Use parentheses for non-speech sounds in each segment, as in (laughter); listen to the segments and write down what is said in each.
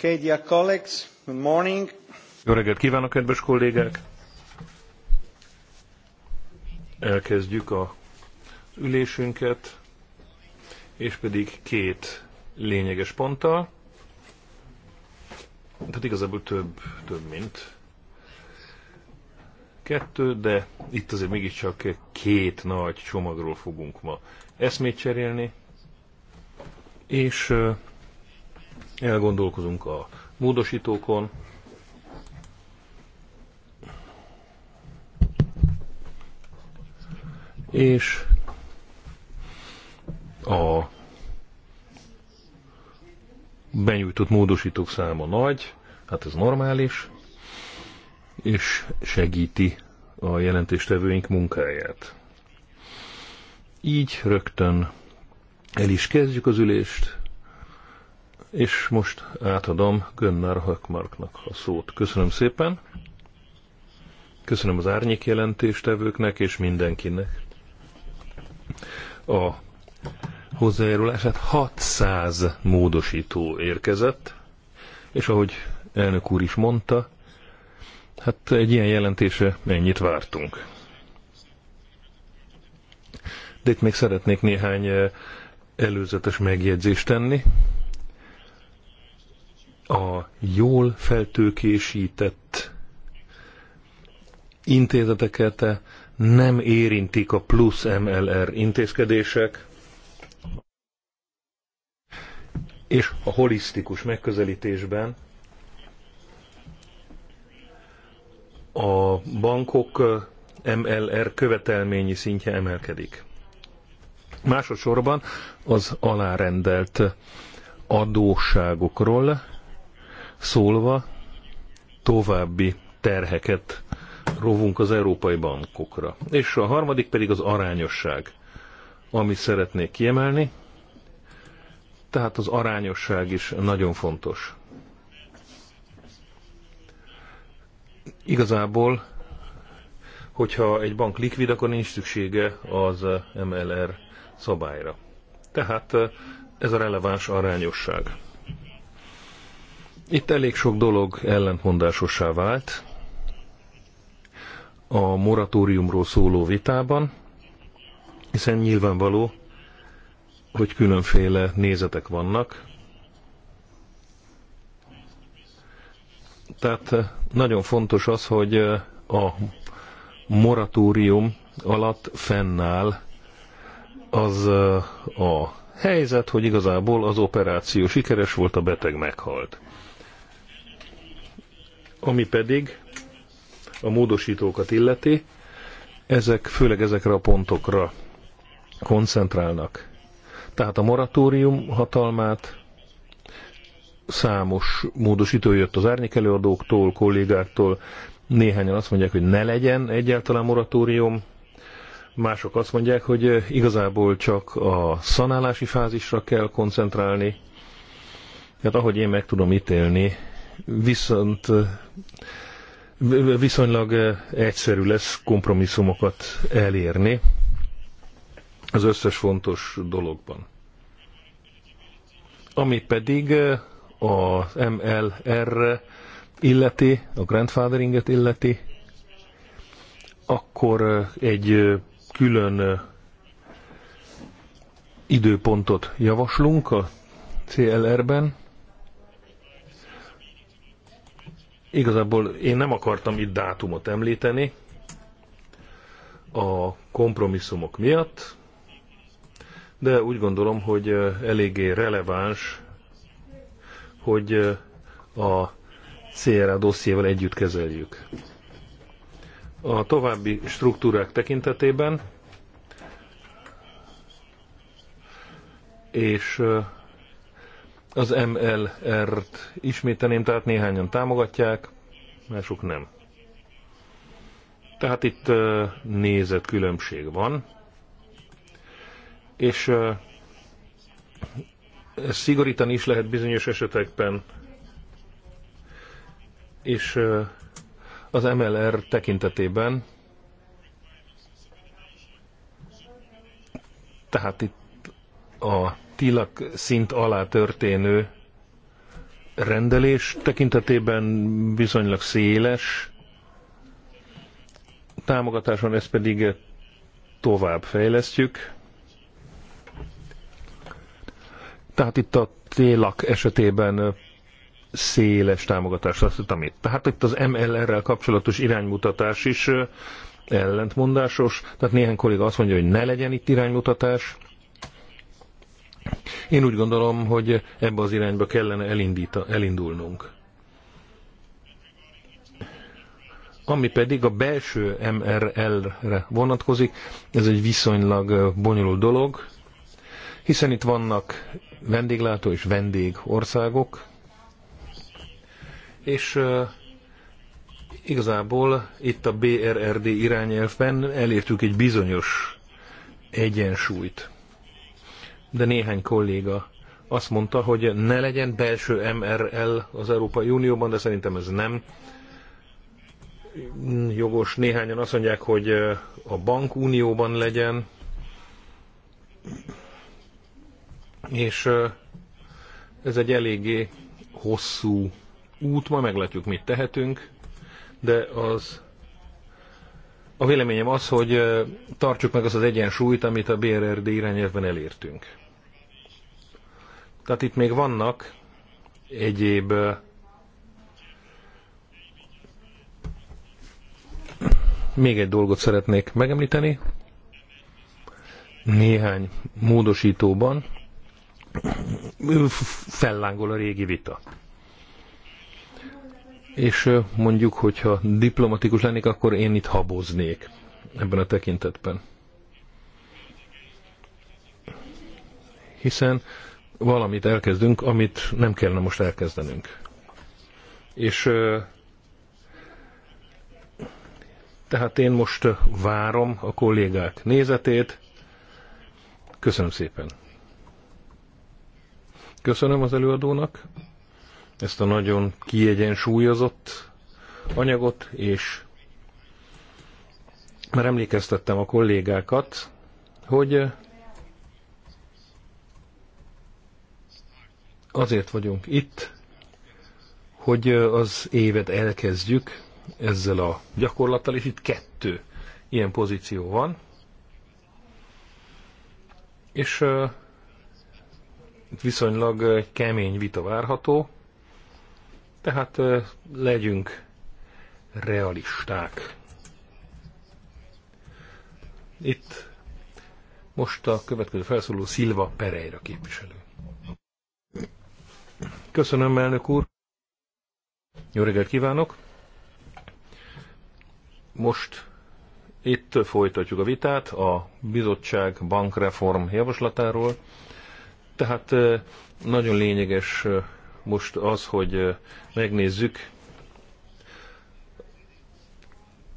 Okay, dear colleagues, good morning. Jó reggelt kívánok, kedves kollégák! Elkezdjük a ülésünket, és pedig két lényeges ponttal. Tehát igazából több, több mint kettő, de itt azért mégiscsak két nagy csomagról fogunk ma eszmét cserélni, és elgondolkozunk a módosítókon. És a benyújtott módosítók száma nagy, hát ez normális, és segíti a jelentéstevőink munkáját. Így rögtön el is kezdjük az ülést. És most átadom Gönnár Hökmarknak a szót. Köszönöm szépen. Köszönöm az árnyék jelentéstevőknek és mindenkinek. A hozzájárulását 600 módosító érkezett, és ahogy elnök úr is mondta, hát egy ilyen jelentése mennyit vártunk. De itt még szeretnék néhány eh, előzetes megjegyzést tenni, a jól feltőkésített intézeteket nem érintik a plusz MLR intézkedések, és a holisztikus megközelítésben a bankok MLR követelményi szintje emelkedik. Másodszorban az alárendelt adósságokról szólva további terheket rovunk az európai bankokra. És a harmadik pedig az arányosság, amit szeretnék kiemelni. Tehát az arányosság is nagyon fontos. Igazából, hogyha egy bank likvid, akkor nincs szüksége az MLR szabályra. Tehát eh, ez a releváns arányosság. Itt elég sok dolog ellentmondásossá vált a moratóriumról szóló vitában, hiszen nyilvánvaló, hogy különféle nézetek vannak. Tehát eh, nagyon fontos az, hogy eh, a moratórium alatt fennáll az eh, a helyzet, hogy igazából az operáció sikeres volt, a beteg meghalt. Ami pedig a módosítókat illeti, ezek főleg ezekre a pontokra koncentrálnak. Tehát a moratórium hatalmát számos módosító jött az árnyékelőadóktól, kollégáktól, néhányan azt mondják, hogy ne legyen egyáltalán moratórium, mások azt mondják, hogy igazából csak a szanálási fázisra kell koncentrálni. Tehát ahogy én meg tudom ítélni, viszont viszonylag egyszerű lesz kompromisszumokat elérni az összes fontos dologban. Ami pedig az MLR illeti, a grandfatheringet illeti, akkor egy külön időpontot javaslunk a CLR-ben, Igazából én nem akartam itt dátumot említeni a kompromisszumok miatt, de úgy gondolom, hogy eléggé releváns, hogy a CRA dossziéval együtt kezeljük. A további struktúrák tekintetében és az MLR-t ismételném, tehát néhányan támogatják, mások nem. Tehát itt nézett különbség van, és szigorítani is lehet bizonyos esetekben, és az MLR tekintetében, tehát itt a tilak szint alá történő rendelés tekintetében bizonylag széles támogatáson, ezt pedig tovább fejlesztjük. Tehát itt a télak esetében széles támogatást használtam itt. Tehát itt az MLR-rel kapcsolatos iránymutatás is ellentmondásos. Tehát néhány kolléga azt mondja, hogy ne legyen itt iránymutatás, én úgy gondolom, hogy ebbe az irányba kellene elindíta, elindulnunk. Ami pedig a belső MRL-re vonatkozik, ez egy viszonylag bonyolult dolog, hiszen itt vannak vendéglátó és vendég országok, és igazából itt a BRRD irányelvben elértük egy bizonyos egyensúlyt de néhány kolléga azt mondta, hogy ne legyen belső MRL az Európai Unióban, de szerintem ez nem jogos. Néhányan azt mondják, hogy a bankunióban legyen, és ez egy eléggé hosszú út, ma meglátjuk, mit tehetünk, de az a véleményem az, hogy tartsuk meg azt az egyensúlyt, amit a BRRD irányelvben elértünk. Tehát itt még vannak egyéb még egy dolgot szeretnék megemlíteni. Néhány módosítóban fellángol a régi vita. És mondjuk, hogyha diplomatikus lennék, akkor én itt haboznék ebben a tekintetben. Hiszen valamit elkezdünk, amit nem kellene most elkezdenünk. És tehát én most várom a kollégák nézetét. Köszönöm szépen. Köszönöm az előadónak ezt a nagyon kiegyensúlyozott anyagot, és már emlékeztettem a kollégákat, hogy Azért vagyunk itt, hogy az évet elkezdjük ezzel a gyakorlattal, és itt kettő ilyen pozíció van. És itt viszonylag kemény vita várható, tehát legyünk realisták. Itt most a következő felszóló Szilva Pereira képviselő. Köszönöm, elnök úr. Jó reggelt kívánok. Most itt folytatjuk a vitát a bizottság bankreform javaslatáról. Tehát nagyon lényeges most az, hogy megnézzük,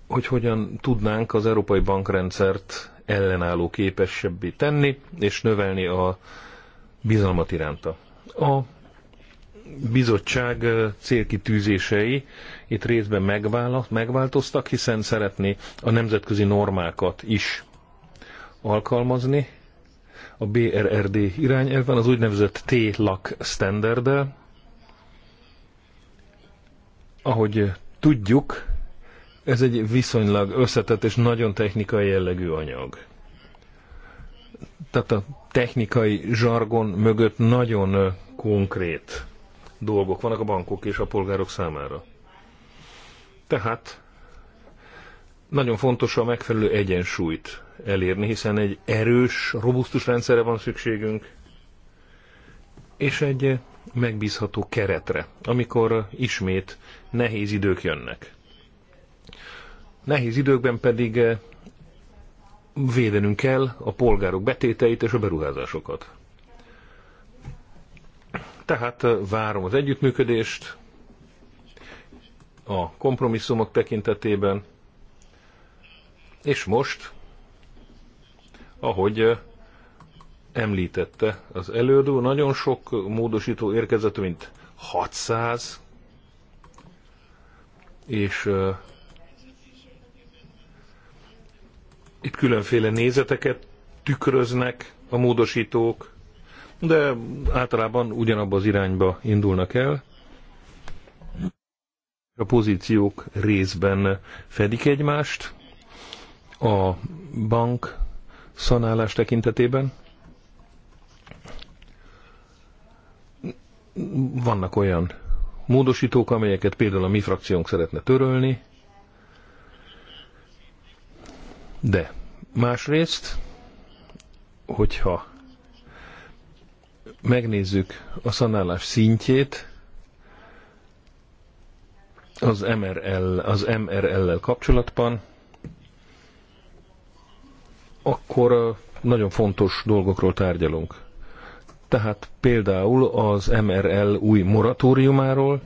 hogy hogyan tudnánk az európai bankrendszert ellenálló képesebbé tenni, és növelni a bizalmat iránta. A bizottság célkitűzései itt részben megváltoztak, hiszen szeretné a nemzetközi normákat is alkalmazni. A BRRD irányelven az úgynevezett T-LAC standarddel, ahogy tudjuk, ez egy viszonylag összetett és nagyon technikai jellegű anyag. Tehát a technikai zsargon mögött nagyon konkrét dolgok vannak a bankok és a polgárok számára. Tehát nagyon fontos a megfelelő egyensúlyt elérni, hiszen egy erős, robusztus rendszerre van szükségünk, és egy megbízható keretre, amikor ismét nehéz idők jönnek. Nehéz időkben pedig védenünk kell a polgárok betéteit és a beruházásokat. Tehát várom az együttműködést a kompromisszumok tekintetében, és most, ahogy említette az előadó, nagyon sok módosító érkezett, mint 600, és uh, itt különféle nézeteket tükröznek a módosítók, de általában ugyanabba az irányba indulnak el. A pozíciók részben fedik egymást a bank szanálás tekintetében. Vannak olyan módosítók, amelyeket például a mi frakciónk szeretne törölni, de másrészt, hogyha megnézzük a szanálás szintjét, az MRL, az MRL-lel kapcsolatban, akkor nagyon fontos dolgokról tárgyalunk. Tehát például az MRL új moratóriumáról,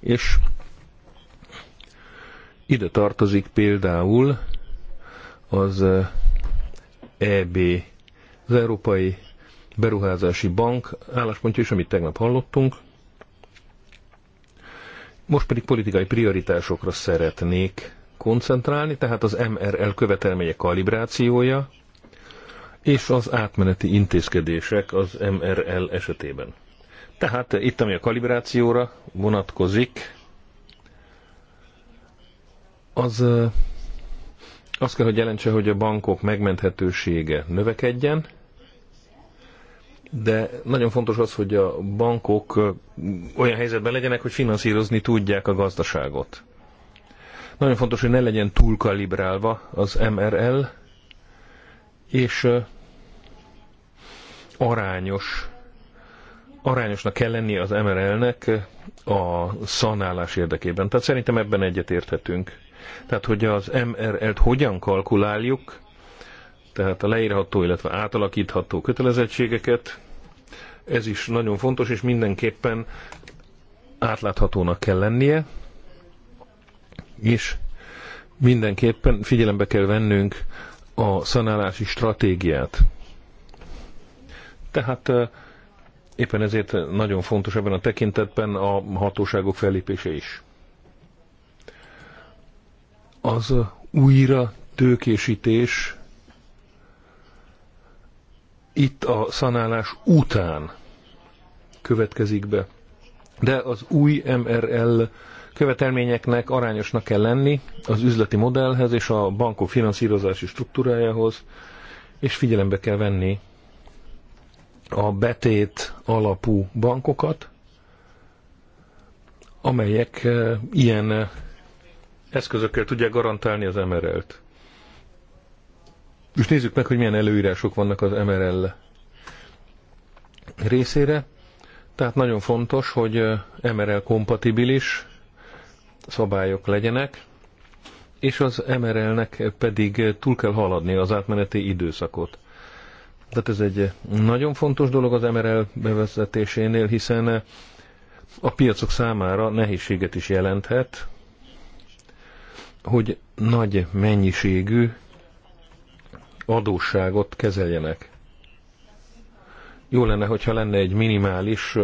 és ide tartozik például az EB az Európai Beruházási Bank álláspontja is, amit tegnap hallottunk. Most pedig politikai prioritásokra szeretnék koncentrálni, tehát az MRL követelmények kalibrációja és az átmeneti intézkedések az MRL esetében. Tehát itt, ami a kalibrációra vonatkozik, az azt kell, hogy jelentse, hogy a bankok megmenthetősége növekedjen, de nagyon fontos az, hogy a bankok olyan helyzetben legyenek, hogy finanszírozni tudják a gazdaságot. Nagyon fontos, hogy ne legyen túl kalibrálva az MRL, és arányos, arányosnak kell lennie az MRL-nek a szanálás érdekében. Tehát szerintem ebben egyetérthetünk. Tehát, hogy az MRL-t hogyan kalkuláljuk, tehát a leírható, illetve átalakítható kötelezettségeket. Ez is nagyon fontos, és mindenképpen átláthatónak kell lennie, és mindenképpen figyelembe kell vennünk a szanálási stratégiát. Tehát éppen ezért nagyon fontos ebben a tekintetben a hatóságok fellépése is. Az újra tőkésítés itt a szanálás után következik be. De az új MRL követelményeknek arányosnak kell lenni az üzleti modellhez és a bankok finanszírozási struktúrájához, és figyelembe kell venni a betét alapú bankokat, amelyek eh, ilyen eszközökkel tudják garantálni az MRL-t. És nézzük meg, hogy milyen előírások vannak az MRL részére. Tehát nagyon fontos, hogy eh, MRL kompatibilis szabályok legyenek, és az MRL-nek pedig eh, túl kell haladni az átmeneti időszakot. Tehát ez egy eh, nagyon fontos dolog az MRL bevezetésénél, hiszen a piacok számára nehézséget is jelenthet, hogy nagy mennyiségű adósságot kezeljenek. Jó lenne, hogyha lenne egy minimális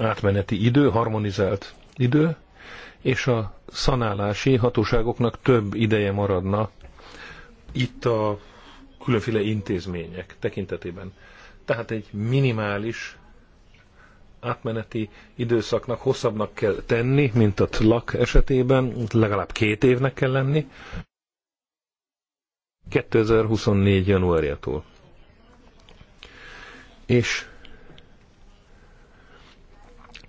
átmeneti idő, harmonizált idő, és a szanálási hatóságoknak több ideje maradna itt a különféle intézmények tekintetében. Tehát egy minimális átmeneti időszaknak hosszabbnak kell tenni, mint a TLAK esetében, legalább két évnek kell lenni, 2024. januárjától. És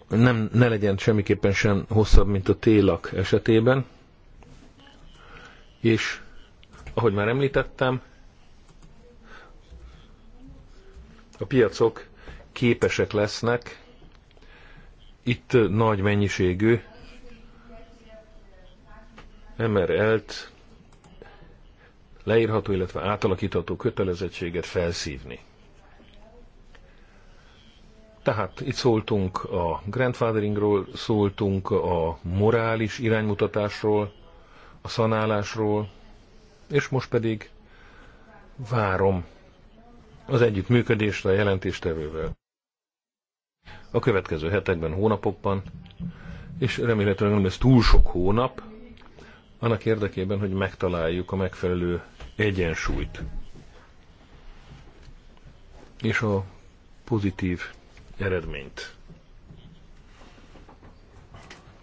nem, ne legyen semmiképpen sem hosszabb, mint a télak esetében. És ahogy már említettem, a piacok képesek lesznek itt nagy mennyiségű MRL-t leírható, illetve átalakítható kötelezettséget felszívni. Tehát itt szóltunk a grandfatheringról, szóltunk a morális iránymutatásról, a szanálásról, és most pedig várom az együttműködést a jelentéstevővel. A következő hetekben, hónapokban, és remélhetőleg nem lesz túl sok hónap, annak érdekében, hogy megtaláljuk a megfelelő egyensúlyt. És a pozitív eredményt.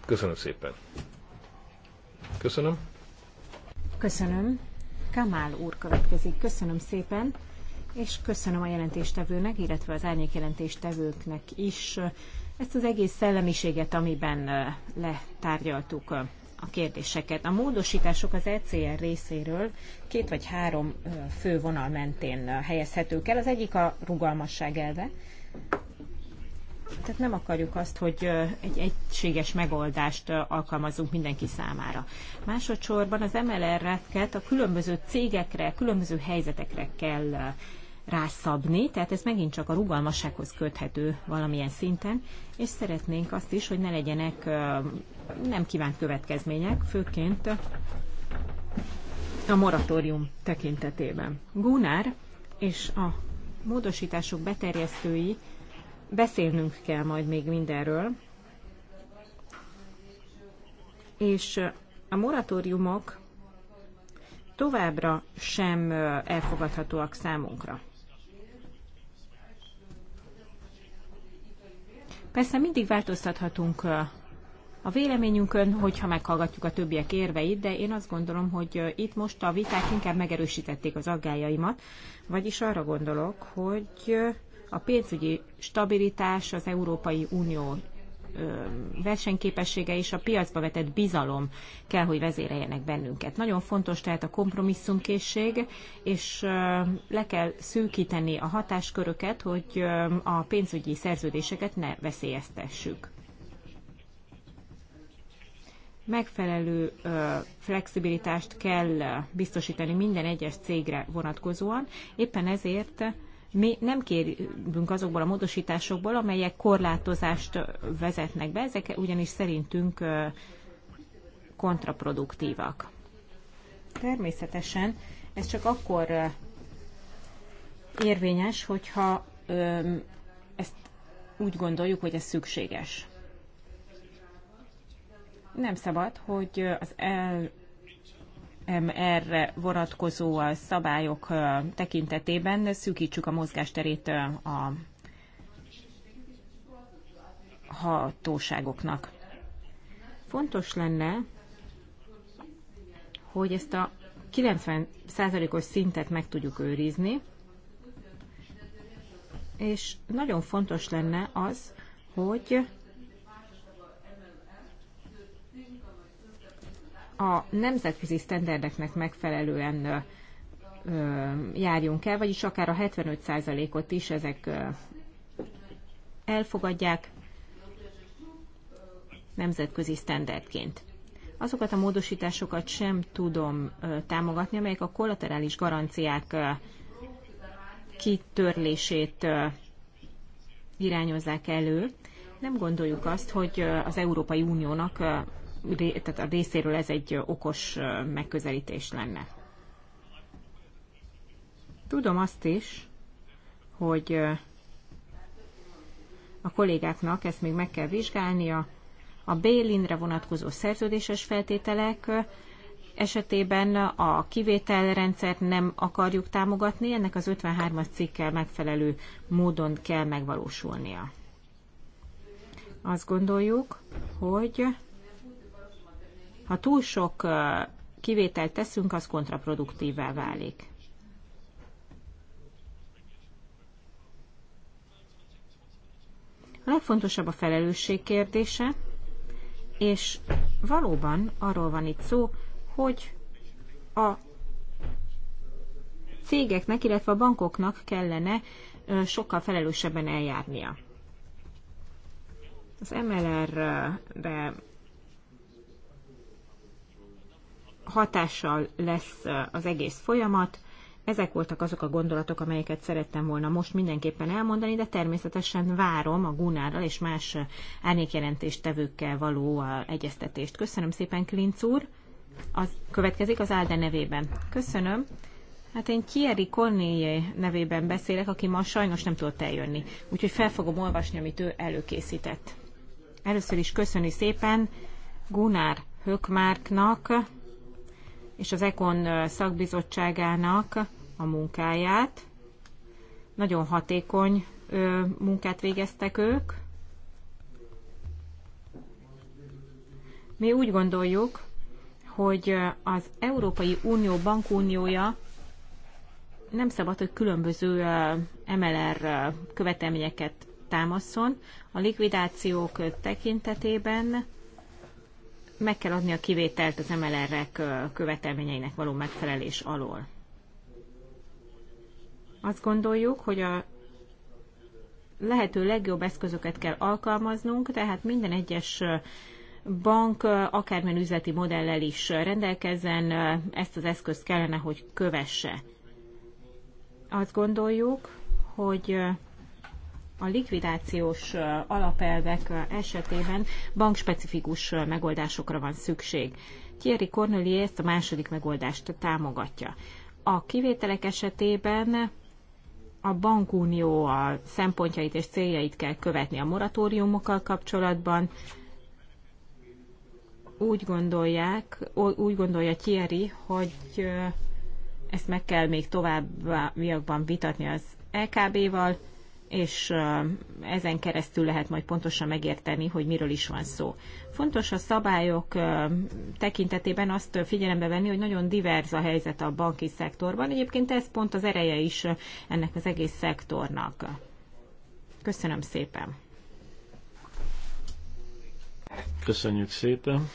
Köszönöm szépen. Köszönöm. Köszönöm. Kamál úr következik. Köszönöm szépen, és köszönöm a jelentéstevőnek, illetve az árnyékjelentéstevőknek jelentéstevőknek is eh, ezt az egész szellemiséget, amiben eh, letárgyaltuk a kérdéseket. A módosítások az ECR részéről két vagy három fő vonal mentén helyezhetők el. Az egyik a rugalmasság elve. Tehát nem akarjuk azt, hogy egy egységes megoldást alkalmazunk mindenki számára. Másodszorban az MLR-et a különböző cégekre, különböző helyzetekre kell rászabni, tehát ez megint csak a rugalmassághoz köthető valamilyen szinten, és szeretnénk azt is, hogy ne legyenek nem kívánt következmények, főként a moratórium tekintetében. Gunár és a módosítások beterjesztői beszélnünk kell majd még mindenről, és a moratóriumok továbbra sem elfogadhatóak számunkra. Persze mindig változtathatunk a véleményünkön, hogyha meghallgatjuk a többiek érveit, de én azt gondolom, hogy itt most a viták inkább megerősítették az aggájaimat, vagyis arra gondolok, hogy a pénzügyi stabilitás, az Európai Unió versenyképessége és a piacba vetett bizalom kell, hogy vezéreljenek bennünket. Nagyon fontos tehát a kompromisszumkészség, és le kell szűkíteni a hatásköröket, hogy a pénzügyi szerződéseket ne veszélyeztessük megfelelő flexibilitást kell biztosítani minden egyes cégre vonatkozóan. Éppen ezért mi nem kérünk azokból a módosításokból, amelyek korlátozást vezetnek be, ezek ugyanis szerintünk kontraproduktívak. Természetesen ez csak akkor érvényes, hogyha ezt úgy gondoljuk, hogy ez szükséges nem szabad, hogy az LMR-re vonatkozó szabályok tekintetében szűkítsük a mozgásterét a hatóságoknak. Fontos lenne, hogy ezt a 90%-os szintet meg tudjuk őrizni, és nagyon fontos lenne az, hogy a nemzetközi sztenderdeknek megfelelően járjunk el, vagyis akár a 75%-ot is ezek elfogadják nemzetközi sztenderdként. Azokat a módosításokat sem tudom támogatni, amelyek a kollaterális garanciák kitörlését irányozzák elő. Nem gondoljuk azt, hogy az Európai Uniónak tehát a részéről ez egy okos megközelítés lenne. Tudom azt is, hogy a kollégáknak ezt még meg kell vizsgálnia. A Bélinre vonatkozó szerződéses feltételek esetében a kivételrendszert nem akarjuk támogatni, ennek az 53-as cikkel megfelelő módon kell megvalósulnia. Azt gondoljuk, hogy ha túl sok kivételt teszünk, az kontraproduktívvá válik. A legfontosabb a felelősség kérdése, és valóban arról van itt szó, hogy a cégeknek, illetve a bankoknak kellene sokkal felelősebben eljárnia. Az MLR-be hatással lesz az egész folyamat. Ezek voltak azok a gondolatok, amelyeket szerettem volna most mindenképpen elmondani, de természetesen várom a Gunárral és más árnyékjelentéstevőkkel való egyeztetést. Köszönöm szépen, Klinc úr! Az következik az Álde nevében. Köszönöm. Hát én Kieri Cornéjé nevében beszélek, aki ma sajnos nem tudott eljönni. Úgyhogy fel fogom olvasni, amit ő előkészített. Először is köszöni szépen Gunár Hökmárknak és az EKON szakbizottságának a munkáját. Nagyon hatékony munkát végeztek ők. Mi úgy gondoljuk, hogy az Európai Unió bankuniója nem szabad, hogy különböző MLR követelményeket támaszon. A likvidációk tekintetében meg kell adni a kivételt az MLR-ek követelményeinek való megfelelés alól. Azt gondoljuk, hogy a lehető legjobb eszközöket kell alkalmaznunk, tehát minden egyes bank akármilyen üzleti modellel is rendelkezzen, ezt az eszközt kellene, hogy kövesse. Azt gondoljuk, hogy a likvidációs alapelvek esetében bankspecifikus megoldásokra van szükség. Thierry Cornelier ezt a második megoldást támogatja. A kivételek esetében a bankunió a szempontjait és céljait kell követni a moratóriumokkal kapcsolatban. Úgy gondolják, úgy gondolja Thierry, hogy ezt meg kell még továbbiakban vitatni az LKB-val, és ezen keresztül lehet majd pontosan megérteni, hogy miről is van szó. Fontos a szabályok tekintetében azt figyelembe venni, hogy nagyon diverz a helyzet a banki szektorban. Egyébként ez pont az ereje is ennek az egész szektornak. Köszönöm szépen! Köszönjük szépen!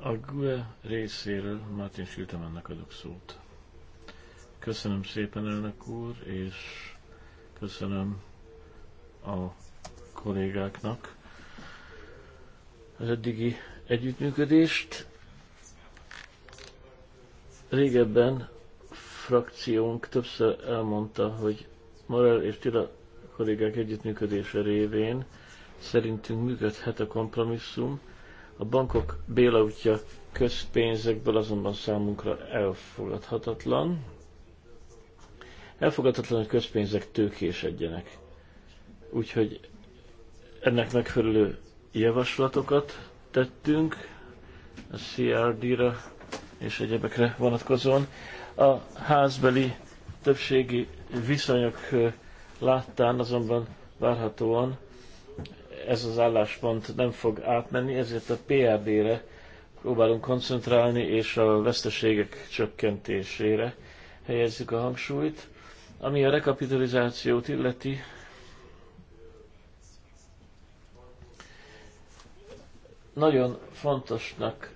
A GUE részéről Martin Sültemannak adok szót. Köszönöm szépen, elnök úr, és köszönöm a kollégáknak az eddigi együttműködést. Régebben frakciónk többször elmondta, hogy Morel és Tila kollégák együttműködése révén szerintünk működhet a kompromisszum. A bankok bélautja közpénzekből azonban számunkra elfogadhatatlan, Elfogadhatatlan, hogy közpénzek tőkésedjenek. Úgyhogy ennek megfelelő javaslatokat tettünk a CRD-ra és egyebekre vonatkozóan. A házbeli többségi viszonyok láttán azonban várhatóan ez az álláspont nem fog átmenni, ezért a PRD-re próbálunk koncentrálni, és a veszteségek csökkentésére helyezzük a hangsúlyt. Ami a rekapitalizációt illeti, nagyon fontosnak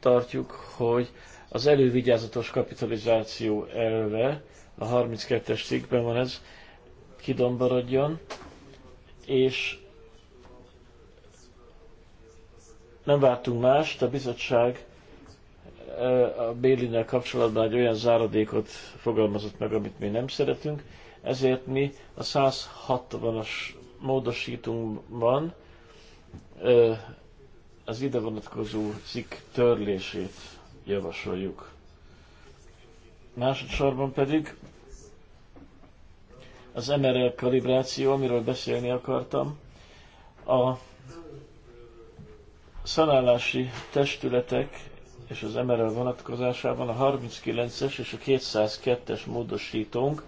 tartjuk, hogy az elővigyázatos kapitalizáció elve, a 32-es cikkben van ez, kidomborodjon, és nem vártunk mást, a bizottság a Bélinnel kapcsolatban egy olyan záradékot fogalmazott meg, amit mi nem szeretünk, ezért mi a 160-as módosítunkban az ide vonatkozó cikk törlését javasoljuk. Másodszorban pedig az MRL kalibráció, amiről beszélni akartam, a szanálási testületek és az MRL vonatkozásában a 39-es és a 202-es módosítónk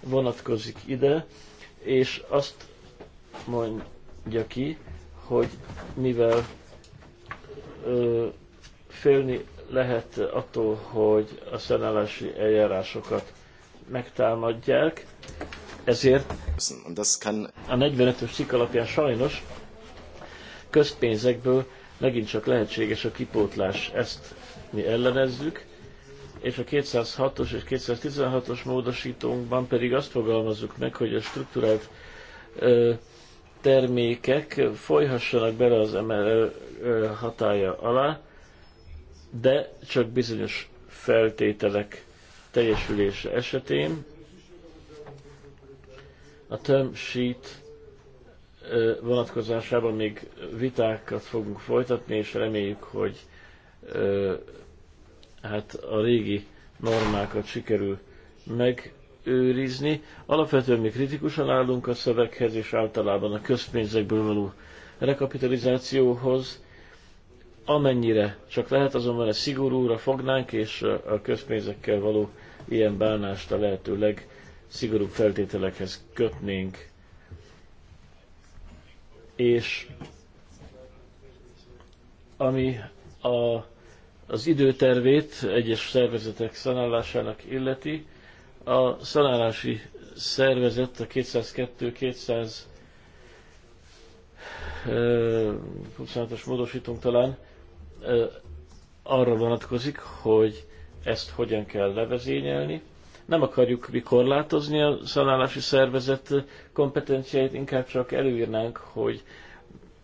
vonatkozik ide, és azt mondja ki, hogy mivel ö, félni lehet attól, hogy a szenállási eljárásokat megtámadják, ezért a 45-ös cikk alapján sajnos közpénzekből megint csak lehetséges a kipótlás, ezt mi ellenezzük, és a 206-os és 216-os módosítónkban pedig azt fogalmazzuk meg, hogy a struktúrált ö, termékek folyhassanak bele az ML hatája alá, de csak bizonyos feltételek teljesülése esetén. A term sheet vonatkozásában még vitákat fogunk folytatni, és reméljük, hogy hát a régi normákat sikerül megőrizni. Alapvetően mi kritikusan állunk a szöveghez, és általában a közpénzekből való rekapitalizációhoz. Amennyire csak lehet, azonban ezt szigorúra fognánk, és a közpénzekkel való ilyen bánást a lehető legszigorúbb feltételekhez kötnénk és ami a, az időtervét egyes szervezetek szanálásának illeti, a szanálási szervezet a 202-200 26-os módosítunk talán arra vonatkozik, hogy ezt hogyan kell levezényelni, nem akarjuk korlátozni a szanálási szervezet kompetenciáit, inkább csak előírnánk, hogy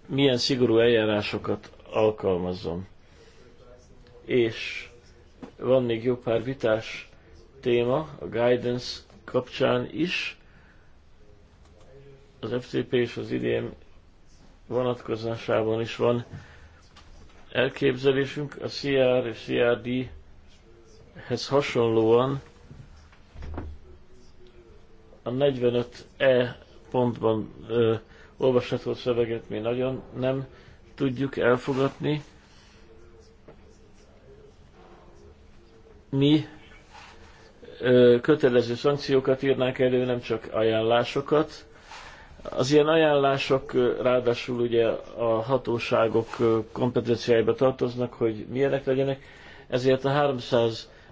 milyen szigorú eljárásokat alkalmazzon. És van még jó pár vitás téma a guidance kapcsán is, az FCP és az IDM vonatkozásában is van elképzelésünk. A CR és CRD-hez hasonlóan a 45E pontban ö, olvasható szöveget mi nagyon nem tudjuk elfogadni. Mi ö, kötelező szankciókat írnánk elő, nem csak ajánlásokat. Az ilyen ajánlások ráadásul ugye a hatóságok kompetenciájába tartoznak, hogy milyenek legyenek, ezért a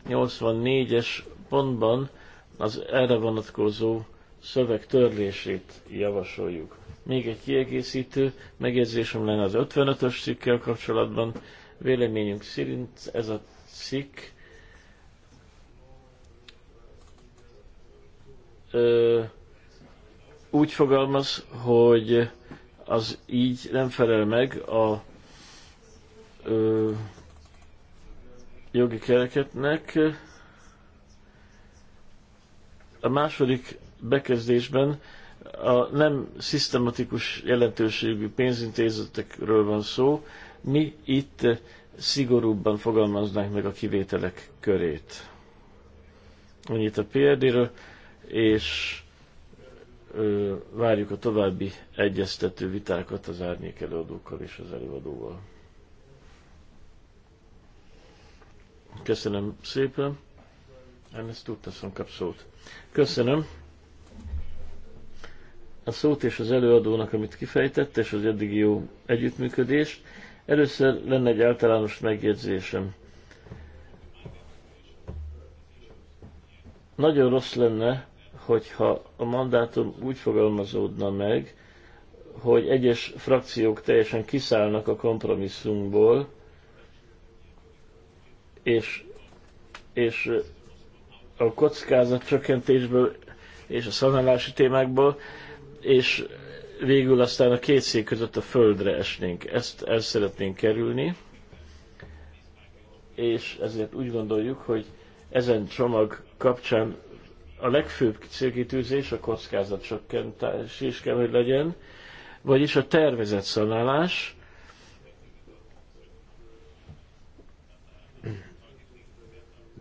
384-es pontban az erre vonatkozó szöveg törlését javasoljuk. Még egy kiegészítő megjegyzésem lenne az 55-ös cikkel kapcsolatban. Véleményünk szerint ez a cikk ö, úgy fogalmaz, hogy az így nem felel meg a ö, jogi kereketnek, a második bekezdésben a nem szisztematikus jelentőségű pénzintézetekről van szó, mi itt szigorúbban fogalmaznánk meg a kivételek körét. Annyit a PRD-ről, és ö, várjuk a további egyeztető vitákat az árnyék előadókkal és az előadóval. Köszönöm szépen. Ernest Uttason szóval kap szót. Köszönöm a szót és az előadónak, amit kifejtett, és az eddigi jó együttműködést. Először lenne egy általános megjegyzésem. Nagyon rossz lenne, hogyha a mandátum úgy fogalmazódna meg, hogy egyes frakciók teljesen kiszállnak a kompromisszumból, és, és a kockázatcsökkentésből és a szanálási témákból, és végül aztán a két szék között a földre esnénk. Ezt el szeretnénk kerülni, és ezért úgy gondoljuk, hogy ezen csomag kapcsán a legfőbb célkitűzés a kockázatcsökkentés is kell, hogy legyen, vagyis a tervezett szanálás,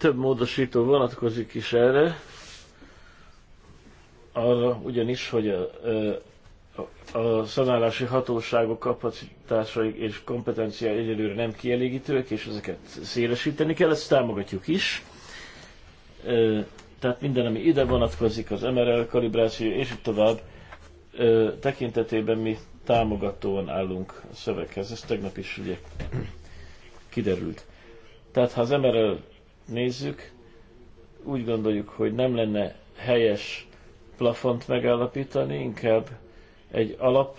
több módosító vonatkozik is erre, arra ugyanis, hogy a, a szanálási hatóságok kapacitásai és kompetencia egyelőre nem kielégítőek, és ezeket szélesíteni kell, ezt támogatjuk is. Tehát minden, ami ide vonatkozik, az MRL kalibráció és így tovább, tekintetében mi támogatóan állunk a szöveghez. Ez tegnap is ugye kiderült. Tehát ha az MRL nézzük, úgy gondoljuk, hogy nem lenne helyes plafont megállapítani, inkább egy alap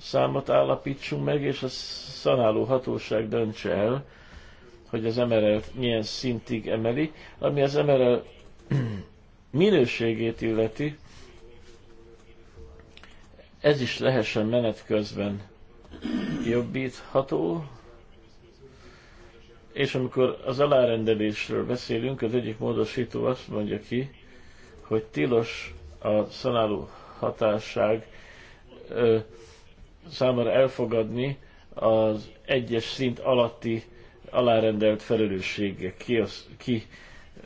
számot állapítsunk meg, és a szanáló hatóság döntse el, hogy az MRL milyen szintig emeli. Ami az MRL (clears throat) minőségét illeti, ez is lehessen menet közben jobbítható, és amikor az alárendelésről beszélünk, az egyik módosító azt mondja ki, hogy tilos a szanáló hatásság ö, számára elfogadni az egyes szint alatti alárendelt felelősségek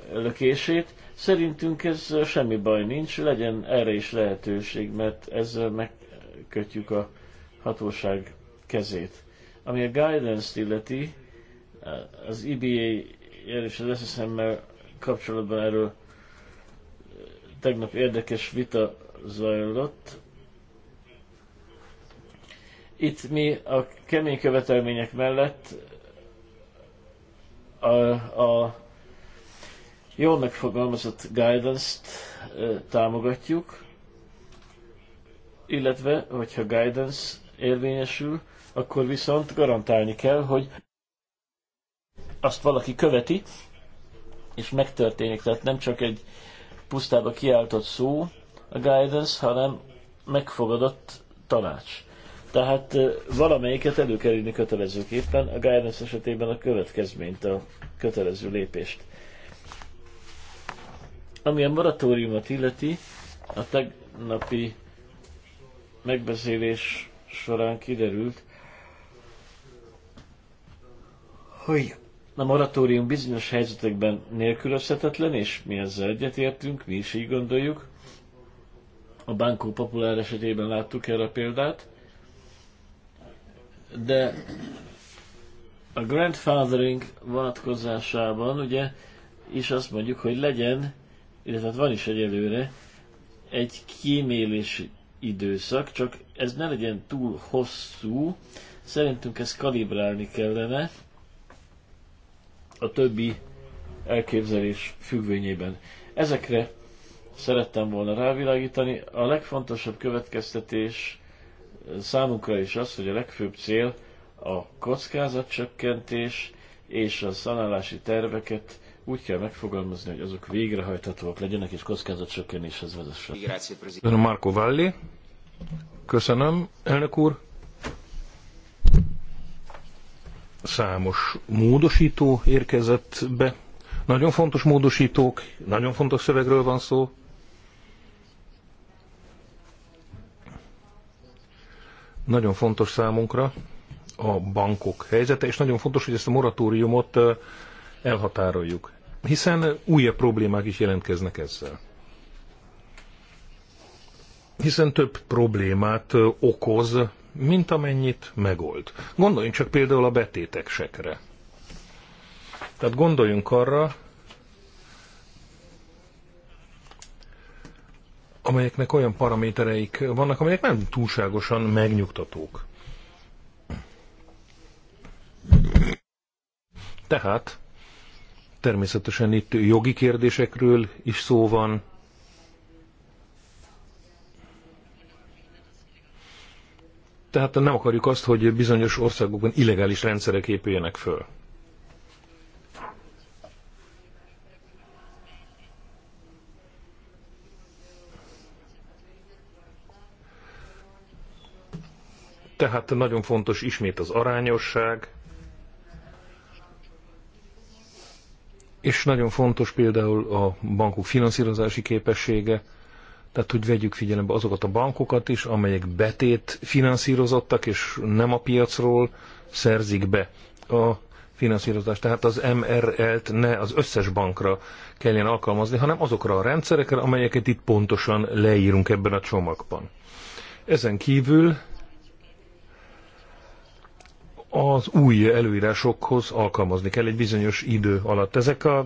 kilökését. Szerintünk ez semmi baj nincs, legyen erre is lehetőség, mert ezzel megkötjük a hatóság kezét. Ami a guidance illeti, az EBA jel és az SSM-mel kapcsolatban erről eh, tegnap érdekes vita zajlott. Itt mi a kemény követelmények mellett a, a jól megfogalmazott guidance-t eh, támogatjuk, illetve, hogyha guidance érvényesül, akkor viszont garantálni kell, hogy azt valaki követi, és megtörténik, tehát nem csak egy pusztába kiáltott szó a guidance, hanem megfogadott tanács. Tehát valamelyiket elő kell írni kötelezőképpen, a guidance esetében a következményt, a kötelező lépést. Ami a moratóriumot illeti, a tegnapi megbeszélés során kiderült, hogy a moratórium bizonyos helyzetekben nélkülözhetetlen, és mi ezzel egyetértünk, mi is így gondoljuk. A Bankó Populár esetében láttuk erre a példát. De a grandfathering vonatkozásában ugye is azt mondjuk, hogy legyen, illetve hát van is egyelőre, egy kímélési időszak, csak ez ne legyen túl hosszú, szerintünk ezt kalibrálni kellene, a többi elképzelés függvényében. Ezekre szerettem volna rávilágítani. A legfontosabb következtetés eh, számunkra is az, hogy a legfőbb cél a kockázatcsökkentés és a szanálási terveket úgy kell megfogalmazni, hogy azok végrehajthatóak legyenek, és kockázatcsökkenéshez vezessen. Köszönöm, Marco Valli. Köszönöm, elnök úr. számos módosító érkezett be. Nagyon fontos módosítók, nagyon fontos szövegről van szó. Nagyon fontos számunkra a bankok helyzete, és nagyon fontos, hogy ezt a moratóriumot elhatároljuk. Hiszen újabb problémák is jelentkeznek ezzel. Hiszen több problémát okoz mint amennyit megold. Gondoljunk csak például a betéteksekre. Tehát gondoljunk arra, amelyeknek olyan paramétereik vannak, amelyek nem túlságosan megnyugtatók. Tehát természetesen itt jogi kérdésekről is szó van, Tehát nem akarjuk azt, hogy bizonyos országokban illegális rendszerek épüljenek föl. Tehát nagyon fontos ismét az arányosság, és nagyon fontos például a bankok finanszírozási képessége, tehát, hogy vegyük figyelembe azokat a bankokat is, amelyek betét finanszírozottak, és nem a piacról szerzik be a finanszírozást. Tehát az MRL-t ne az összes bankra kelljen alkalmazni, hanem azokra a rendszerekre, amelyeket itt pontosan leírunk ebben a csomagban. Ezen kívül az új előírásokhoz alkalmazni kell egy bizonyos idő alatt. Ezek, a,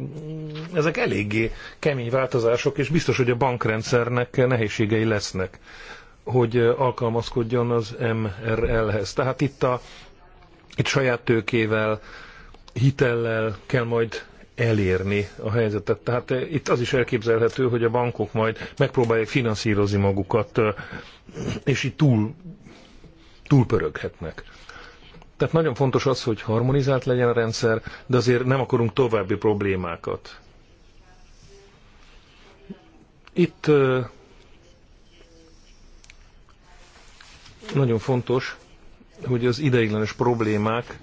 ezek eléggé kemény változások, és biztos, hogy a bankrendszernek nehézségei lesznek, hogy alkalmazkodjon az MRL-hez. Tehát itt, a, itt saját tőkével, hitellel kell majd elérni a helyzetet. Tehát itt az is elképzelhető, hogy a bankok majd megpróbálják finanszírozni magukat, és itt túl, túlpöröghetnek. Tehát nagyon fontos az, hogy harmonizált legyen a rendszer, de azért nem akarunk további problémákat. Itt nagyon fontos, hogy az ideiglenes problémák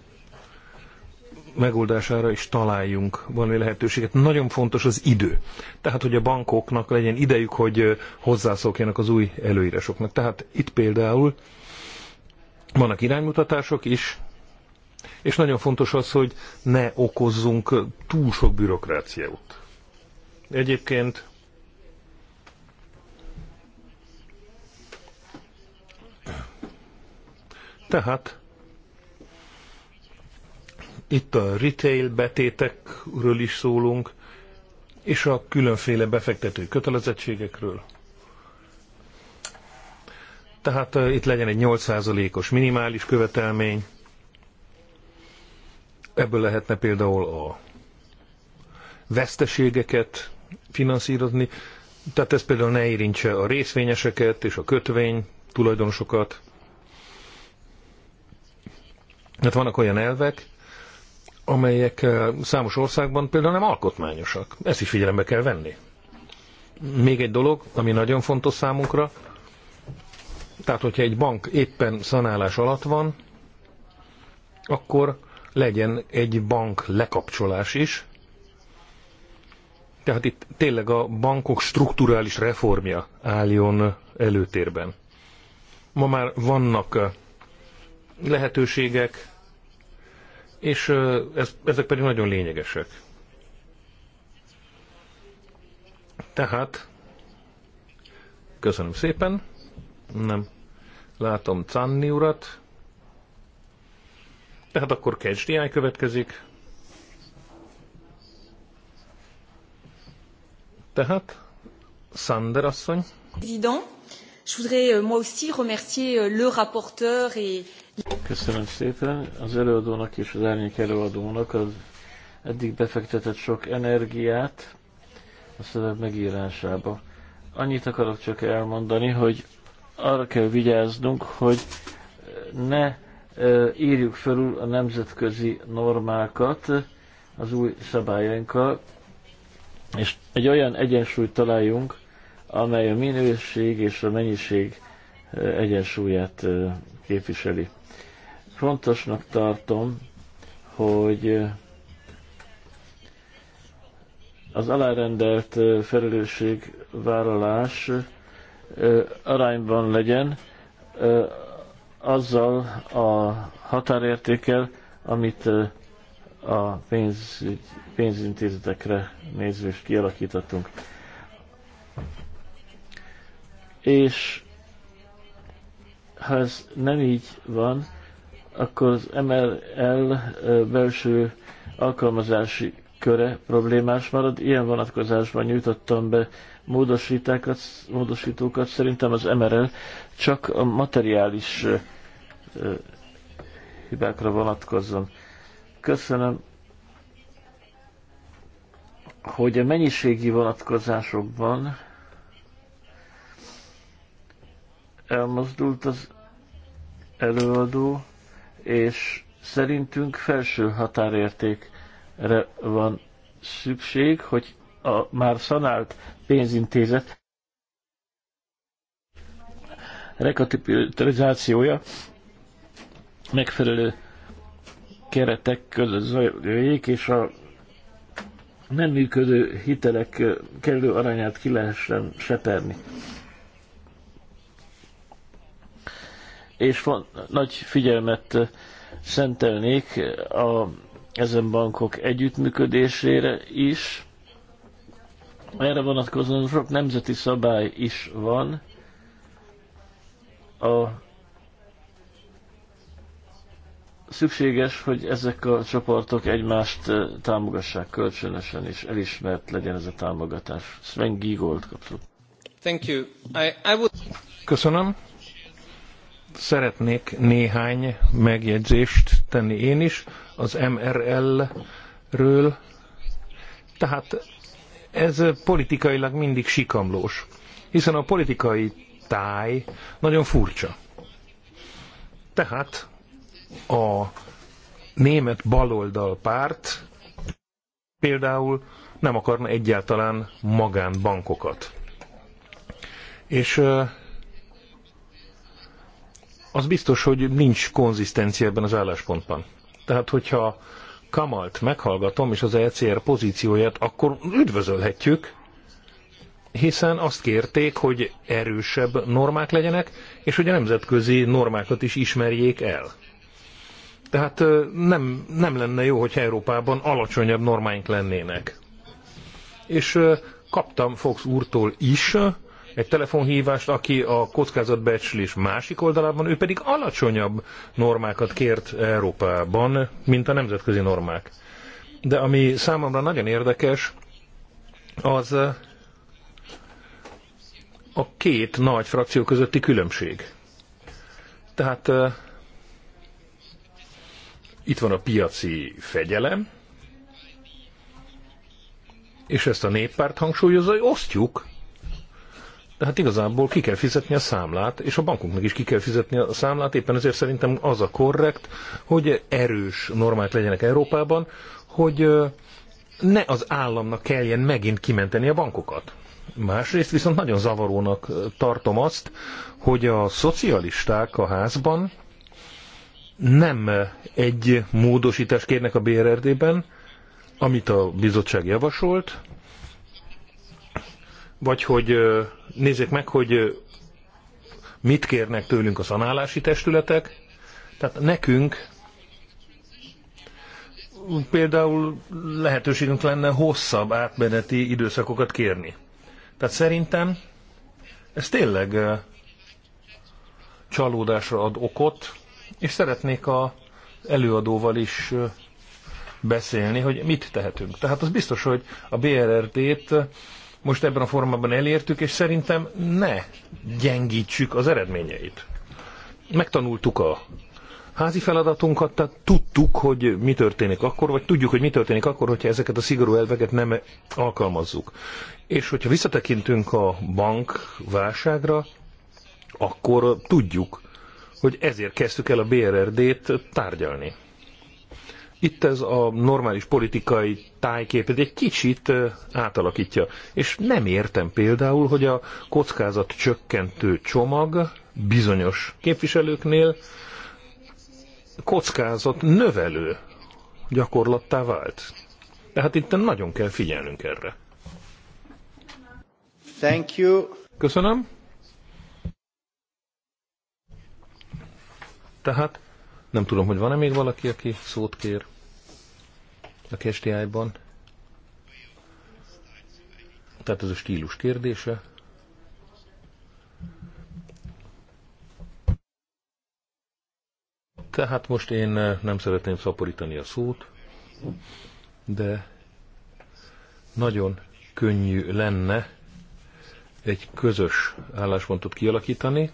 megoldására is találjunk valami lehetőséget. Nagyon fontos az idő. Tehát, hogy a bankoknak legyen idejük, hogy hozzászokjanak az új előírásoknak. Tehát itt például vannak iránymutatások is, és nagyon fontos az, hogy ne okozzunk túl sok bürokráciát. Egyébként tehát itt a retail betétekről is szólunk, és a különféle befektető kötelezettségekről. Tehát eh, itt legyen egy 8%-os minimális követelmény, Ebből lehetne például a veszteségeket finanszírozni, tehát ez például ne érintse a részvényeseket és a kötvény tulajdonosokat. Hát vannak olyan elvek, amelyek eh, számos országban például nem alkotmányosak. Ezt is figyelembe kell venni. Még egy dolog, ami nagyon fontos számunkra, tehát hogyha egy bank éppen szanálás alatt van, akkor legyen egy bank lekapcsolás is. Tehát itt tényleg a bankok strukturális reformja álljon előtérben. Ma már vannak eh, lehetőségek, és eh, ez, ezek pedig nagyon lényegesek. Tehát, köszönöm szépen, nem látom Czanni urat, tehát akkor KCDI következik. Tehát, Sander asszony. Président, je voudrais euh, moi aussi remercier euh, le rapporteur et... Köszönöm szépen az előadónak és az árnyék előadónak az eddig befektetett sok energiát a szöveg megírásába. Annyit akarok csak elmondani, hogy arra kell vigyáznunk, hogy ne írjuk fölül a nemzetközi normákat az új szabályainkkal, és egy olyan egyensúlyt találjunk, amely a minőség és a mennyiség egyensúlyát képviseli. Fontosnak tartom, hogy az alárendelt felelősségvállalás arányban legyen azzal a határértékkel, amit a pénzügy, pénzintézetekre nézve is kialakítottunk. És ha ez nem így van, akkor az MLL belső alkalmazási köre problémás marad. Ilyen vonatkozásban nyújtottam be módosítókat szerintem az MRL csak a materiális hibákra vonatkozzon. Köszönöm, hogy a mennyiségi vonatkozásokban elmozdult az előadó, és szerintünk felső határértékre van szükség, hogy a már szanált pénzintézet rekapitalizációja megfelelő keretek között zajlik, és a nem működő hitelek kellő arányát ki lehessen seperni. És van, nagy figyelmet szentelnék a ezen bankok együttműködésére is, erre vonatkozóan sok nemzeti szabály is van. A szükséges, hogy ezek a csoportok egymást eh, támogassák kölcsönösen, és elismert legyen ez a támogatás. Sven Giegold kapcsolat. Thank you. I, I would... Köszönöm. Szeretnék néhány megjegyzést tenni én is az MRL-ről. Tehát ez politikailag mindig sikamlós, hiszen a politikai táj nagyon furcsa. Tehát a német baloldal párt például nem akarna egyáltalán magánbankokat. És az biztos, hogy nincs konzisztencia ebben az álláspontban. Tehát, hogyha Kamalt meghallgatom, és az ECR pozícióját akkor üdvözölhetjük, hiszen azt kérték, hogy erősebb normák legyenek, és hogy a nemzetközi normákat is ismerjék el. Tehát nem, nem lenne jó, hogy Európában alacsonyabb normáink lennének. És kaptam Fox úrtól is egy telefonhívást, aki a kockázatbecslés másik oldalában, ő pedig alacsonyabb normákat kért Európában, mint a nemzetközi normák. De ami számomra nagyon érdekes, az a két nagy frakció közötti különbség. Tehát uh, itt van a piaci fegyelem, és ezt a néppárt hangsúlyozza, hogy osztjuk, de hát igazából ki kell fizetni a számlát, és a bankunknak is ki kell fizetni a számlát, éppen ezért szerintem az a korrekt, hogy erős normák legyenek Európában, hogy ne az államnak kelljen megint kimenteni a bankokat. Másrészt viszont nagyon zavarónak tartom azt, hogy a szocialisták a házban nem egy módosítást kérnek a BRRD-ben, amit a bizottság javasolt, vagy hogy nézzék meg, hogy mit kérnek tőlünk a szanálási testületek. Tehát nekünk például lehetőségünk lenne hosszabb átmeneti időszakokat kérni. Tehát szerintem ez tényleg csalódásra ad okot, és szeretnék a előadóval is beszélni, hogy mit tehetünk. Tehát az biztos, hogy a BRRD-t most ebben a formában elértük, és szerintem ne gyengítsük az eredményeit. Megtanultuk a házi feladatunkat, tehát tudtuk, hogy mi történik akkor, vagy tudjuk, hogy mi történik akkor, hogyha ezeket a szigorú elveket nem alkalmazzuk. És hogyha visszatekintünk a bank válságra, akkor tudjuk, hogy ezért kezdtük el a BRRD-t tárgyalni itt ez a normális politikai tájképet egy kicsit átalakítja. És nem értem például, hogy a kockázat csökkentő csomag bizonyos képviselőknél kockázat növelő gyakorlattá vált. Tehát itt nagyon kell figyelnünk erre. Thank you. Köszönöm. Tehát nem tudom, hogy van-e még valaki, aki szót kér a kestiájban. Tehát ez a stílus kérdése. Tehát most én eh, nem szeretném szaporítani a szót, de nagyon könnyű lenne egy közös álláspontot kialakítani,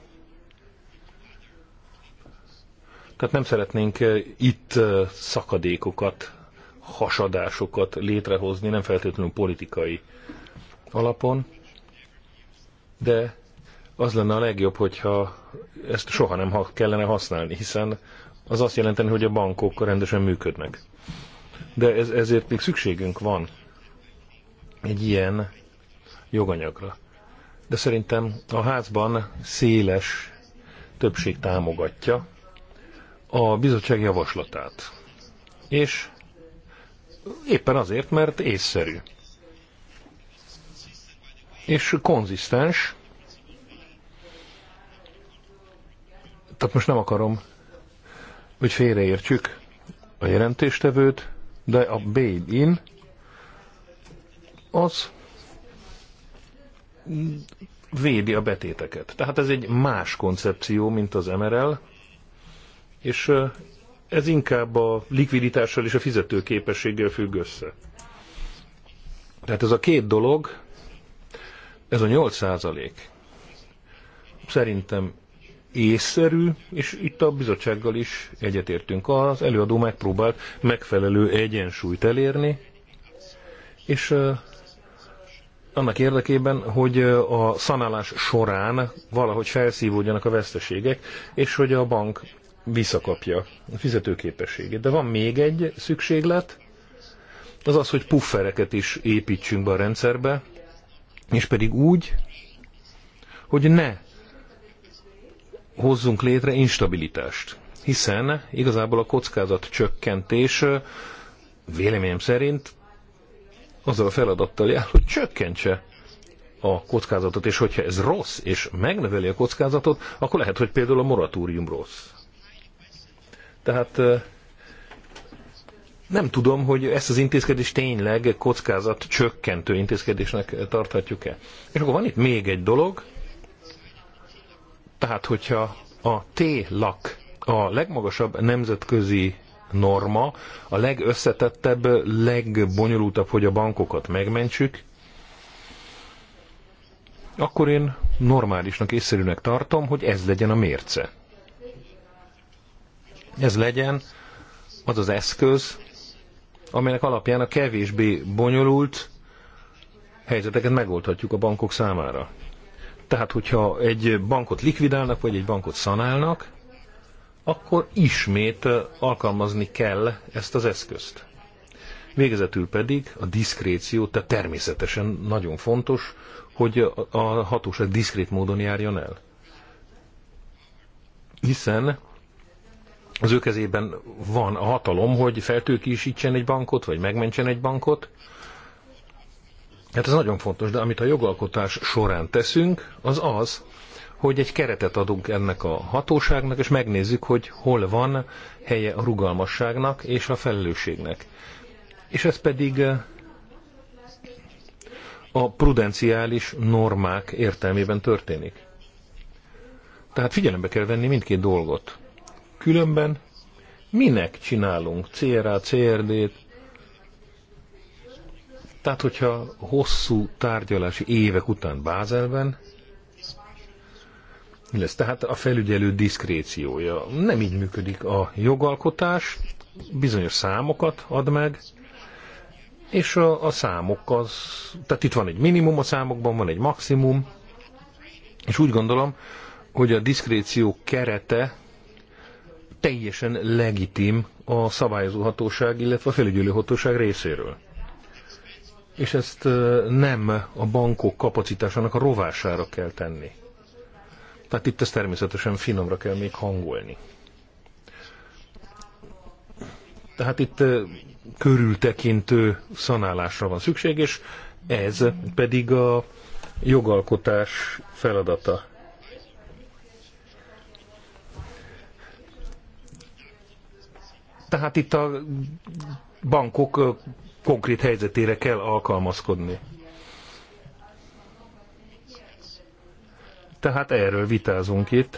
Tehát nem szeretnénk eh, itt eh, szakadékokat, hasadásokat létrehozni, nem feltétlenül politikai alapon, de az lenne a legjobb, hogyha ezt soha nem kellene használni, hiszen az azt jelenteni, hogy a bankok rendesen működnek. De ez, ezért még szükségünk van egy ilyen joganyagra. De szerintem a házban széles többség támogatja, a bizottság javaslatát. És éppen azért, mert észszerű. És konzisztens. Tehát most nem akarom, hogy félreértsük a jelentéstevőt, de a bail-in az védi a betéteket. Tehát ez egy más koncepció, mint az MRL, és ez inkább a likviditással és a fizetőképességgel függ össze. Tehát ez a két dolog, ez a 8 százalék szerintem észszerű, és itt a bizottsággal is egyetértünk. Az előadó megpróbált megfelelő egyensúlyt elérni, és annak érdekében, hogy a szanálás során valahogy felszívódjanak a veszteségek, és hogy a bank visszakapja a fizetőképességét. De van még egy szükséglet, az az, hogy puffereket is építsünk be a rendszerbe, és pedig úgy, hogy ne hozzunk létre instabilitást. Hiszen igazából a kockázat csökkentés véleményem szerint azzal a feladattal jár, hogy csökkentse a kockázatot, és hogyha ez rossz, és megnöveli a kockázatot, akkor lehet, hogy például a moratórium rossz. Tehát nem tudom, hogy ezt az intézkedést tényleg kockázat csökkentő intézkedésnek tarthatjuk-e. És akkor van itt még egy dolog, tehát hogyha a T-lak a legmagasabb nemzetközi norma, a legösszetettebb, legbonyolultabb, hogy a bankokat megmentsük, akkor én normálisnak, észszerűnek tartom, hogy ez legyen a mérce ez legyen az az eszköz, amelynek alapján a kevésbé bonyolult helyzeteket megoldhatjuk a bankok számára. Tehát, hogyha egy bankot likvidálnak, vagy egy bankot szanálnak, akkor ismét alkalmazni kell ezt az eszközt. Végezetül pedig a diszkréció, tehát természetesen nagyon fontos, hogy a hatóság diszkrét módon járjon el. Hiszen az ő kezében van a hatalom, hogy feltőkésítsen egy bankot, vagy megmentsen egy bankot. Hát ez nagyon fontos, de amit a jogalkotás során teszünk, az az, hogy egy keretet adunk ennek a hatóságnak, és megnézzük, hogy hol van helye a rugalmasságnak és a felelősségnek. És ez pedig eh, a prudenciális normák értelmében történik. Tehát figyelembe kell venni mindkét dolgot. Különben minek csinálunk CRA, CRD-t? Tehát, hogyha hosszú tárgyalási évek után Bázelben, mi lesz? Tehát a felügyelő diszkréciója. Nem így működik a jogalkotás, bizonyos számokat ad meg, és a, a számok az, tehát itt van egy minimum a számokban, van egy maximum, és úgy gondolom, hogy a diszkréció kerete teljesen legitim a szabályozó hatóság, illetve a felügyelő hatóság részéről. És ezt nem a bankok kapacitásának a rovására kell tenni. Tehát itt ezt természetesen finomra kell még hangolni. Tehát itt körültekintő szanálásra van szükség, és ez pedig a jogalkotás feladata. Tehát itt a bankok konkrét helyzetére kell alkalmazkodni. Tehát erről vitázunk itt.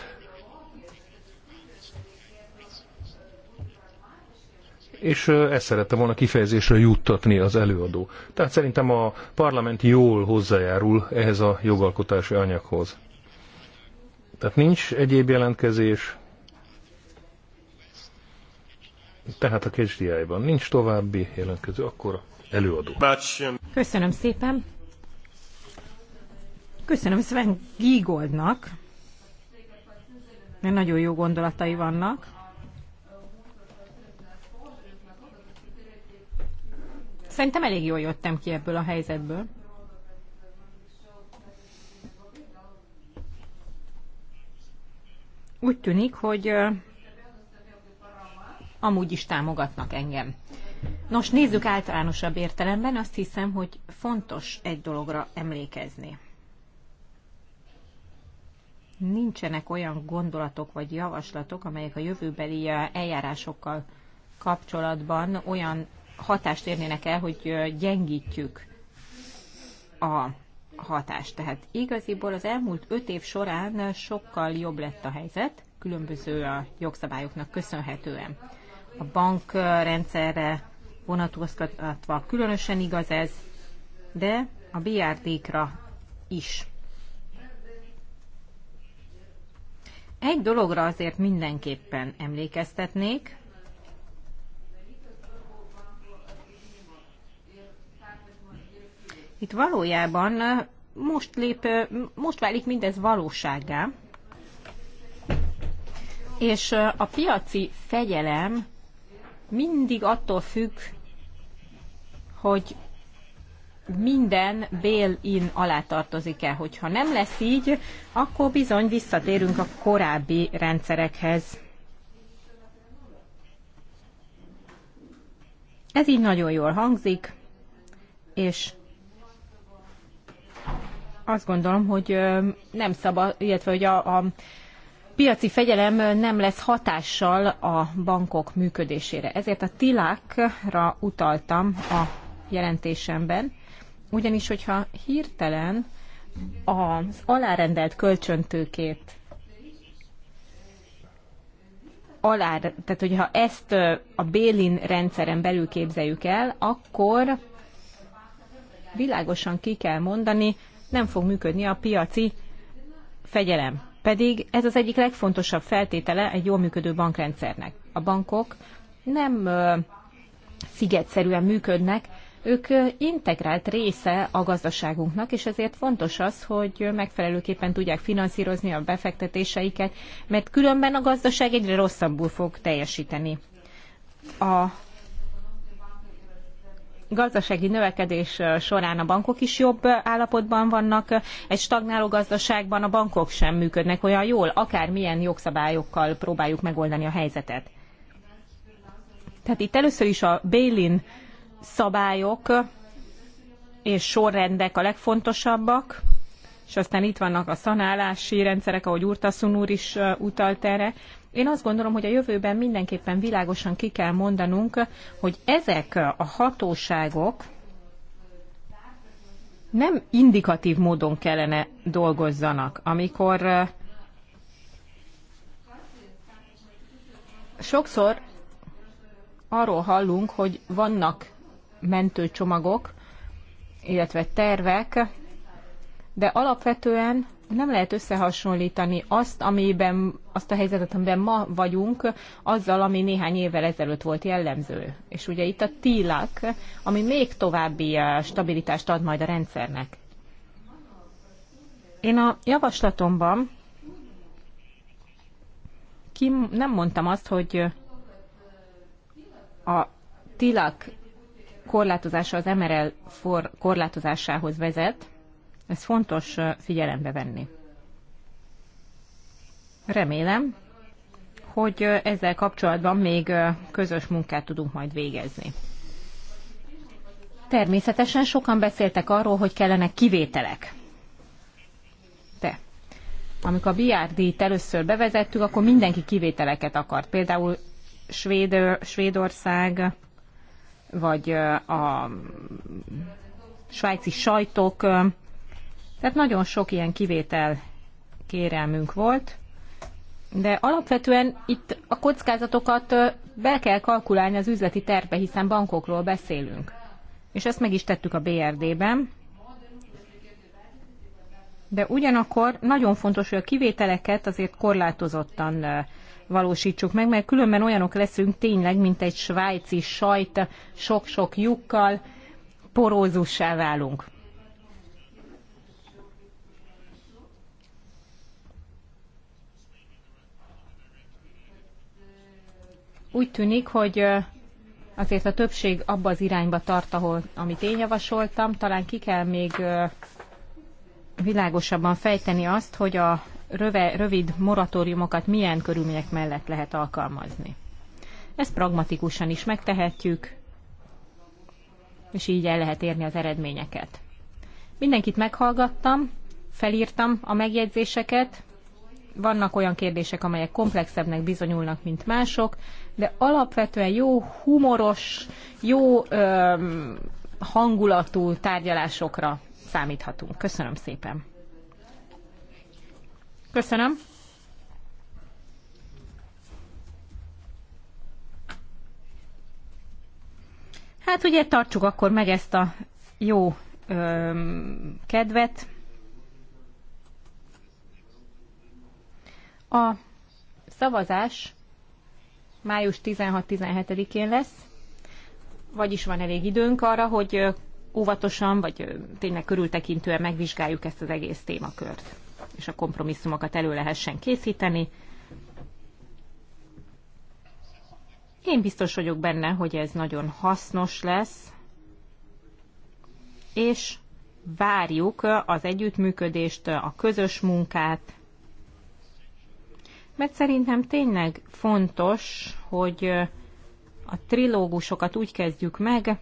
És ezt szerette volna kifejezésre juttatni az előadó. Tehát szerintem a parlament jól hozzájárul ehhez a jogalkotási anyaghoz. Tehát nincs egyéb jelentkezés. Tehát a kezdiájban nincs további jelentkező, akkor előadó. Köszönöm szépen. Köszönöm Sven Gígoldnak, mert nagyon jó gondolatai vannak. Szerintem elég jól jöttem ki ebből a helyzetből. Úgy tűnik, hogy amúgy is támogatnak engem. Nos, nézzük általánosabb értelemben, azt hiszem, hogy fontos egy dologra emlékezni. Nincsenek olyan gondolatok vagy javaslatok, amelyek a jövőbeli eh, eljárásokkal kapcsolatban olyan hatást érnének el, hogy eh, gyengítjük a hatást. Tehát igaziból az elmúlt öt év során sokkal jobb lett a helyzet, különböző a jogszabályoknak köszönhetően a bankrendszerre vonatkoztatva különösen igaz ez, de a BRD-kra is. Egy dologra azért mindenképpen emlékeztetnék, Itt valójában most, lép, most válik mindez valóságá. és a piaci fegyelem mindig attól függ, hogy minden bail-in alá tartozik-e. Hogyha nem lesz így, akkor bizony visszatérünk a korábbi rendszerekhez. Ez így nagyon jól hangzik, és azt gondolom, hogy nem szabad, illetve hogy a, a piaci fegyelem nem lesz hatással a bankok működésére. Ezért a tilákra utaltam a jelentésemben, ugyanis hogyha hirtelen az alárendelt kölcsöntőkét alá, tehát hogyha ezt a Bélin rendszeren belül képzeljük el, akkor világosan ki kell mondani, nem fog működni a piaci fegyelem. Pedig ez az egyik legfontosabb feltétele egy jól működő bankrendszernek. A bankok nem szigetszerűen működnek, ők integrált része a gazdaságunknak, és ezért fontos az, hogy megfelelőképpen tudják finanszírozni a befektetéseiket, mert különben a gazdaság egyre rosszabbul fog teljesíteni. A gazdasági növekedés során a bankok is jobb állapotban vannak, egy stagnáló gazdaságban a bankok sem működnek olyan jól, akármilyen jogszabályokkal próbáljuk megoldani a helyzetet. Tehát itt először is a Bélin szabályok és sorrendek a legfontosabbak, és aztán itt vannak a szanálási rendszerek, ahogy Urtaszun úr is utalt erre, én azt gondolom, hogy a jövőben mindenképpen világosan ki kell mondanunk, hogy ezek a hatóságok nem indikatív módon kellene dolgozzanak, amikor sokszor arról hallunk, hogy vannak mentőcsomagok, illetve tervek, de alapvetően nem lehet összehasonlítani azt, amiben, azt a helyzetet, amiben ma vagyunk, azzal, ami néhány évvel ezelőtt volt jellemző. És ugye itt a tílak, ami még további eh, stabilitást ad majd a rendszernek. Én a javaslatomban ki nem mondtam azt, hogy a tilak korlátozása az MRL for korlátozásához vezet, ez fontos figyelembe venni. Remélem, hogy ezzel kapcsolatban még közös munkát tudunk majd végezni. Természetesen sokan beszéltek arról, hogy kellenek kivételek. De amikor a BRD-t először bevezettük, akkor mindenki kivételeket akart. Például Svéd, Svédország, vagy a svájci sajtok tehát nagyon sok ilyen kivétel kérelmünk volt, de alapvetően itt a kockázatokat be kell kalkulálni az üzleti tervbe, hiszen bankokról beszélünk. És ezt meg is tettük a BRD-ben. De ugyanakkor nagyon fontos, hogy a kivételeket azért korlátozottan valósítsuk meg, mert különben olyanok leszünk tényleg, mint egy svájci sajt, sok-sok lyukkal, porózussá válunk. Úgy tűnik, hogy azért a többség abba az irányba tart, ahol, amit én javasoltam. Talán ki kell még világosabban fejteni azt, hogy a röve, rövid moratóriumokat milyen körülmények mellett lehet alkalmazni. Ezt pragmatikusan is megtehetjük, és így el lehet érni az eredményeket. Mindenkit meghallgattam, felírtam a megjegyzéseket, vannak olyan kérdések, amelyek komplexebbnek bizonyulnak, mint mások, de alapvetően jó, humoros, jó öm, hangulatú tárgyalásokra számíthatunk. Köszönöm szépen. Köszönöm. Hát ugye tartsuk akkor meg ezt a jó öm, kedvet. A szavazás május 16-17-én lesz, vagyis van elég időnk arra, hogy óvatosan, vagy tényleg körültekintően megvizsgáljuk ezt az egész témakört, és a kompromisszumokat elő lehessen készíteni. Én biztos vagyok benne, hogy ez nagyon hasznos lesz, és várjuk az együttműködést, a közös munkát, mert szerintem tényleg fontos, hogy a trilógusokat úgy kezdjük meg,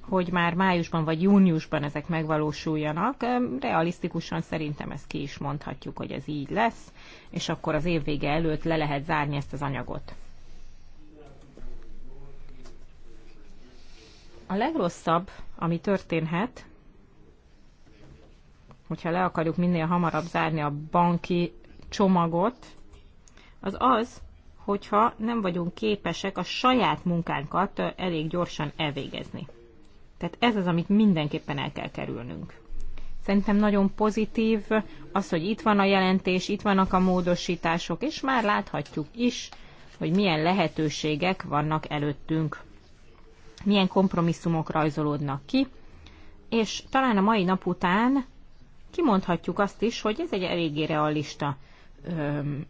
hogy már májusban vagy júniusban ezek megvalósuljanak. Realisztikusan szerintem ezt ki is mondhatjuk, hogy ez így lesz, és akkor az év vége előtt le lehet zárni ezt az anyagot. A legrosszabb, ami történhet, hogyha le akarjuk minél hamarabb zárni a banki csomagot, az az, hogyha nem vagyunk képesek a saját munkánkat elég gyorsan elvégezni. Tehát ez az, amit mindenképpen el kell kerülnünk. Szerintem nagyon pozitív az, hogy itt van a jelentés, itt vannak a módosítások, és már láthatjuk is, hogy milyen lehetőségek vannak előttünk, milyen kompromisszumok rajzolódnak ki, és talán a mai nap után kimondhatjuk azt is, hogy ez egy eléggé realista öm,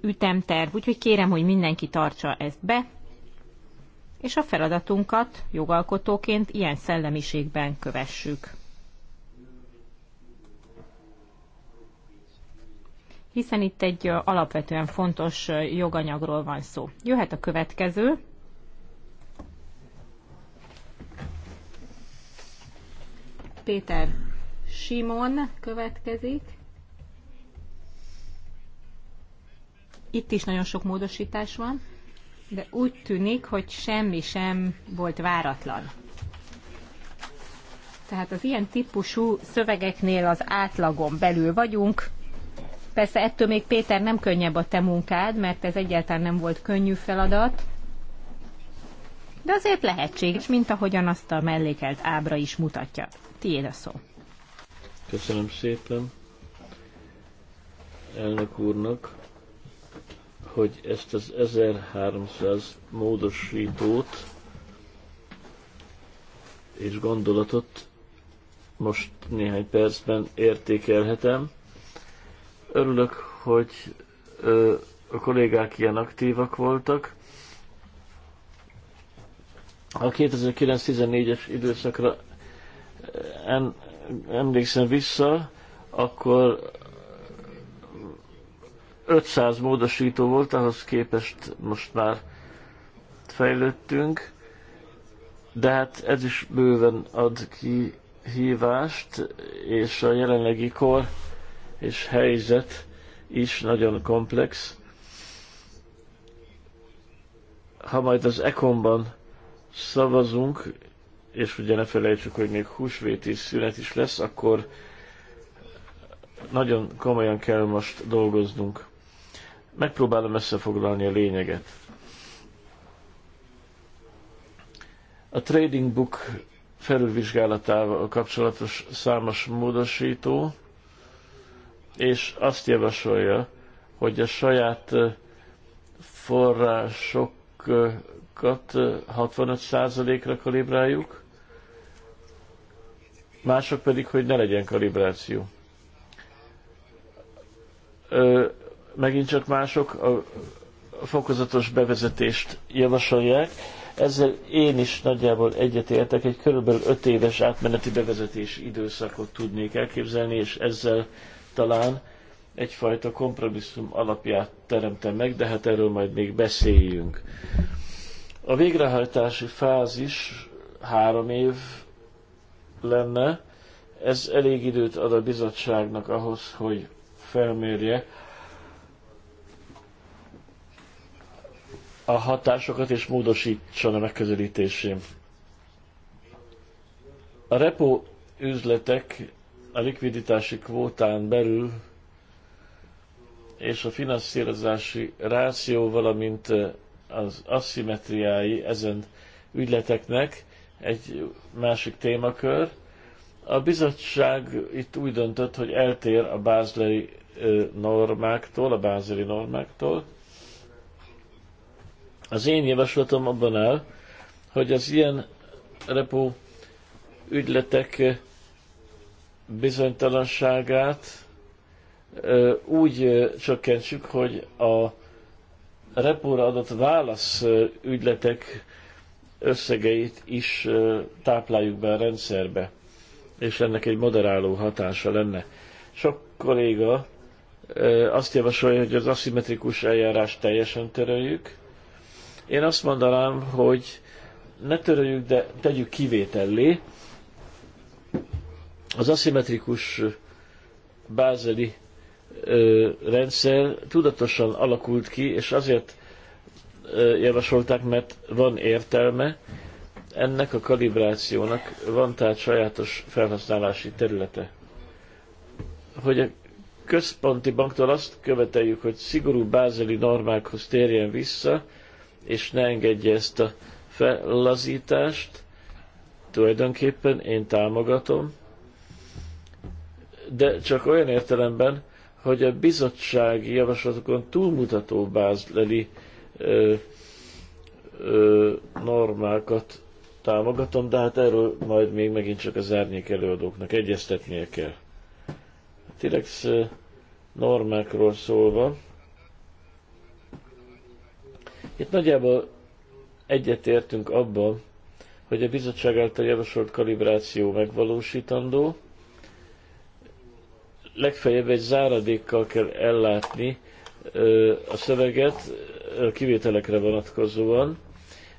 ütemterv, úgyhogy kérem, hogy mindenki tartsa ezt be, és a feladatunkat jogalkotóként ilyen szellemiségben kövessük. Hiszen itt egy alapvetően fontos joganyagról van szó. Jöhet a következő. Péter Simon következik. Itt is nagyon sok módosítás van, de úgy tűnik, hogy semmi sem volt váratlan. Tehát az ilyen típusú szövegeknél az átlagon belül vagyunk. Persze ettől még Péter nem könnyebb a te munkád, mert ez egyáltalán nem volt könnyű feladat. De azért lehetséges, mint ahogyan azt a mellékelt ábra is mutatja. Tiéd a szó. Köszönöm szépen elnök úrnak hogy ezt az 1300 módosítót és gondolatot most néhány percben értékelhetem. Örülök, hogy ö, a kollégák ilyen aktívak voltak. A 2009-14-es időszakra em, emlékszem vissza, akkor 500 módosító volt, ahhoz képest most már fejlődtünk, de hát ez is bőven ad ki hívást, és a jelenlegi kor és helyzet is nagyon komplex. Ha majd az ekonban szavazunk, és ugye ne felejtsük, hogy még húsvéti szünet is lesz, akkor nagyon komolyan kell most dolgoznunk. Megpróbálom összefoglalni a lényeget. A Trading Book felülvizsgálatával kapcsolatos számos módosító, és azt javasolja, hogy a saját forrásokat 65%-ra kalibráljuk, mások pedig, hogy ne legyen kalibráció megint csak mások a fokozatos bevezetést javasolják. Ezzel én is nagyjából egyetértek, egy körülbelül 5 éves átmeneti bevezetés időszakot tudnék elképzelni, és ezzel talán egyfajta kompromisszum alapját teremtem meg, de hát erről majd még beszéljünk. A végrehajtási fázis három év lenne, ez elég időt ad a bizottságnak ahhoz, hogy felmérje a hatásokat és módosítson a megközelítésén. A repo üzletek a likviditási kvótán belül és a finanszírozási ráció, valamint eh, az asszimetriái ezen ügyleteknek egy másik témakör. A bizottság itt úgy döntött, hogy eltér a Bázleri eh, normáktól, a bázeli normáktól, az én javaslatom abban áll, hogy az ilyen repó ügyletek eh, bizonytalanságát eh, úgy eh, csökkentsük, hogy a repóra adott válasz ügyletek összegeit is tápláljuk be a rendszerbe, és ennek egy moderáló hatása lenne. Sok kolléga azt javasolja, hogy az aszimmetrikus eljárást teljesen töröljük, én azt mondanám, hogy ne töröljük, de tegyük kivétellé. Az aszimmetrikus bázeli ö, rendszer tudatosan alakult ki, és azért ö, javasolták, mert van értelme, ennek a kalibrációnak van tehát sajátos felhasználási területe. Hogy a központi banktól azt követeljük, hogy szigorú bázeli normákhoz térjen vissza, és ne engedje ezt a fellazítást. Tulajdonképpen én támogatom, de csak olyan értelemben, hogy a bizottsági javaslatokon túlmutató bázleli ö, ö, normákat támogatom, de hát erről majd még megint csak az árnyék előadóknak egyeztetnie kell. A Tilex normákról szólva, itt nagyjából egyetértünk abban, hogy a bizottság által javasolt kalibráció megvalósítandó, legfeljebb egy záradékkal kell ellátni a szöveget a kivételekre vonatkozóan.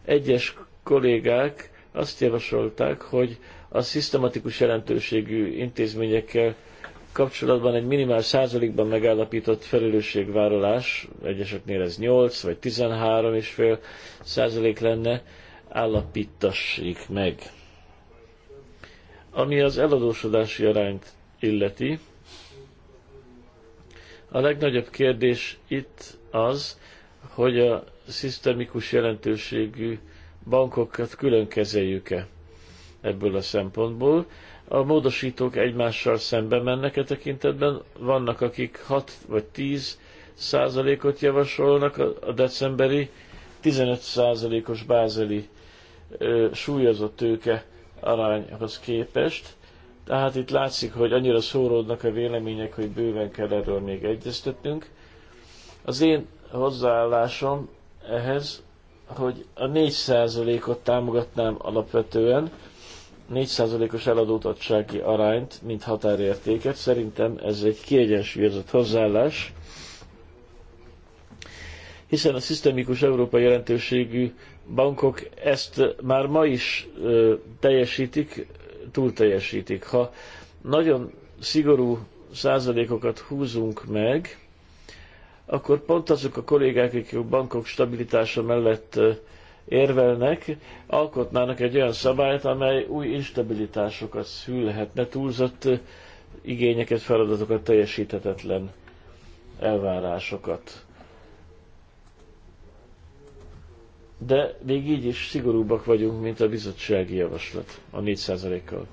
Egyes kollégák azt javasolták, hogy a szisztematikus jelentőségű intézményekkel kapcsolatban egy minimál százalékban megállapított felelősségvállalás, egyeseknél ez 8 vagy 13 és fél százalék lenne, állapítassék meg. Ami az eladósodási arányt illeti, a legnagyobb kérdés itt az, hogy a szisztemikus jelentőségű bankokat külön kezeljük-e ebből a szempontból. A módosítók egymással szembe mennek e tekintetben, vannak akik 6 vagy 10 százalékot javasolnak a decemberi 15 százalékos bázeli ö, súlyozott tőke arányhoz képest. Tehát itt látszik, hogy annyira szóródnak a vélemények, hogy bőven kell erről még egyeztetnünk. Az én hozzáállásom ehhez, hogy a 4%-ot támogatnám alapvetően, 4%-os eladótottsági arányt, mint határértéket. Szerintem ez egy kiegyensúlyozott hozzáállás, hiszen a szisztemikus európai jelentőségű bankok ezt már ma is ö, teljesítik, túl teljesítik. Ha nagyon szigorú százalékokat húzunk meg, akkor pont azok a kollégák, akik a bankok stabilitása mellett érvelnek, alkotnának egy olyan szabályt, amely új instabilitásokat szülhetne, túlzott igényeket, feladatokat, teljesíthetetlen elvárásokat. De még így is szigorúbbak vagyunk, mint a bizottsági javaslat a 4%-kal.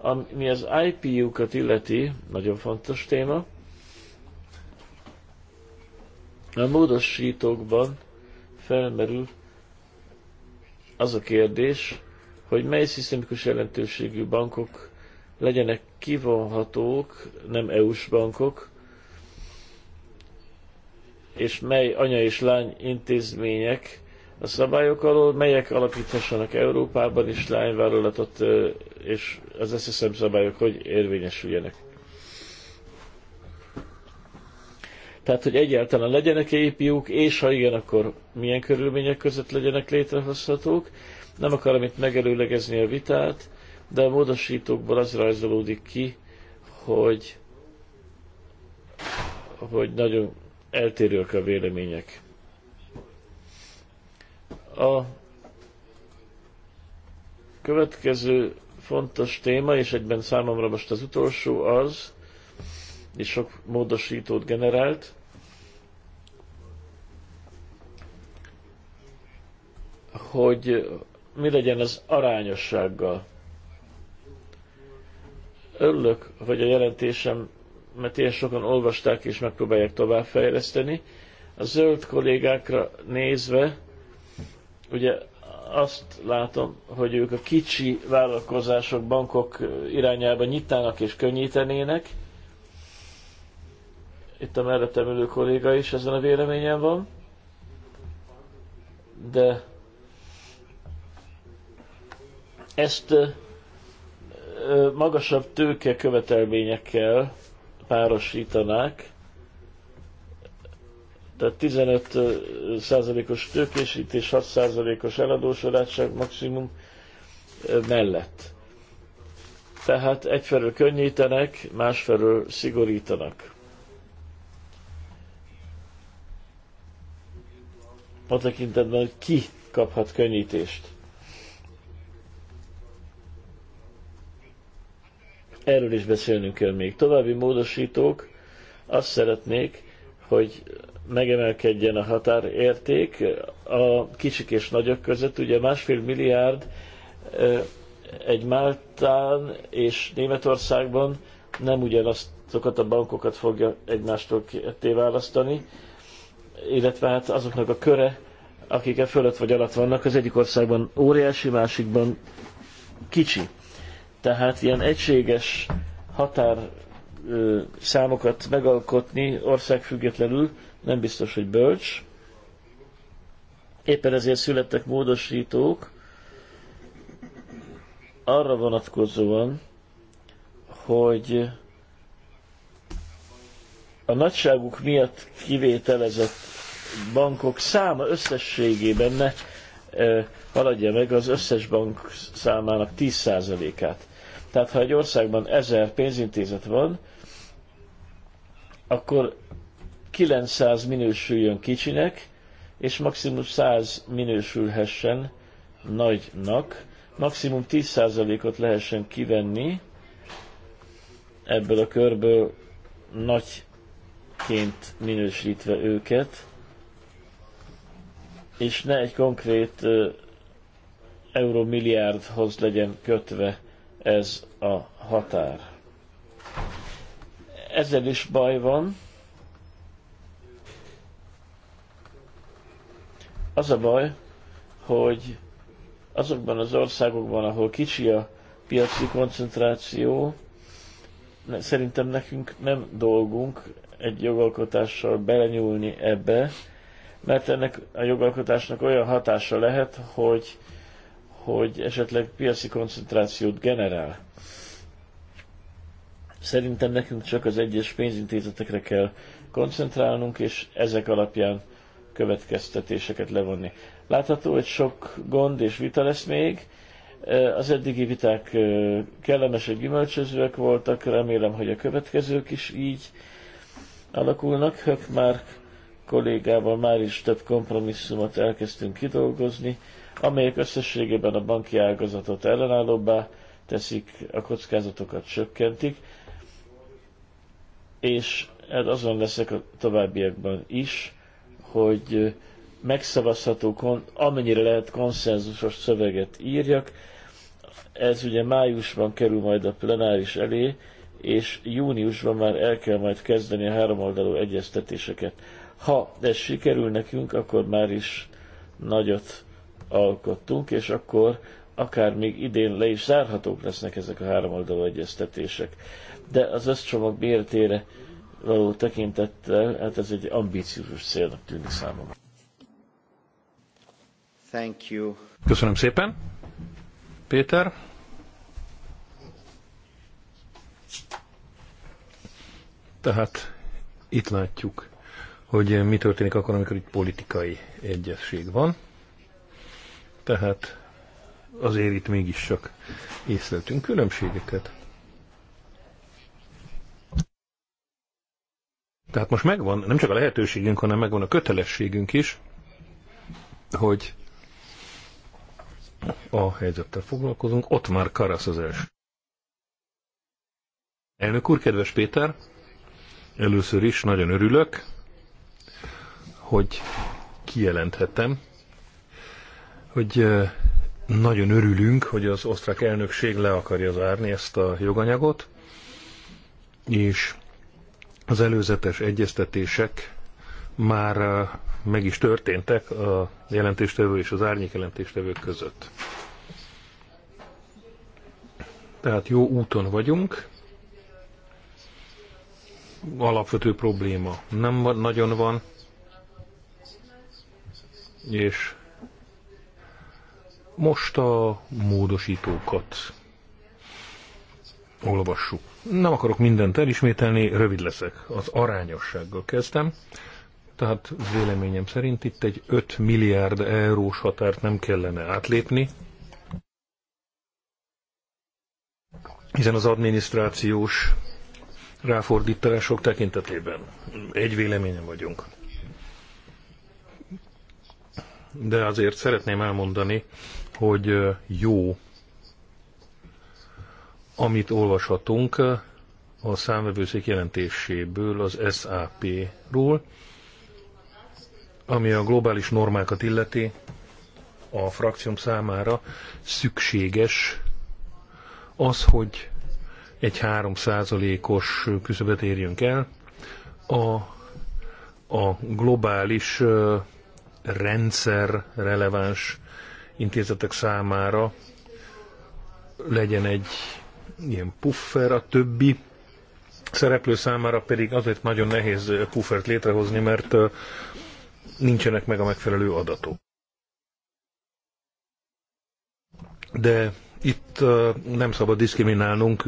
Ami az IPU-kat illeti, nagyon fontos téma, a módosítókban felmerül az a kérdés, hogy mely szisztemikus jelentőségű bankok legyenek kivonhatók, nem EU-s bankok, és mely anya és lány intézmények a szabályok alól, melyek alapíthassanak Európában is lányvállalatot, és az SSM szabályok hogy érvényesüljenek. Tehát, hogy egyáltalán legyenek -e IPU-k, és ha igen, akkor milyen körülmények között legyenek létrehozhatók. Nem akarom itt megelőlegezni a vitát, de a módosítókból az rajzolódik ki, hogy, hogy nagyon eltérőek a vélemények. A következő fontos téma, és egyben számomra most az utolsó az, és sok módosítót generált. hogy mi legyen az arányossággal. Örülök, hogy a jelentésem, mert ilyen sokan olvasták és megpróbálják továbbfejleszteni. A zöld kollégákra nézve, ugye azt látom, hogy ők a kicsi vállalkozások, bankok irányába nyitának és könnyítenének, itt a mellettem ülő kolléga is ezen a véleményen van, de ezt magasabb tőke követelményekkel párosítanák, tehát 15%-os tőkésítés, 6%-os eladósodátság maximum mellett. Tehát egyfelől könnyítenek, másfelől szigorítanak. a tekintetben, hogy ki kaphat könnyítést. Erről is beszélnünk kell még. További módosítók azt szeretnék, hogy megemelkedjen a határérték a kicsik és nagyok között. Ugye másfél milliárd egy Máltán és Németországban nem ugyanazokat a bankokat fogja egymástól ketté választani, illetve hát azoknak a köre, akik e fölött vagy alatt vannak, az egyik országban óriási, másikban kicsi. Tehát ilyen egységes határ ö, számokat megalkotni ország függetlenül nem biztos, hogy bölcs. Éppen ezért születtek módosítók arra vonatkozóan, hogy a nagyságuk miatt kivételezett bankok száma összességében ne haladja meg az összes bank számának 10%-át. Tehát ha egy országban 1000 pénzintézet van, akkor 900 minősüljön kicsinek, és maximum 100 minősülhessen nagynak, maximum 10%-ot lehessen kivenni ebből a körből nagy ként minősítve őket, és ne egy konkrét euromilliárdhoz legyen kötve ez a határ. Ezzel is baj van. Az a baj, hogy azokban az országokban, ahol kicsi a piaci koncentráció, szerintem nekünk nem dolgunk egy jogalkotással belenyúlni ebbe, mert ennek a jogalkotásnak olyan hatása lehet, hogy, hogy esetleg piaci koncentrációt generál. Szerintem nekünk csak az egyes pénzintézetekre kell koncentrálnunk, és ezek alapján következtetéseket levonni. Látható, hogy sok gond és vita lesz még. Az eddigi viták kellemesek, gyümölcsözőek voltak, remélem, hogy a következők is így alakulnak. Hök már kollégával már is több kompromisszumot elkezdtünk kidolgozni, amelyek összességében a banki ágazatot ellenállóbbá teszik, a kockázatokat csökkentik, és ez hát azon leszek a továbbiakban is, hogy megszavazható, amennyire lehet konszenzusos szöveget írjak. Ez ugye májusban kerül majd a plenáris elé, és júniusban már el kell majd kezdeni a háromoldalú egyeztetéseket. Ha ez sikerül nekünk, akkor már is nagyot alkottunk, és akkor akár még idén le is zárhatók lesznek ezek a háromoldalú egyeztetések. De az összcsomag mértére való tekintettel, hát ez egy ambíciós célnak tűnik számomra. Thank you. Köszönöm szépen. Péter. Tehát itt látjuk, hogy mi történik akkor, amikor itt politikai egyesség van. Tehát azért itt mégis csak észleltünk különbségeket. Tehát most megvan nem csak a lehetőségünk, hanem megvan a kötelességünk is, hogy a helyzettel foglalkozunk. Ott már Karasz az első. Elnök úr, kedves Péter, először is nagyon örülök, hogy kijelenthetem, hogy nagyon örülünk, hogy az osztrák elnökség le akarja zárni ezt a joganyagot, és az előzetes egyeztetések már meg is történtek a jelentéstevő és az árnyék jelentéstevők között. Tehát jó úton vagyunk, alapvető probléma nem van, nagyon van, és most a módosítókat olvassuk. Nem akarok mindent elismételni, rövid leszek. Az arányossággal kezdtem. Tehát véleményem szerint itt egy 5 milliárd eurós határt nem kellene átlépni, hiszen az adminisztrációs ráfordítások tekintetében. Egy véleményen vagyunk. De azért szeretném elmondani, hogy jó, amit olvashatunk a számvevőszék jelentéséből, az SAP-ról, ami a globális normákat illeti, a frakcióm számára szükséges az, hogy egy 3%-os küszöbet érjünk el. A, a globális rendszer releváns intézetek számára legyen egy ilyen puffer, a többi szereplő számára pedig azért nagyon nehéz puffert létrehozni, mert nincsenek meg a megfelelő adatok. De itt nem szabad diszkriminálnunk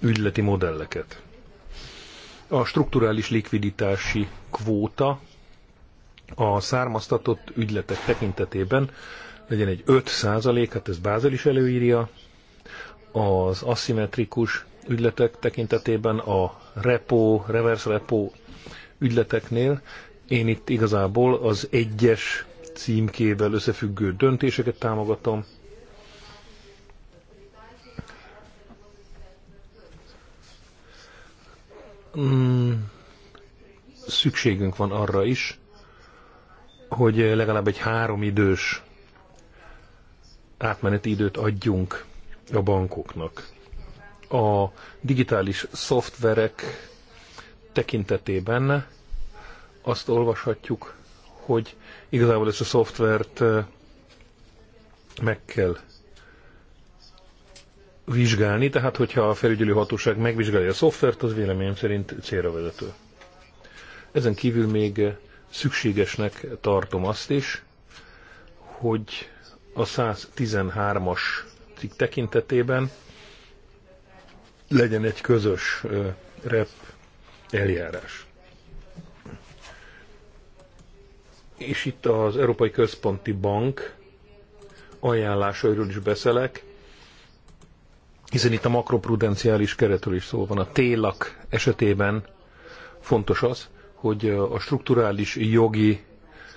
ügyleti modelleket. A strukturális likviditási kvóta a származtatott ügyletek tekintetében legyen egy 5 százalék, hát ez Bázel is előírja, az aszimmetrikus ügyletek tekintetében a repo, reverse repo ügyleteknél én itt igazából az egyes címkével összefüggő döntéseket támogatom, mm, szükségünk van arra is, hogy legalább egy három idős átmeneti időt adjunk a bankoknak. A digitális szoftverek tekintetében azt olvashatjuk, hogy igazából ezt a szoftvert eh, meg kell vizsgálni, tehát hogyha a felügyelő hatóság megvizsgálja a szoftvert, az véleményem szerint célra vezető. Ezen kívül még szükségesnek tartom azt is, hogy a 113-as cikk tekintetében legyen egy közös rep eljárás. És itt az Európai Központi Bank ajánlásairól is beszélek, hiszen itt a makroprudenciális keretről is szó van. A télak esetében fontos az, hogy a strukturális jogi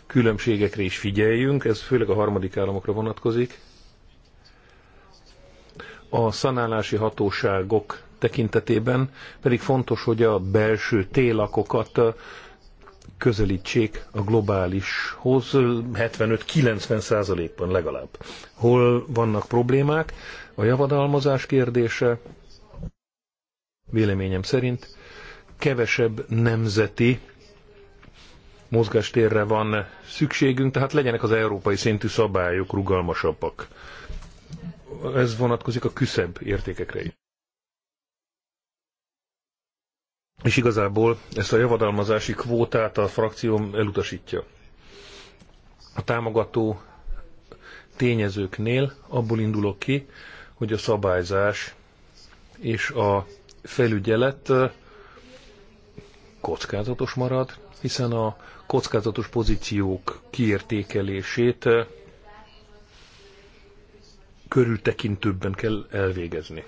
különbségekre is figyeljünk, ez főleg a harmadik államokra vonatkozik. A szanálási hatóságok tekintetében pedig fontos, hogy a belső télakokat közelítsék a globálishoz 75-90 százalékban legalább. Hol vannak problémák, a javadalmazás kérdése véleményem szerint kevesebb nemzeti mozgástérre van szükségünk, tehát legyenek az európai szintű szabályok rugalmasabbak. Ez vonatkozik a küszebb értékekre is. És igazából ezt a javadalmazási kvótát a frakcióm elutasítja. A támogató tényezőknél abból indulok ki, hogy a szabályzás és a felügyelet kockázatos marad, hiszen a kockázatos pozíciók kiértékelését körültekintőbben kell elvégezni.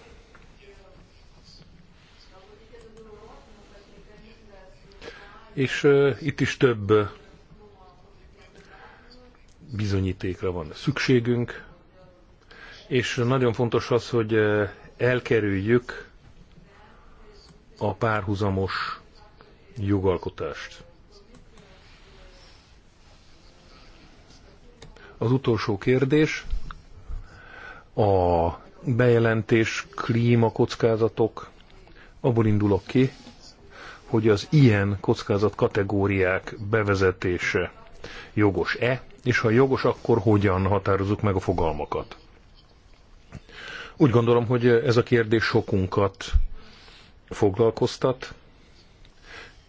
És uh, itt is több bizonyítékra van szükségünk, és nagyon fontos az, hogy eh, elkerüljük a párhuzamos jogalkotást. Az utolsó kérdés, a bejelentés klímakockázatok, abból indulok ki, hogy az ilyen kockázat kategóriák bevezetése jogos-e, és ha jogos, akkor hogyan határozzuk meg a fogalmakat. Úgy gondolom, hogy ez a kérdés sokunkat foglalkoztat,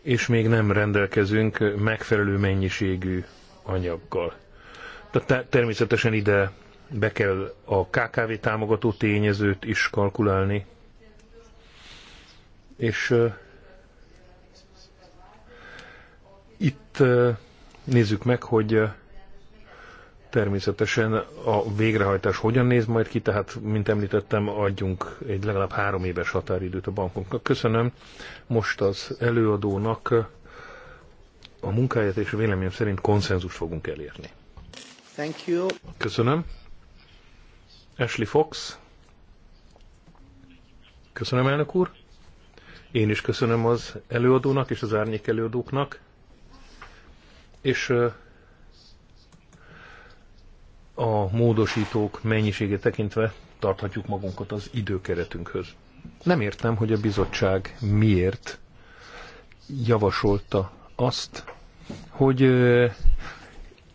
és még nem rendelkezünk megfelelő mennyiségű anyaggal. Tehát természetesen ide be kell a KKV támogató tényezőt is kalkulálni, és uh, itt uh, nézzük meg, hogy uh, természetesen a végrehajtás hogyan néz majd ki, tehát, mint említettem, adjunk egy legalább három éves határidőt a bankunknak. Köszönöm most az előadónak a munkáját, és véleményem szerint konszenzus fogunk elérni. Thank you. Köszönöm. Ashley Fox. Köszönöm, elnök úr. Én is köszönöm az előadónak és az árnyék előadóknak. És a módosítók mennyiségét tekintve tarthatjuk magunkat az időkeretünkhöz. Nem értem, hogy a bizottság miért javasolta azt, hogy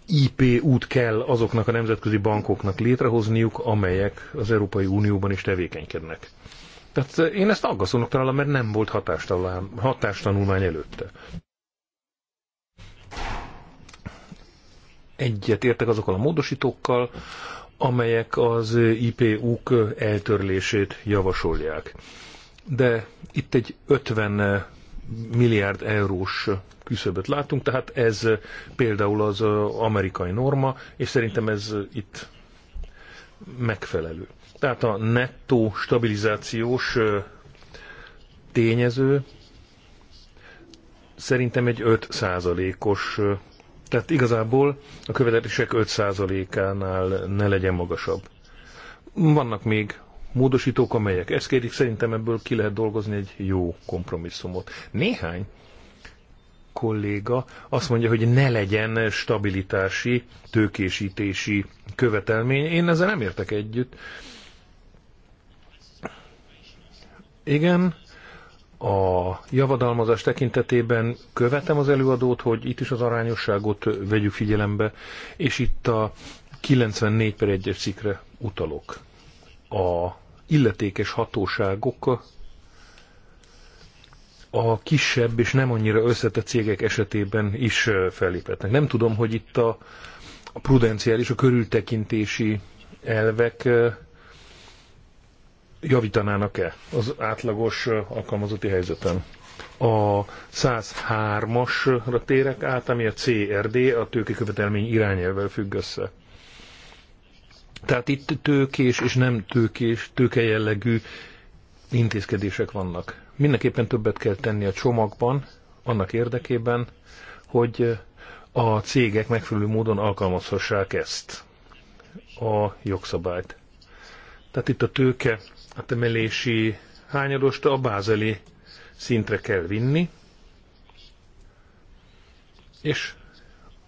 IP út kell azoknak a nemzetközi bankoknak létrehozniuk, amelyek az Európai Unióban is tevékenykednek. Tehát én ezt aggasztónak találom, mert nem volt hatástanulmány előtte. egyet értek azokkal a módosítókkal, amelyek az IPU-k eltörlését javasolják. De itt egy 50 milliárd eurós küszöböt látunk, tehát ez például az amerikai norma, és szerintem ez itt megfelelő. Tehát a nettó stabilizációs tényező szerintem egy 5 os tehát igazából a követelések 5%-ánál ne legyen magasabb. Vannak még módosítók, amelyek ezt kérik, szerintem ebből ki lehet dolgozni egy jó kompromisszumot. Néhány kolléga azt mondja, hogy ne legyen stabilitási, tőkésítési követelmény. Én ezzel nem értek együtt. Igen, a javadalmazás tekintetében követem az előadót, hogy itt is az arányosságot vegyük figyelembe, és itt a 94 per 1-es cikre utalok. A illetékes hatóságok a kisebb és nem annyira összetett cégek esetében is felléphetnek. Nem tudom, hogy itt a, a prudenciális, a körültekintési elvek javítanának-e az átlagos alkalmazotti helyzeten? A 103-asra térek át, ami a CRD, a tőkekövetelmény irányelvvel függ össze. Tehát itt tőkés és nem tőkés, tőke jellegű intézkedések vannak. Mindenképpen többet kell tenni a csomagban, annak érdekében, hogy a cégek megfelelő módon alkalmazhassák ezt a jogszabályt. Tehát itt a tőke a temelési hányadost a bázeli szintre kell vinni, és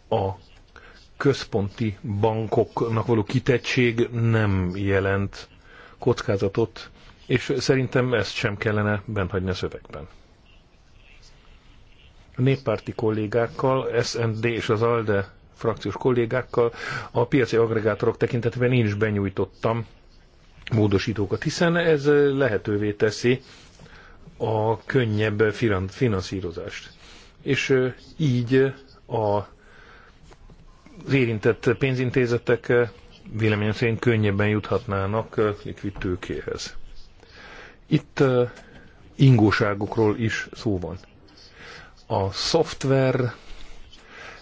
a központi bankoknak való kitettség nem jelent kockázatot, és szerintem ezt sem kellene benthagyni a szövegben. A néppárti kollégákkal, SND és az ALDE frakciós kollégákkal a piaci agregátorok tekintetében én is benyújtottam módosítókat, hiszen ez lehetővé teszi a könnyebb finanszírozást. És így a az érintett pénzintézetek véleményem szerint könnyebben juthatnának likvid tőkéhez. Itt ingóságokról is szó van. A szoftver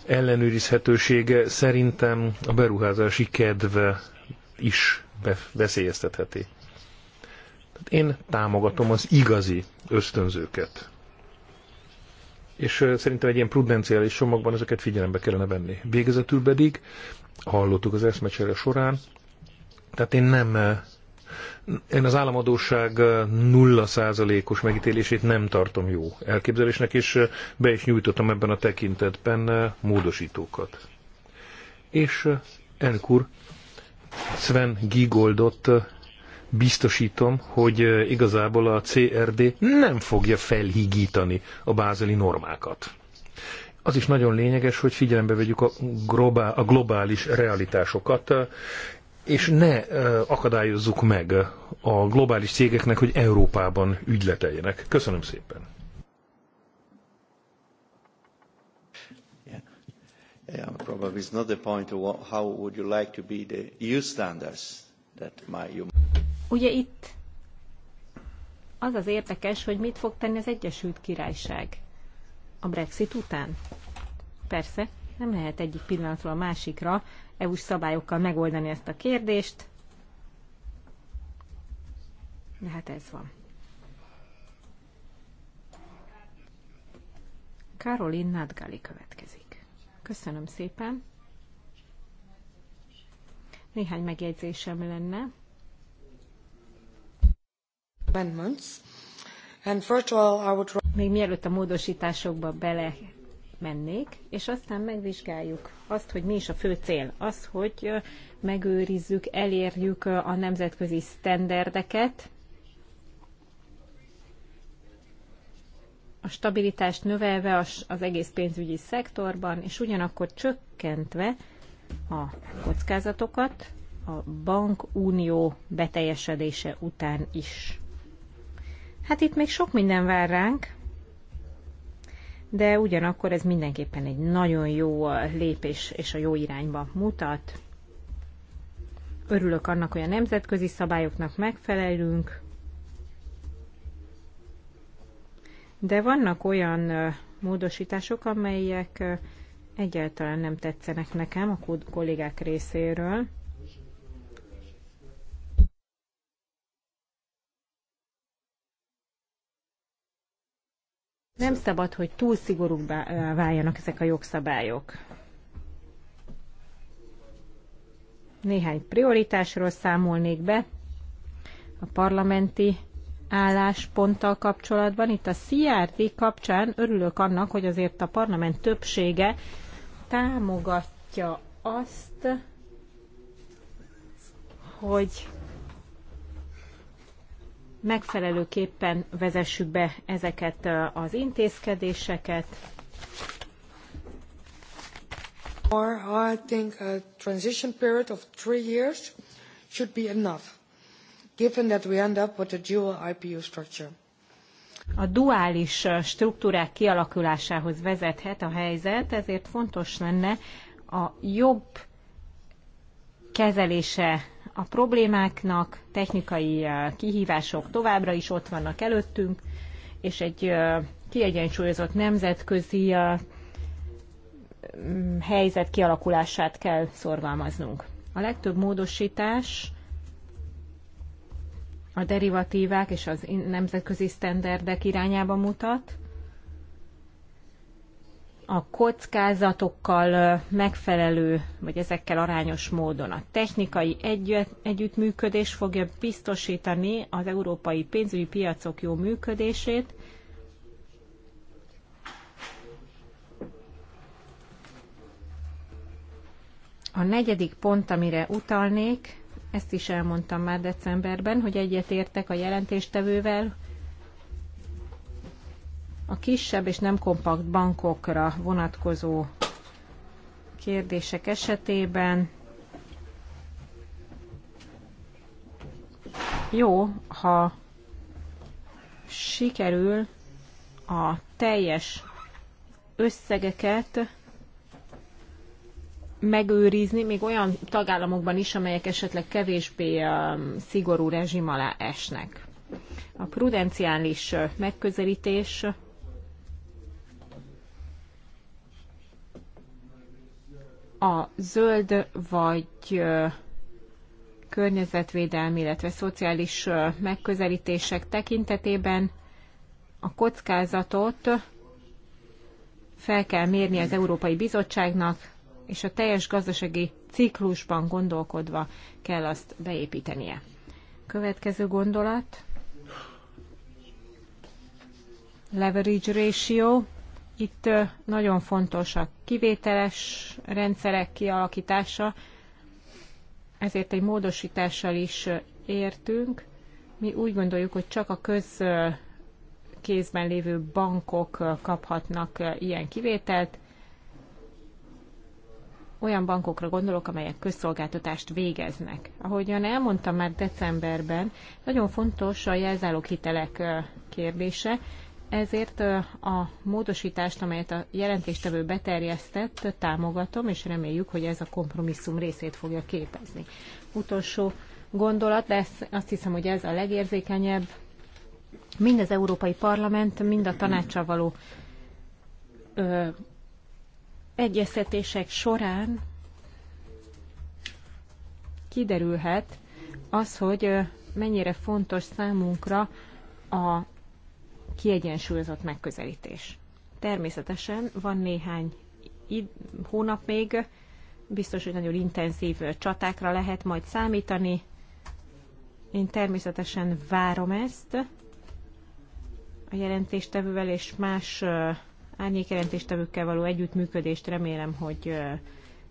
ellenőrizhetősége szerintem a beruházási kedve is veszélyeztetheti. Tehát én támogatom az igazi ösztönzőket. És szerintem egy ilyen prudenciális csomagban ezeket figyelembe kellene venni. Végezetül pedig, hallottuk az eszmecsere során, tehát én nem én az államadóság nulla százalékos megítélését nem tartom jó elképzelésnek, és be is nyújtottam ebben a tekintetben módosítókat. És elnök úr, Sven Gigoldot biztosítom, hogy igazából a CRD nem fogja felhigítani a bázeli normákat. Az is nagyon lényeges, hogy figyelembe vegyük a, globál, a globális realitásokat, és ne akadályozzuk meg a globális cégeknek, hogy Európában ügyleteljenek. Köszönöm szépen! Yeah, probably it's not the point of what, how would you like to be the EU standards that my you... Ugye itt az az érdekes, hogy mit fog tenni az Egyesült Királyság a Brexit után. Persze, nem lehet egyik pillanatról a másikra EU-s szabályokkal megoldani ezt a kérdést, de hát ez van. Caroline Nadgali következik. Köszönöm szépen. Néhány megjegyzésem lenne. Még mielőtt a módosításokba bele mennék, és aztán megvizsgáljuk azt, hogy mi is a fő cél. Az, hogy megőrizzük, elérjük a nemzetközi sztenderdeket, a stabilitást növelve az egész pénzügyi szektorban, és ugyanakkor csökkentve a kockázatokat a bankunió beteljesedése után is. Hát itt még sok minden vár ránk, de ugyanakkor ez mindenképpen egy nagyon jó lépés és a jó irányba mutat. Örülök annak, hogy a nemzetközi szabályoknak megfelelünk, de vannak olyan módosítások, amelyek egyáltalán nem tetszenek nekem a kollégák részéről. Nem szabad, hogy túl szigorúbbá váljanak ezek a jogszabályok. Néhány prioritásról számolnék be a parlamenti állásponttal kapcsolatban. Itt a CRT kapcsán örülök annak, hogy azért a parlament többsége támogatja azt, hogy megfelelőképpen vezessük be ezeket az intézkedéseket. Or I think a transition period of three years should be enough given that we end up with a dual IPU structure. A duális uh, struktúrák kialakulásához vezethet a helyzet, ezért fontos lenne a jobb kezelése a problémáknak, technikai uh, kihívások továbbra is ott vannak előttünk, és egy uh, kiegyensúlyozott nemzetközi mm, helyzet kialakulását kell szorgalmaznunk. A legtöbb módosítás a derivatívák és az nemzetközi sztenderdek irányába mutat. A kockázatokkal megfelelő, vagy ezekkel arányos módon a technikai együtt, együttműködés fogja biztosítani az európai pénzügyi piacok jó működését, A negyedik pont, amire utalnék, ezt is elmondtam már decemberben, hogy egyetértek a jelentéstevővel, a kisebb és nem kompakt bankokra vonatkozó kérdések esetében jó, ha sikerül a teljes összegeket megőrizni, még olyan tagállamokban is, amelyek esetleg kevésbé szigorú rezsim alá esnek. A prudenciális megközelítés a zöld vagy környezetvédelmi, illetve szociális megközelítések tekintetében a kockázatot fel kell mérni az Európai Bizottságnak, és a teljes gazdasági ciklusban gondolkodva kell azt beépítenie. Következő gondolat. Leverage ratio. Itt nagyon fontos a kivételes rendszerek kialakítása, ezért egy módosítással is értünk. Mi úgy gondoljuk, hogy csak a köz lévő bankok kaphatnak ilyen kivételt, olyan bankokra gondolok, amelyek közszolgáltatást végeznek. Ahogyan elmondtam már decemberben, nagyon fontos a jelzáloghitelek kérdése, ezért a módosítást, amelyet a jelentéstevő beterjesztett, támogatom, és reméljük, hogy ez a kompromisszum részét fogja képezni. Utolsó gondolat, de azt hiszem, hogy ez a legérzékenyebb. Mind az Európai Parlament, mind a tanácsa való egyeztetések során kiderülhet az, hogy mennyire fontos számunkra a kiegyensúlyozott megközelítés. Természetesen van néhány hónap még, biztos, hogy nagyon intenzív csatákra lehet majd számítani. Én természetesen várom ezt a jelentéstevővel és más árnyékjelentéstevőkkel való együttműködést remélem, hogy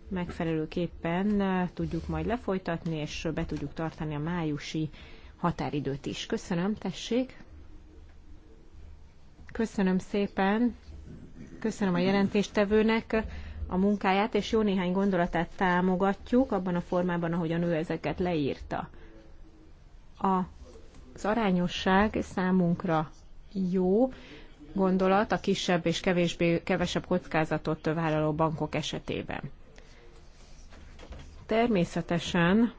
megfelelőképpen tudjuk majd lefolytatni, és be tudjuk tartani a májusi határidőt is. Köszönöm, tessék! Köszönöm szépen, köszönöm a jelentéstevőnek a munkáját, és jó néhány gondolatát támogatjuk abban a formában, ahogyan ő ezeket leírta. A, az arányosság számunkra jó, gondolat a kisebb és kevésbé, kevesebb kockázatot vállaló bankok esetében. Természetesen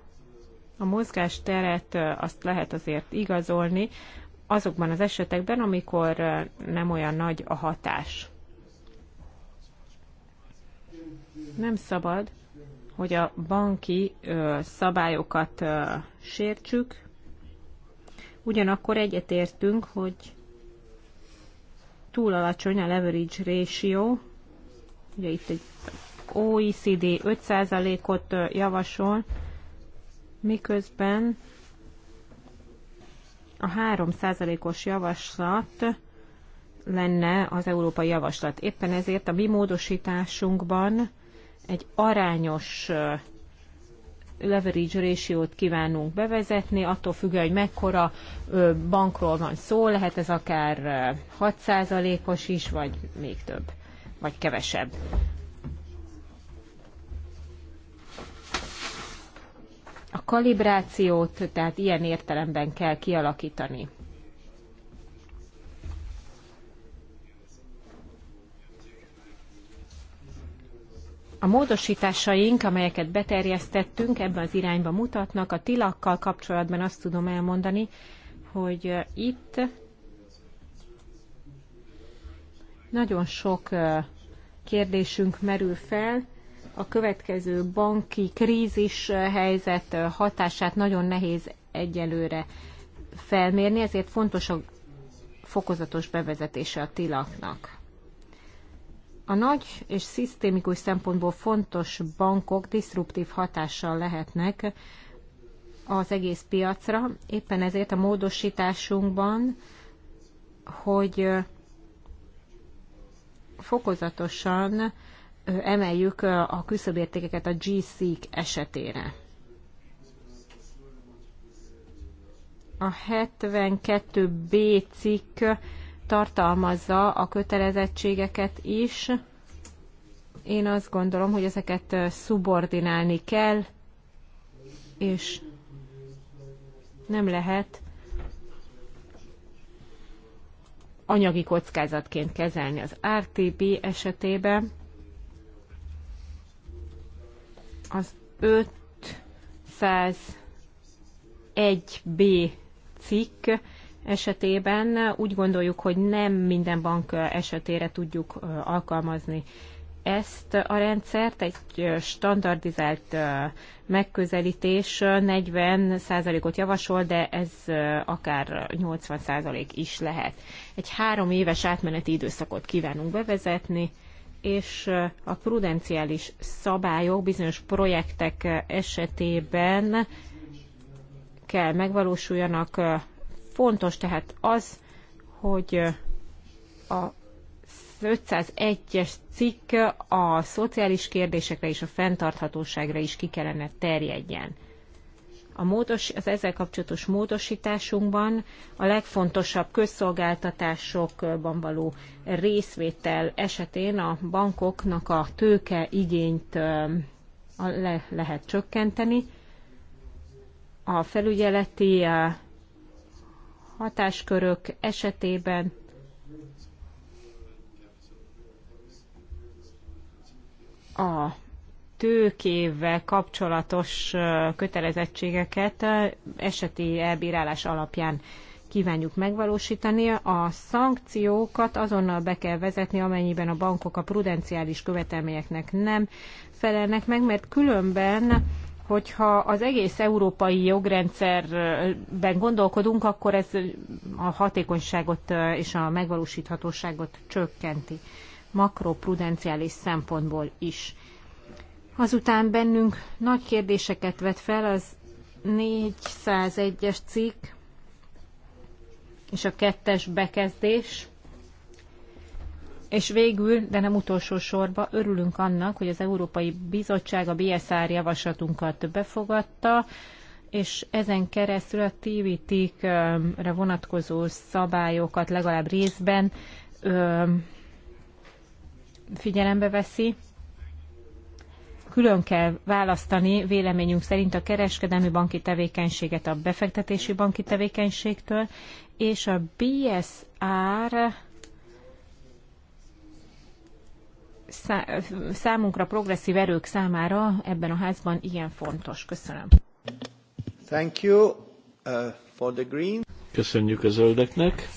a mozgás teret azt lehet azért igazolni azokban az esetekben, amikor nem olyan nagy a hatás. Nem szabad, hogy a banki szabályokat sértsük, ugyanakkor egyetértünk, hogy túl alacsony a leverage ratio, ugye itt egy OECD 5%-ot javasol, miközben a 3%-os javaslat lenne az európai javaslat. Éppen ezért a mi módosításunkban egy arányos leverage ratio-t kívánunk bevezetni, attól függően, hogy mekkora bankról van szó, lehet ez akár 6%-os is, vagy még több, vagy kevesebb. A kalibrációt tehát ilyen értelemben kell kialakítani. A módosításaink, amelyeket beterjesztettünk, ebben az irányba mutatnak. A tilakkal kapcsolatban azt tudom elmondani, hogy itt nagyon sok kérdésünk merül fel. A következő banki krízis helyzet hatását nagyon nehéz egyelőre felmérni, ezért fontos a fokozatos bevezetése a tilaknak. A nagy és szisztémikus szempontból fontos bankok diszruptív hatással lehetnek az egész piacra. Éppen ezért a módosításunkban, hogy fokozatosan emeljük a küszöbértékeket a G-Seek esetére. A 72B cikk tartalmazza a kötelezettségeket is. Én azt gondolom, hogy ezeket szubordinálni kell, és nem lehet anyagi kockázatként kezelni az RTB esetében. Az 501B cikk esetében úgy gondoljuk, hogy nem minden bank esetére tudjuk alkalmazni ezt a rendszert egy standardizált megközelítés 40%-ot javasol, de ez akár 80% is lehet. Egy három éves átmeneti időszakot kívánunk bevezetni, és a prudenciális szabályok bizonyos projektek esetében kell megvalósuljanak Fontos tehát az, hogy a 501-es cikk a szociális kérdésekre és a fenntarthatóságra is ki kellene terjedjen. A módos, az ezzel kapcsolatos módosításunkban a legfontosabb közszolgáltatásokban való részvétel esetén a bankoknak a tőke igényt le lehet csökkenteni. A felügyeleti hatáskörök esetében a tőkével kapcsolatos kötelezettségeket eseti elbírálás alapján kívánjuk megvalósítani. A szankciókat azonnal be kell vezetni, amennyiben a bankok a prudenciális követelményeknek nem felelnek meg, mert különben hogyha az egész európai jogrendszerben gondolkodunk, akkor ez a hatékonyságot és a megvalósíthatóságot csökkenti makroprudenciális szempontból is. Azután bennünk nagy kérdéseket vet fel az 401-es cikk és a kettes bekezdés. És végül, de nem utolsó sorba, örülünk annak, hogy az Európai Bizottság a BSR javaslatunkat befogadta, és ezen keresztül a TVT-re vonatkozó szabályokat legalább részben figyelembe veszi. Külön kell választani véleményünk szerint a kereskedelmi banki tevékenységet a befektetési banki tevékenységtől, és a BSR számunkra, progresszív erők számára ebben a házban ilyen fontos. Köszönöm. Thank you uh, for the green. Köszönjük a zöldeknek.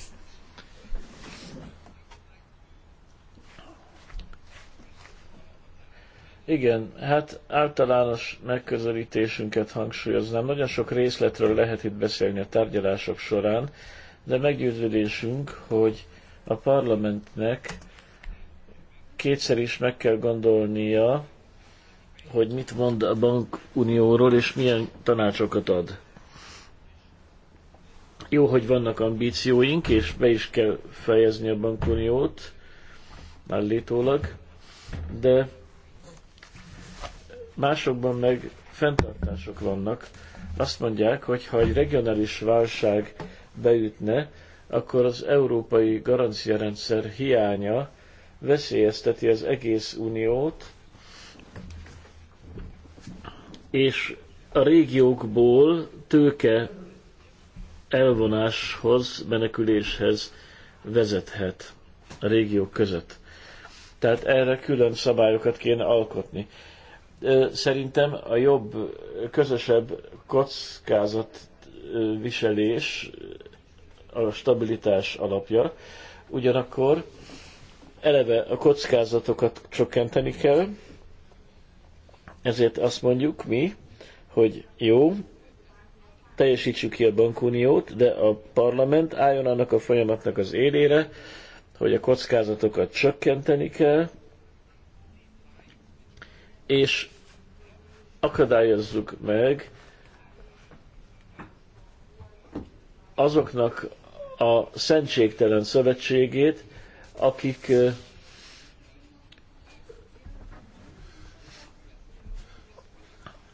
Igen, hát általános megközelítésünket hangsúlyoznám. Nagyon sok részletről lehet itt beszélni a tárgyalások során, de meggyőződésünk, hogy a parlamentnek kétszer is meg kell gondolnia, hogy mit mond a bankunióról, és milyen tanácsokat ad. Jó, hogy vannak ambícióink, és be is kell fejezni a bankuniót, állítólag, de másokban meg fenntartások vannak. Azt mondják, hogy ha egy regionális válság beütne, akkor az európai garanciarendszer hiánya veszélyezteti az egész uniót, és a régiókból tőke elvonáshoz, meneküléshez vezethet a régiók között. Tehát erre külön szabályokat kéne alkotni. Szerintem a jobb, közösebb kockázat viselés a stabilitás alapja, ugyanakkor eleve a kockázatokat csökkenteni kell, ezért azt mondjuk mi, hogy jó, teljesítsük ki a bankuniót, de a parlament álljon annak a folyamatnak az élére, hogy a kockázatokat csökkenteni kell, és akadályozzuk meg azoknak a szentségtelen szövetségét, akik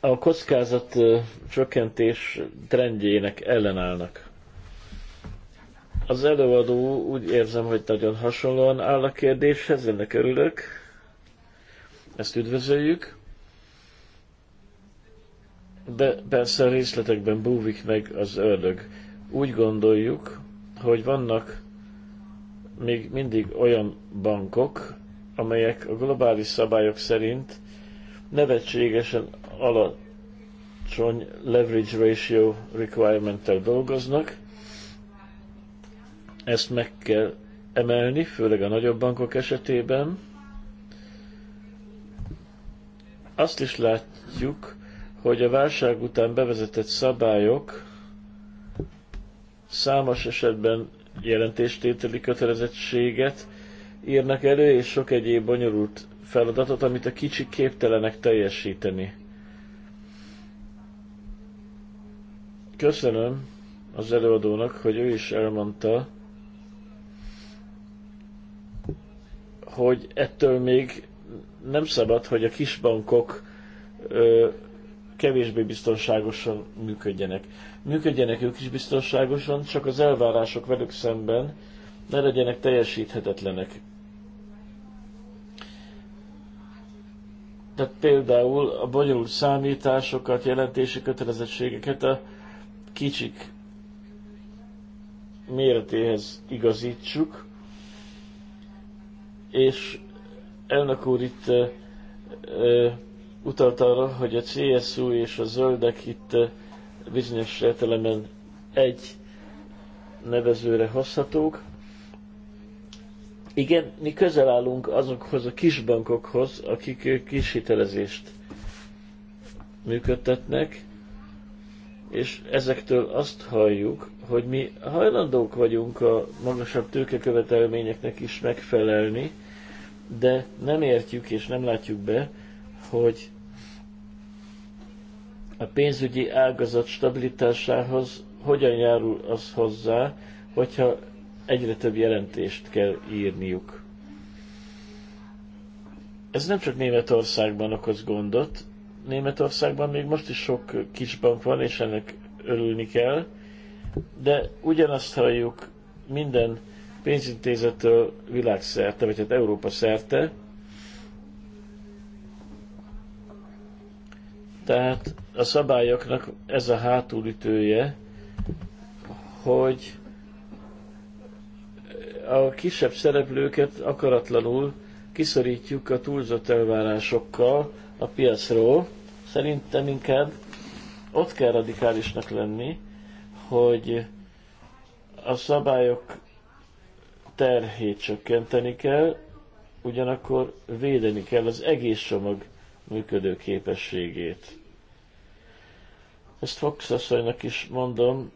a kockázat csökkentés trendjének ellenállnak. Az előadó úgy érzem, hogy nagyon hasonlóan áll a kérdéshez, ennek örülök. Ezt üdvözöljük. De persze a részletekben búvik meg az ördög. Úgy gondoljuk, hogy vannak még mindig olyan bankok, amelyek a globális szabályok szerint nevetségesen alacsony leverage ratio requirement-tel dolgoznak. Ezt meg kell emelni, főleg a nagyobb bankok esetében. Azt is látjuk, hogy a válság után bevezetett szabályok számos esetben jelentéstételi kötelezettséget írnak elő, és sok egyéb bonyolult feladatot, amit a kicsik képtelenek teljesíteni. Köszönöm az előadónak, hogy ő is elmondta, hogy ettől még nem szabad, hogy a kisbankok ö, kevésbé biztonságosan működjenek működjenek ők is biztonságosan, csak az elvárások velük szemben ne legyenek teljesíthetetlenek. Tehát például a bonyolult számításokat, jelentési kötelezettségeket a kicsik méretéhez igazítsuk, és elnök úr itt ö, ö, utalt arra, hogy a CSU és a zöldek itt bizonyos értelemben egy nevezőre hozhatók. Igen, mi közel állunk azokhoz a kisbankokhoz, akik hitelezést működtetnek, és ezektől azt halljuk, hogy mi hajlandók vagyunk a magasabb tőkekövetelményeknek is megfelelni, de nem értjük és nem látjuk be, hogy a pénzügyi ágazat stabilitásához hogyan járul az hozzá, hogyha egyre több jelentést kell írniuk? Ez nem csak Németországban okoz gondot, Németországban még most is sok kisbank van, és ennek örülni kell, de ugyanazt halljuk minden pénzintézettől világszerte, vagy hát Európa szerte. Tehát a szabályoknak ez a hátulütője, hogy a kisebb szereplőket akaratlanul kiszorítjuk a túlzott elvárásokkal a piacról. Szerintem inkább ott kell radikálisnak lenni, hogy a szabályok terhét csökkenteni kell, ugyanakkor védeni kell az egész csomag működő képességét. Ezt Fox asszonynak is mondom,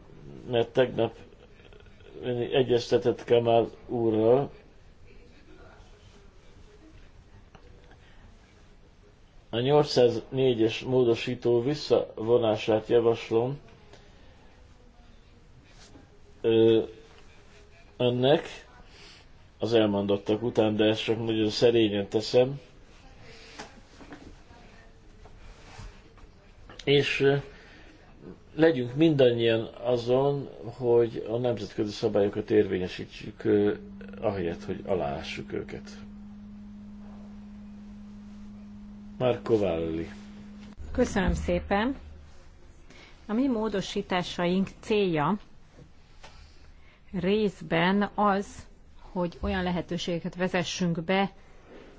mert tegnap egyeztetett Kemal úrral, A 804-es módosító visszavonását javaslom ö, önnek, az elmondottak után, de ezt csak nagyon szerényen teszem. És legyünk mindannyian azon, hogy a nemzetközi szabályokat érvényesítsük, ahelyett, hogy aláássuk őket. Marco Valli. Köszönöm szépen. A mi módosításaink célja részben az, hogy olyan lehetőségeket vezessünk be,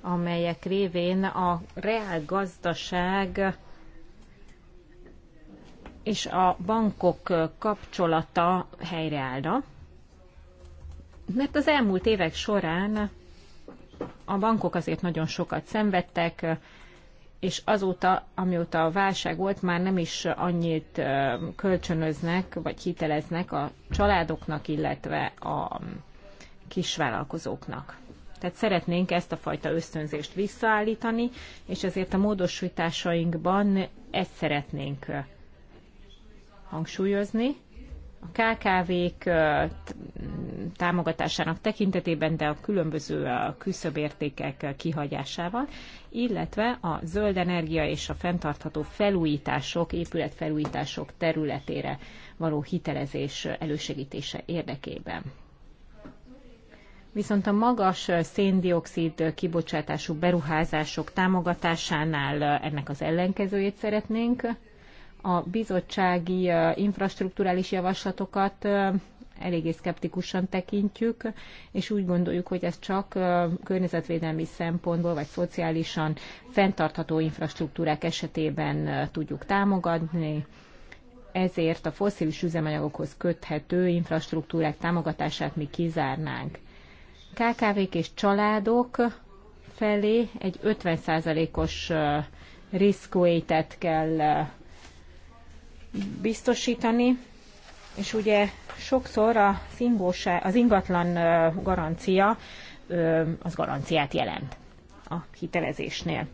amelyek révén a reál gazdaság és a bankok kapcsolata helyreállna, mert az elmúlt évek során a bankok azért nagyon sokat szenvedtek, és azóta, amióta a válság volt, már nem is annyit kölcsönöznek, vagy hiteleznek a családoknak, illetve a kisvállalkozóknak. Tehát szeretnénk ezt a fajta ösztönzést visszaállítani, és ezért a módosításainkban ezt szeretnénk hangsúlyozni. A KKV-k támogatásának tekintetében, de a különböző küszöbértékek kihagyásával, illetve a zöld energia és a fenntartható felújítások, épületfelújítások területére való hitelezés elősegítése érdekében. Viszont a magas széndiokszid kibocsátású beruházások támogatásánál ennek az ellenkezőjét szeretnénk a bizottsági infrastruktúrális javaslatokat eléggé szkeptikusan tekintjük, és úgy gondoljuk, hogy ez csak környezetvédelmi szempontból, vagy szociálisan fenntartható infrastruktúrák esetében tudjuk támogatni, ezért a fosszilis üzemanyagokhoz köthető infrastruktúrák támogatását mi kizárnánk. KKV-k és családok felé egy 50%-os risk kell biztosítani, és ugye sokszor a ingósá, az ingatlan garancia az garanciát jelent a hitelezésnél.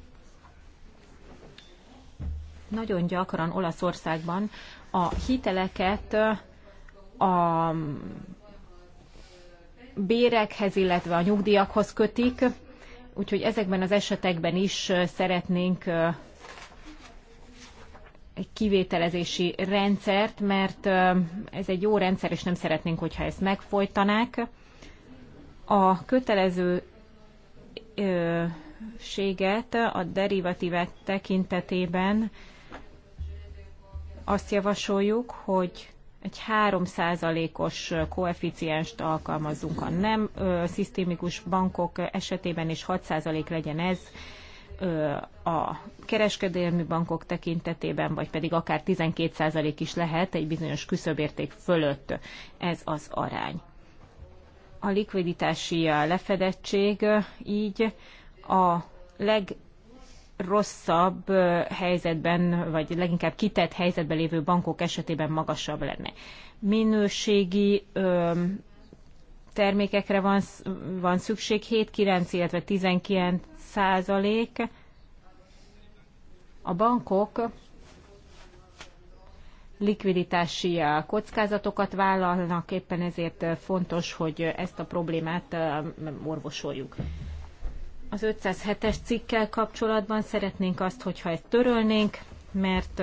Nagyon gyakran Olaszországban a hiteleket a bérekhez, illetve a nyugdíjakhoz kötik, úgyhogy ezekben az esetekben is szeretnénk egy kivételezési rendszert, mert ez egy jó rendszer, és nem szeretnénk, hogyha ezt megfojtanák. A kötelező séget a derivatívek tekintetében azt javasoljuk, hogy egy 3%-os koeficienst alkalmazzunk a nem szisztémikus bankok esetében, és 6% legyen ez a kereskedelmi bankok tekintetében, vagy pedig akár 12% is lehet egy bizonyos küszöbérték fölött ez az arány. A likviditási lefedettség így a legrosszabb helyzetben, vagy leginkább kitett helyzetben lévő bankok esetében magasabb lenne. Minőségi termékekre van, van szükség, 7, 9, illetve 19 százalék a bankok likviditási kockázatokat vállalnak, éppen ezért fontos, hogy ezt a problémát orvosoljuk. Az 507-es cikkel kapcsolatban szeretnénk azt, hogyha ezt törölnénk, mert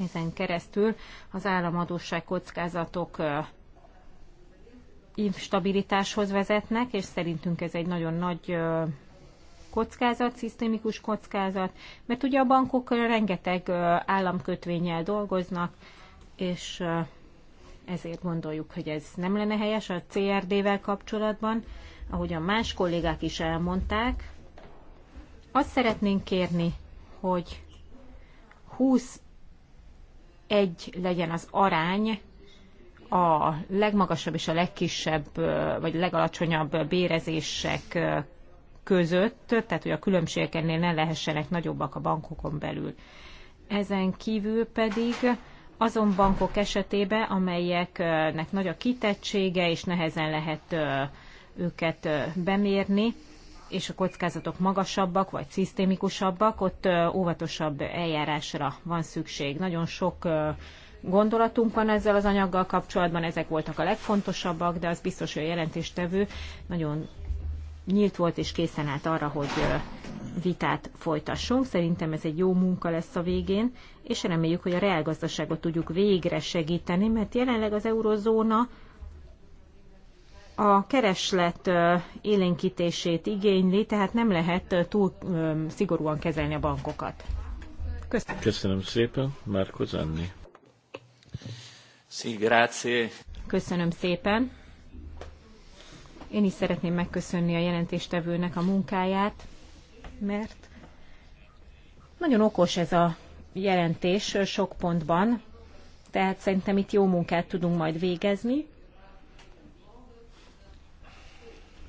ezen keresztül az államadóság kockázatok instabilitáshoz vezetnek, és szerintünk ez egy nagyon nagy kockázat, szisztémikus kockázat, mert ugye a bankok rengeteg államkötvényel dolgoznak, és ezért gondoljuk, hogy ez nem lenne helyes a CRD-vel kapcsolatban, ahogy a más kollégák is elmondták. Azt szeretnénk kérni, hogy 21 legyen az arány a legmagasabb és a legkisebb, vagy legalacsonyabb bérezések között, tehát hogy a különbségek ennél ne lehessenek nagyobbak a bankokon belül. Ezen kívül pedig azon bankok esetében, amelyeknek nagy a kitettsége, és nehezen lehet őket bemérni, és a kockázatok magasabbak vagy szisztémikusabbak, ott óvatosabb eljárásra van szükség. Nagyon sok gondolatunk van ezzel az anyaggal kapcsolatban, ezek voltak a legfontosabbak, de az biztos, hogy a jelentéstevő nagyon nyílt volt és készen állt arra, hogy vitát folytassunk. Szerintem ez egy jó munka lesz a végén, és reméljük, hogy a reálgazdaságot tudjuk végre segíteni, mert jelenleg az eurozóna a kereslet élénkítését igényli, tehát nem lehet túl szigorúan kezelni a bankokat. Köszönöm, Köszönöm szépen, Márko Zanni. grazie. Köszönöm szépen. Én is szeretném megköszönni a jelentéstevőnek a munkáját, mert nagyon okos ez a jelentés sok pontban, tehát szerintem itt jó munkát tudunk majd végezni.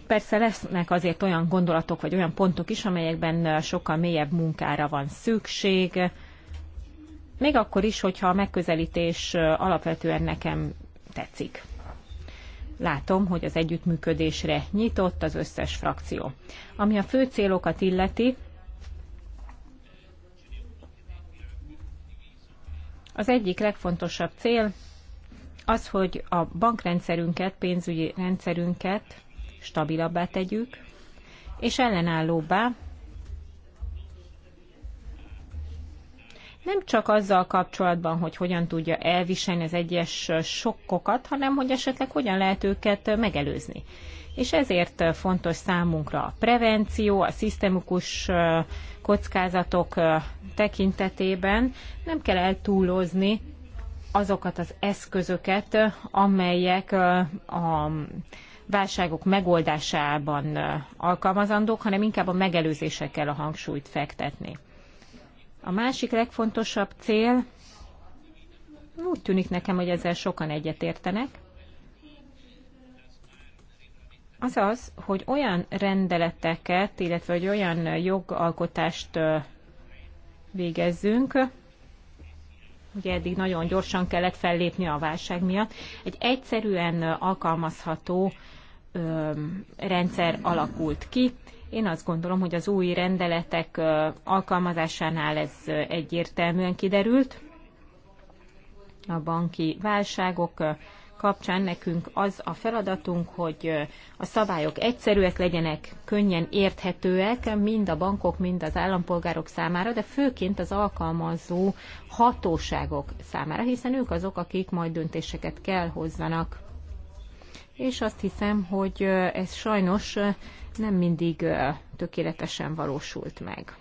Persze lesznek azért olyan gondolatok, vagy olyan pontok is, amelyekben sokkal mélyebb munkára van szükség, még akkor is, hogyha a megközelítés alapvetően nekem tetszik látom, hogy az együttműködésre nyitott az összes frakció. Ami a fő célokat illeti, az egyik legfontosabb cél az, hogy a bankrendszerünket, pénzügyi rendszerünket stabilabbá tegyük, és ellenállóbbá nem csak azzal kapcsolatban, hogy hogyan tudja elviselni az egyes sokkokat, hanem hogy esetleg hogyan lehet őket megelőzni. És ezért fontos számunkra a prevenció, a szisztemikus kockázatok tekintetében nem kell eltúlozni azokat az eszközöket, amelyek a válságok megoldásában alkalmazandók, hanem inkább a megelőzésekkel a hangsúlyt fektetni. A másik legfontosabb cél, úgy tűnik nekem, hogy ezzel sokan egyetértenek, az az, hogy olyan rendeleteket, illetve hogy olyan jogalkotást végezzünk, ugye eddig nagyon gyorsan kellett fellépni a válság miatt, egy egyszerűen alkalmazható rendszer alakult ki, én azt gondolom, hogy az új rendeletek alkalmazásánál ez egyértelműen kiderült. A banki válságok kapcsán nekünk az a feladatunk, hogy a szabályok egyszerűek legyenek, könnyen érthetőek mind a bankok, mind az állampolgárok számára, de főként az alkalmazó hatóságok számára, hiszen ők azok, akik majd döntéseket kell hozzanak. És azt hiszem, hogy ez sajnos nem mindig tökéletesen valósult meg.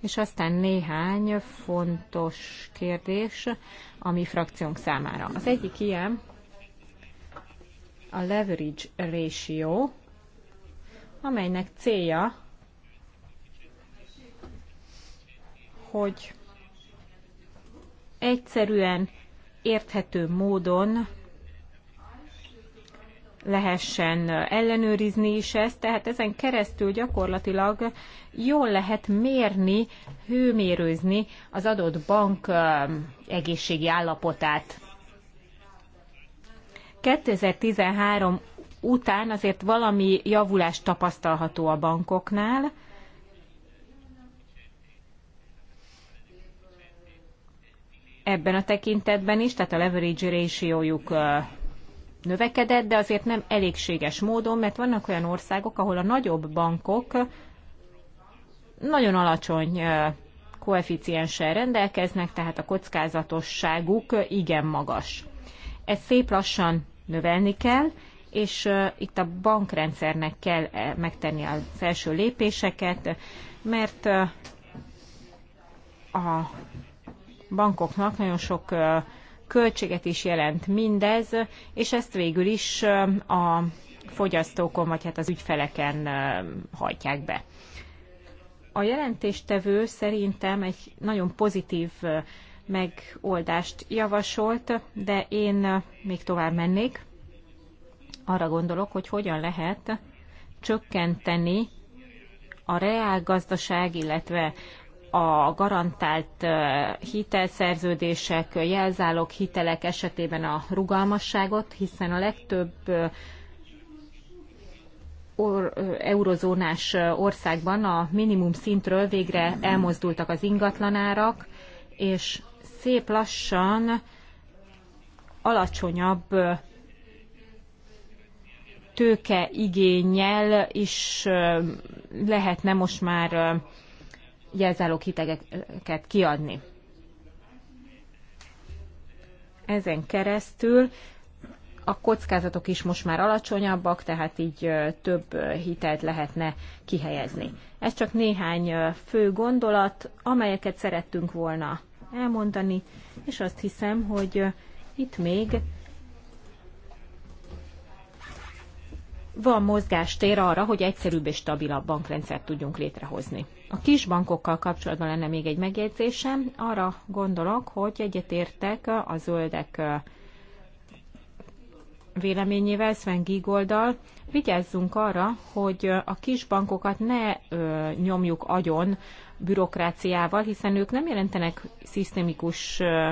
És aztán néhány fontos kérdés a mi frakciónk számára. Az egyik ilyen a leverage ratio, amelynek célja, hogy egyszerűen érthető módon lehessen ellenőrizni is ezt, tehát ezen keresztül gyakorlatilag jól lehet mérni, hőmérőzni az adott bank egészségi állapotát. 2013 után azért valami javulás tapasztalható a bankoknál, ebben a tekintetben is, tehát a leverage ratiojuk növekedett, de azért nem elégséges módon, mert vannak olyan országok, ahol a nagyobb bankok nagyon alacsony koeficienssel rendelkeznek, tehát a kockázatosságuk igen magas. Ez szép lassan növelni kell, és itt a bankrendszernek kell megtenni az első lépéseket, mert a bankoknak nagyon sok költséget is jelent mindez, és ezt végül is a fogyasztókon, vagy hát az ügyfeleken hajtják be. A jelentéstevő szerintem egy nagyon pozitív megoldást javasolt, de én még tovább mennék. Arra gondolok, hogy hogyan lehet csökkenteni a reálgazdaság, illetve a garantált hitelszerződések, jelzálók hitelek esetében a rugalmasságot, hiszen a legtöbb or, eurozónás országban a minimum szintről végre elmozdultak az ingatlanárak, és szép lassan alacsonyabb tőke igényel is lehetne most már jelzálók hitegeket kiadni. Ezen keresztül a kockázatok is most már alacsonyabbak, tehát így több hitelt lehetne kihelyezni. Ez csak néhány fő gondolat, amelyeket szerettünk volna elmondani, és azt hiszem, hogy itt még van mozgástér arra, hogy egyszerűbb és stabilabb bankrendszert tudjunk létrehozni. A kis bankokkal kapcsolatban lenne még egy megjegyzésem. Arra gondolok, hogy egyetértek a zöldek véleményével, Sven Gigoldal. vigyázzunk arra, hogy a kis bankokat ne ö, nyomjuk agyon bürokráciával, hiszen ők nem jelentenek szisztémikus ö,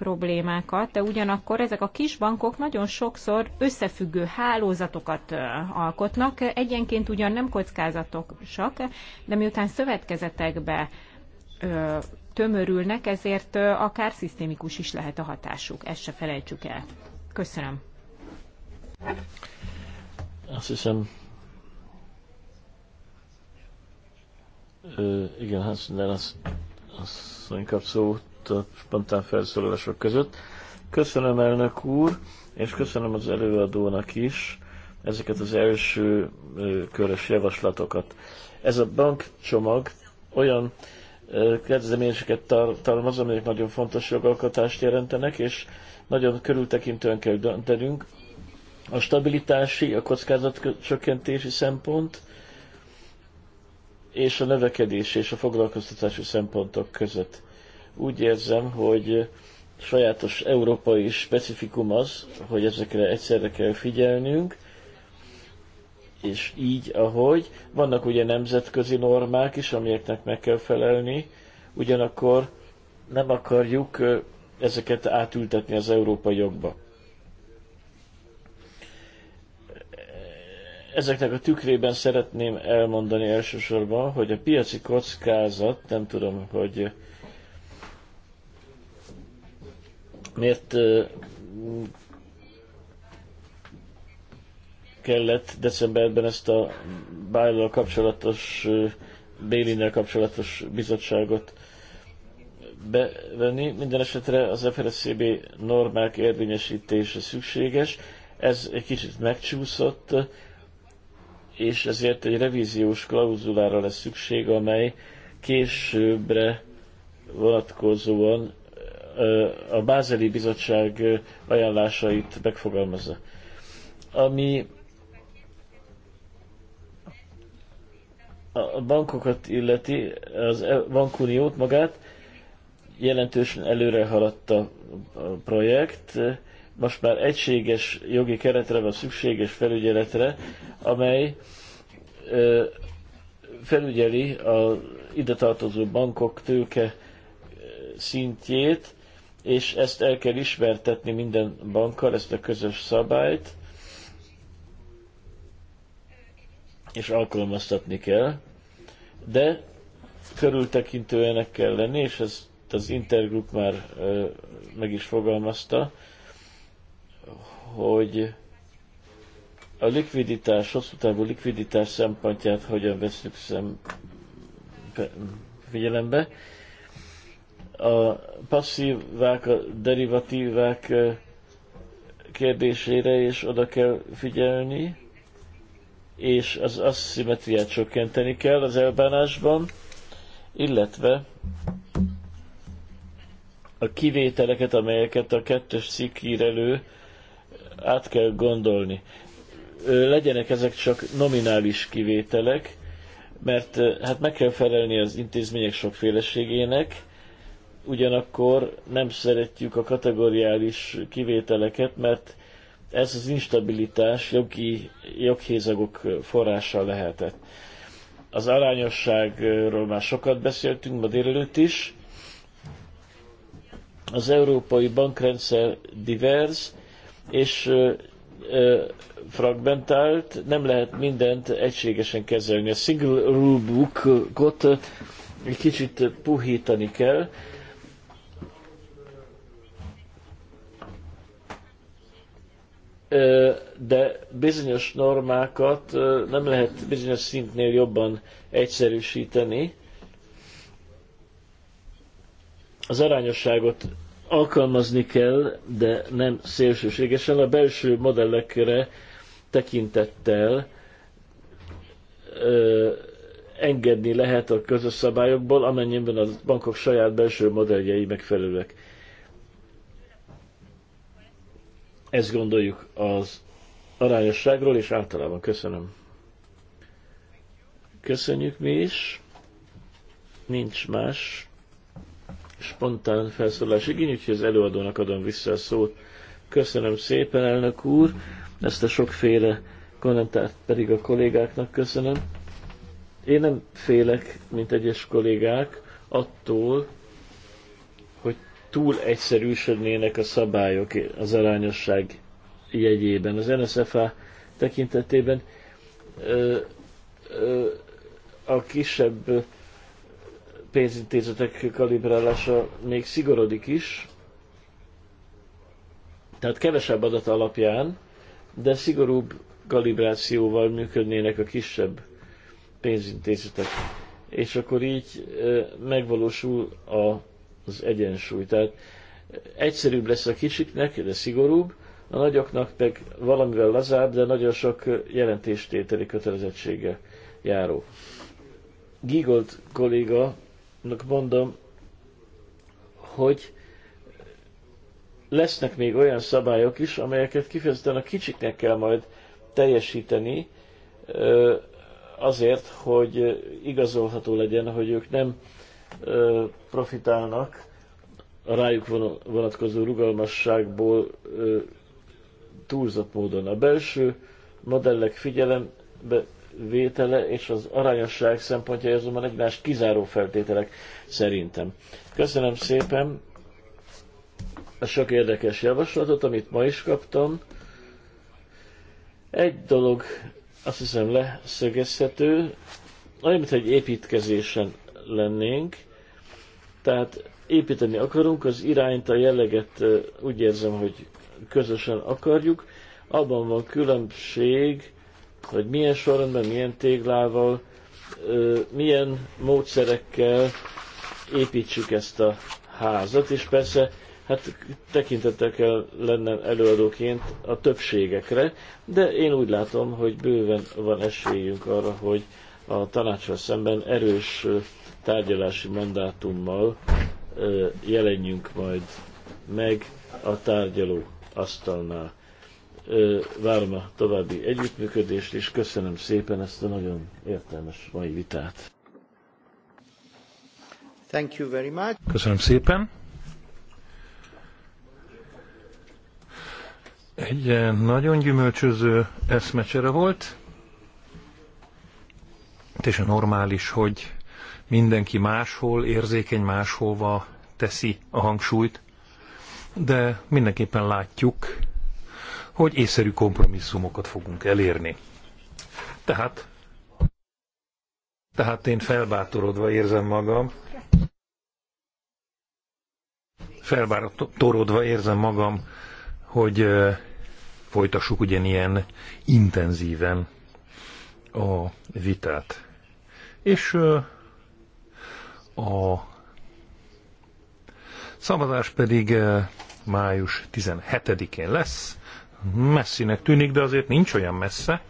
problémákat, de ugyanakkor ezek a kis bankok nagyon sokszor összefüggő hálózatokat alkotnak, egyenként ugyan nem kockázatosak, de miután szövetkezetekbe tömörülnek, ezért akár szisztémikus is lehet a hatásuk. Ezt se felejtsük el. Köszönöm. Azt hiszem, Ö, igen, Hansen, az, az, az kap szót a spontán felszólalások között. Köszönöm elnök úr, és köszönöm az előadónak is ezeket az első körös javaslatokat. Ez a bankcsomag olyan kezdeményeket tartalmaz, amelyek nagyon fontos jogalkotást jelentenek, és nagyon körültekintően kell döntenünk. A stabilitási, a kockázatcsökkentési szempont és a növekedés és a foglalkoztatási szempontok között. Úgy érzem, hogy sajátos európai specifikum az, hogy ezekre egyszerre kell figyelnünk, és így, ahogy. Vannak ugye nemzetközi normák is, amiknek meg kell felelni, ugyanakkor nem akarjuk ezeket átültetni az európai jogba. Ezeknek a tükrében szeretném elmondani elsősorban, hogy a piaci kockázat, nem tudom, hogy miért kellett decemberben ezt a Bájlal kapcsolatos, Bélinnel kapcsolatos bizottságot bevenni. Minden esetre az FRSCB normák érvényesítése szükséges. Ez egy kicsit megcsúszott, és ezért egy revíziós klauzulára lesz szükség, amely későbbre vonatkozóan a Bázeli Bizottság ajánlásait megfogalmazza. Ami a bankokat illeti, az e- bankuniót magát, jelentősen előre haladt a projekt, most már egységes jogi keretre van szükséges felügyeletre, amely felügyeli a ide tartozó bankok tőke szintjét, és ezt el kell ismertetni minden bankkal, ezt a közös szabályt, és alkalmaztatni kell, de körültekintőenek kell lenni, és ezt az Intergroup már meg is fogalmazta, hogy a likviditás, hosszú távú likviditás szempontját hogyan veszük szem, figyelembe, a passzívák, a derivatívák kérdésére is oda kell figyelni, és az asszimetriát csökkenteni kell az elbánásban, illetve a kivételeket, amelyeket a kettős cikk ír elő, át kell gondolni. Legyenek ezek csak nominális kivételek, mert hát meg kell felelni az intézmények sokféleségének, ugyanakkor nem szeretjük a kategoriális kivételeket, mert ez az instabilitás jogi, joghézagok forrása lehetett. Az arányosságról már sokat beszéltünk ma délelőtt is. Az európai bankrendszer divers és fragmentált, nem lehet mindent egységesen kezelni. A single rule bookot egy kicsit puhítani kell, de bizonyos normákat nem lehet bizonyos szintnél jobban egyszerűsíteni. Az arányosságot alkalmazni kell, de nem szélsőségesen. A belső modellekre tekintettel ö, engedni lehet a közös szabályokból, amennyiben a bankok saját belső modelljei megfelelőek. Ezt gondoljuk az arányosságról, és általában köszönöm. Köszönjük mi is. Nincs más spontán felszólás igény, úgyhogy az előadónak adom vissza a szót. Köszönöm szépen, elnök úr. Ezt a sokféle kommentárt pedig a kollégáknak köszönöm. Én nem félek, mint egyes kollégák, attól, túl egyszerűsödnének a szabályok az arányosság jegyében. Az NSFA tekintetében ö, ö, a kisebb pénzintézetek kalibrálása még szigorodik is, tehát kevesebb adat alapján, de szigorúbb kalibrációval működnének a kisebb pénzintézetek. És akkor így megvalósul a az egyensúly. Tehát egyszerűbb lesz a kicsiknek, de szigorúbb, a nagyoknak meg valamivel lazább, de nagyon sok jelentéstételi kötelezettsége járó. Gigolt kolléga, mondom, hogy lesznek még olyan szabályok is, amelyeket kifejezetten a kicsiknek kell majd teljesíteni, azért, hogy igazolható legyen, hogy ők nem profitálnak a rájuk vonatkozó rugalmasságból túlzott módon. A belső modellek figyelembe vétele és az arányosság szempontja azonban egymás kizáró feltételek szerintem. Köszönöm szépen a sok érdekes javaslatot, amit ma is kaptam. Egy dolog azt hiszem leszögezhető, olyan, egy építkezésen lennénk, tehát építeni akarunk, az irányt, a jelleget úgy érzem, hogy közösen akarjuk. Abban van különbség, hogy milyen sorrendben, milyen téglával, milyen módszerekkel építsük ezt a házat, és persze hát tekintettel kell lennem előadóként a többségekre, de én úgy látom, hogy bőven van esélyünk arra, hogy a tanácsra szemben erős tárgyalási mandátummal jelenjünk majd meg a tárgyaló asztalnál. Várom a további együttműködést, és köszönöm szépen ezt a nagyon értelmes mai vitát. Thank you very much. Köszönöm szépen. Egy nagyon gyümölcsöző eszmecsere volt teljesen normális, hogy mindenki máshol érzékeny, máshova teszi a hangsúlyt, de mindenképpen látjuk, hogy észszerű kompromisszumokat fogunk elérni. Tehát, tehát én felbátorodva érzem magam, felbátorodva érzem magam, hogy folytassuk ugyanilyen intenzíven a vitát és a szavazás pedig május 17-én lesz. Messzinek tűnik, de azért nincs olyan messze.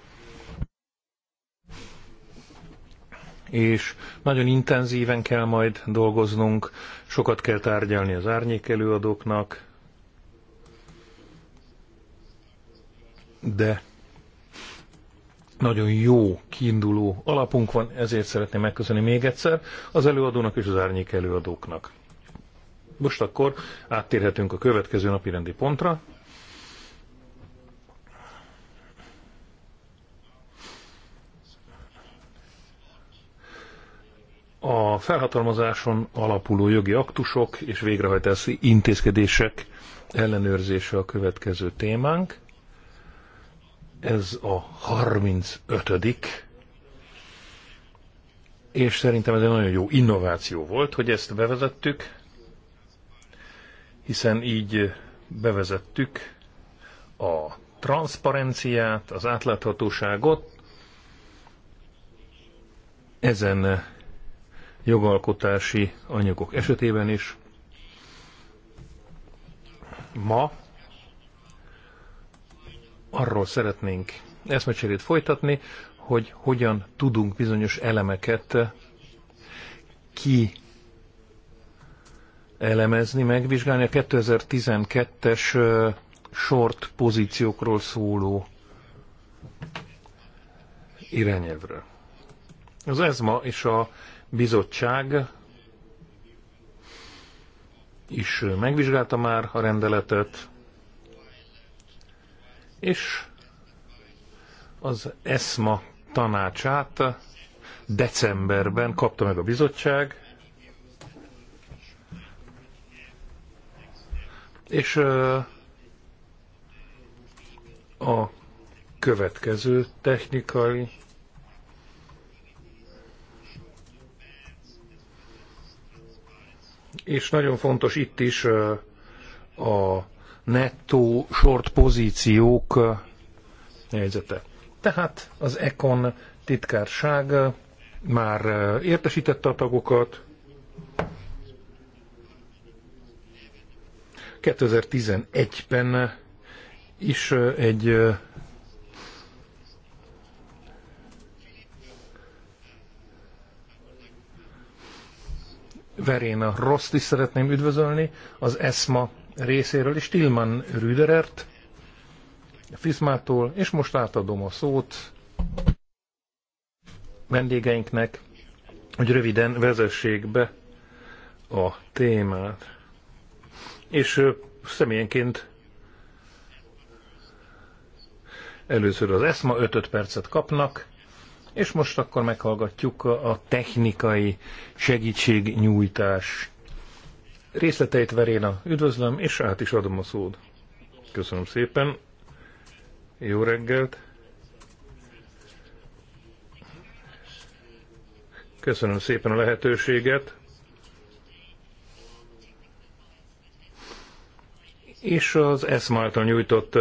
és nagyon intenzíven kell majd dolgoznunk, sokat kell tárgyalni az árnyék előadóknak, de nagyon jó kiinduló alapunk van, ezért szeretném megköszönni még egyszer az előadónak és az árnyék előadóknak. Most akkor áttérhetünk a következő napi rendi pontra. A felhatalmazáson alapuló jogi aktusok és végrehajtási intézkedések ellenőrzése a következő témánk ez a 35 és szerintem ez egy nagyon jó innováció volt, hogy ezt bevezettük, hiszen így bevezettük a transzparenciát, az átláthatóságot, ezen jogalkotási anyagok esetében is. Ma arról szeretnénk eszmecserét folytatni, hogy hogyan tudunk bizonyos elemeket ki elemezni, megvizsgálni a 2012-es short pozíciókról szóló irányelvről. Az ESMA és a bizottság is megvizsgálta már a rendeletet, és az ESMA tanácsát decemberben kapta meg a bizottság, és a következő technikai és nagyon fontos itt is a nettó short pozíciók eh, helyzete. Tehát az Econ titkárság eh, már eh, értesítette a tagokat. 2011-ben is egy a rossz is szeretném üdvözölni, az ESMA részéről, és Tilman Rüderert, Fizmától, és most átadom a szót vendégeinknek, hogy röviden vezessék be a témát. És személyenként először az ESMA 5 percet kapnak, és most akkor meghallgatjuk a technikai segítségnyújtást. Részleteit Veréna üdvözlöm, és át is adom a szót. Köszönöm szépen. Jó reggelt. Köszönöm szépen a lehetőséget. És az Eszmáltal által nyújtott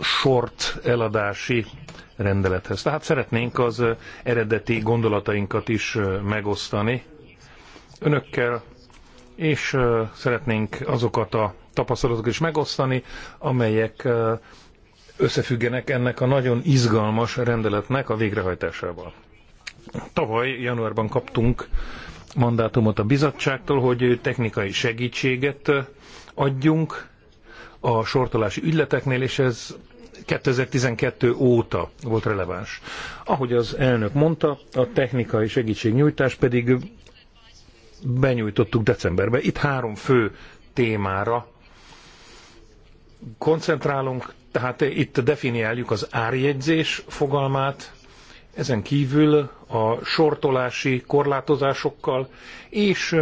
short eladási rendelethez. Tehát szeretnénk az eredeti gondolatainkat is megosztani önökkel, és szeretnénk azokat a tapasztalatokat is megosztani, amelyek összefüggenek ennek a nagyon izgalmas rendeletnek a végrehajtásával. Tavaly januárban kaptunk mandátumot a bizottságtól, hogy technikai segítséget adjunk a sortolási ügyleteknél, és ez 2012 óta volt releváns. Ahogy az elnök mondta, a technikai segítségnyújtás pedig benyújtottuk decemberben. Itt három fő témára koncentrálunk, tehát itt definiáljuk az árjegyzés fogalmát, ezen kívül a sortolási korlátozásokkal, és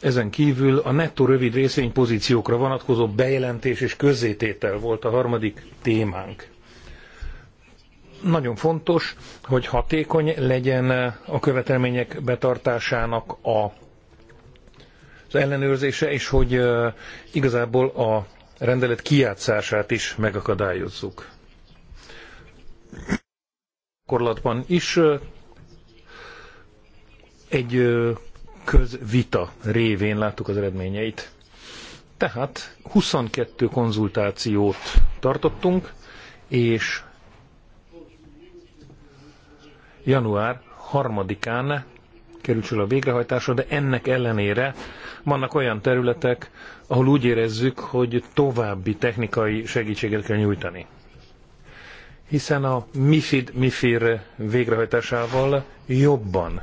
ezen kívül a nettó rövid részvénypozíciókra vonatkozó bejelentés és közzététel volt a harmadik témánk. Nagyon fontos, hogy hatékony legyen a követelmények betartásának a ellenőrzése, és hogy igazából a rendelet kijátszását is megakadályozzuk. Korlatban is egy közvita révén láttuk az eredményeit. Tehát 22 konzultációt tartottunk, és január 3-án került sor a végrehajtásra, de ennek ellenére vannak olyan területek, ahol úgy érezzük, hogy további technikai segítséget kell nyújtani. Hiszen a MIFID-MIFIR végrehajtásával jobban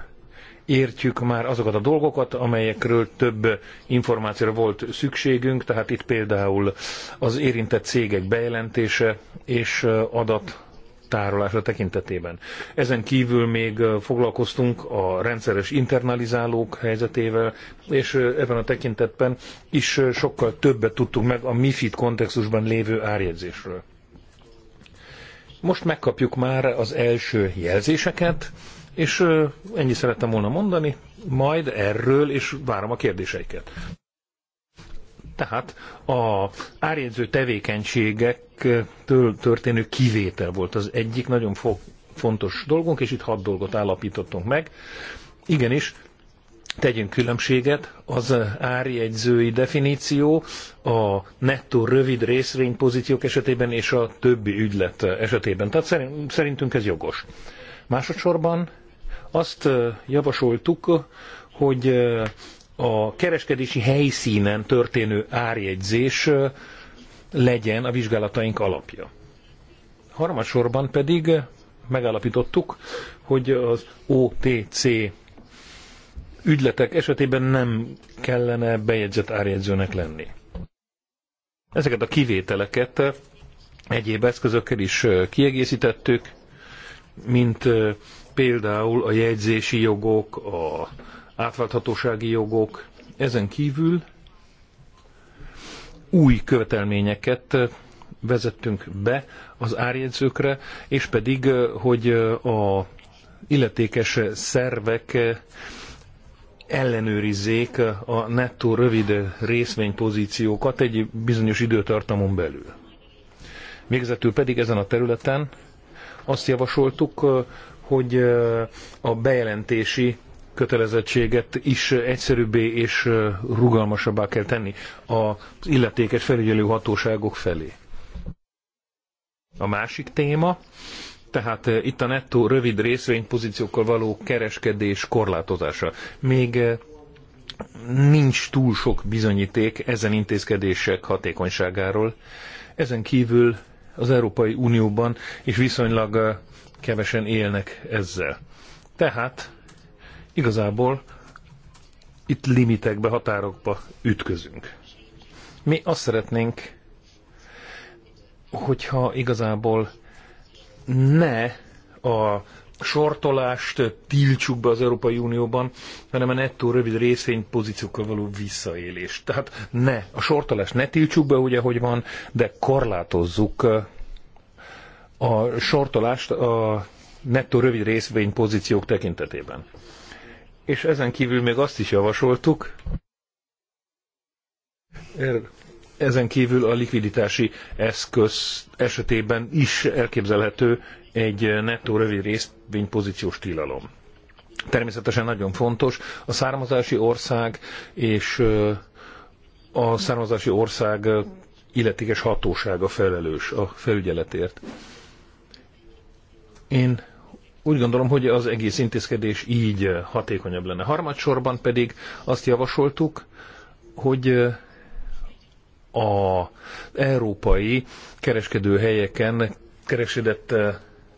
értjük már azokat a dolgokat, amelyekről több információra volt szükségünk, tehát itt például az érintett cégek bejelentése és adat tárolása tekintetében. Ezen kívül még foglalkoztunk a rendszeres internalizálók helyzetével, és ebben a tekintetben is sokkal többet tudtunk meg a MIFID kontextusban lévő árjegyzésről. Most megkapjuk már az első jelzéseket, és ennyi szerettem volna mondani, majd erről, és várom a kérdéseiket. Tehát a árjegyző tevékenységektől történő kivétel volt az egyik nagyon fontos dolgunk, és itt hat dolgot állapítottunk meg. Igenis, tegyünk különbséget, az árjegyzői definíció a nettó rövid részvénypozíciók esetében és a többi ügylet esetében. Tehát szerintünk ez jogos. Másodszorban azt javasoltuk, hogy a kereskedési helyszínen történő árjegyzés legyen a vizsgálataink alapja. Harmadsorban pedig megállapítottuk, hogy az OTC ügyletek esetében nem kellene bejegyzett árjegyzőnek lenni. Ezeket a kivételeket egyéb eszközökkel is kiegészítettük, mint például a jegyzési jogok, a átláthatósági jogok. Ezen kívül új követelményeket vezettünk be az árjegyzőkre, és pedig, hogy a illetékes szervek ellenőrizzék a nettó rövid részvénypozíciókat egy bizonyos időtartamon belül. Végezetül pedig ezen a területen azt javasoltuk, hogy a bejelentési kötelezettséget is egyszerűbbé és rugalmasabbá kell tenni az illetékes felügyelő hatóságok felé. A másik téma, tehát itt a nettó rövid részvénypozíciókkal való kereskedés korlátozása. Még nincs túl sok bizonyíték ezen intézkedések hatékonyságáról. Ezen kívül az Európai Unióban is viszonylag kevesen élnek ezzel. Tehát Igazából itt limitekbe, határokba ütközünk. Mi azt szeretnénk, hogyha igazából ne a sortolást tiltsuk be az Európai Unióban, hanem a nettó rövid részvény pozíciókkal való visszaélés. Tehát ne, a sortolást ne tiltsuk be, ugye, hogy van, de korlátozzuk uh, a sortolást a nettó rövid részvény pozíciók tekintetében és ezen kívül még azt is javasoltuk, er, ezen kívül a likviditási eszköz esetében is elképzelhető egy nettó rövid részvénypozíciós tilalom. Természetesen nagyon fontos a származási ország és a származási ország illetékes hatósága felelős a felügyeletért. Én úgy gondolom, hogy az egész intézkedés így hatékonyabb lenne. Harmadsorban pedig azt javasoltuk, hogy a európai kereskedőhelyeken keresedett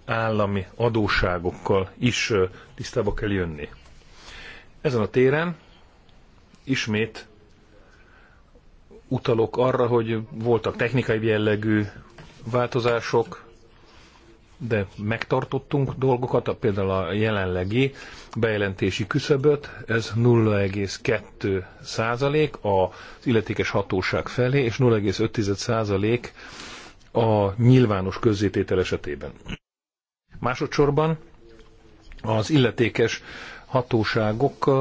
állami adósságokkal is tisztába kell jönni. Ezen a téren ismét utalok arra, hogy voltak technikai jellegű változások, de megtartottunk dolgokat, például a jelenlegi bejelentési küszöböt, ez 0,2 százalék az illetékes hatóság felé, és 0,5 százalék a nyilvános közzététel esetében. Másodszorban az illetékes hatóságok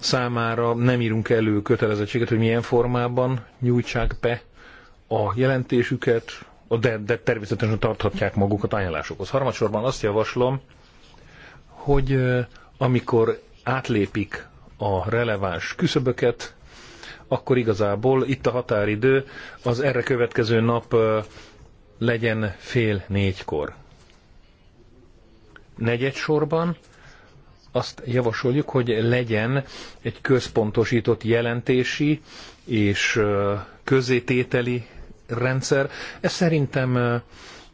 számára nem írunk elő kötelezettséget, hogy milyen formában nyújtsák be a jelentésüket, de, de természetesen tarthatják magukat ajánlásokhoz. Harmadsorban azt javaslom, hogy amikor átlépik a releváns küszöböket, akkor igazából itt a határidő az erre következő nap legyen fél négykor. Negyed sorban azt javasoljuk, hogy legyen egy központosított jelentési és közétételi rendszer. Ez szerintem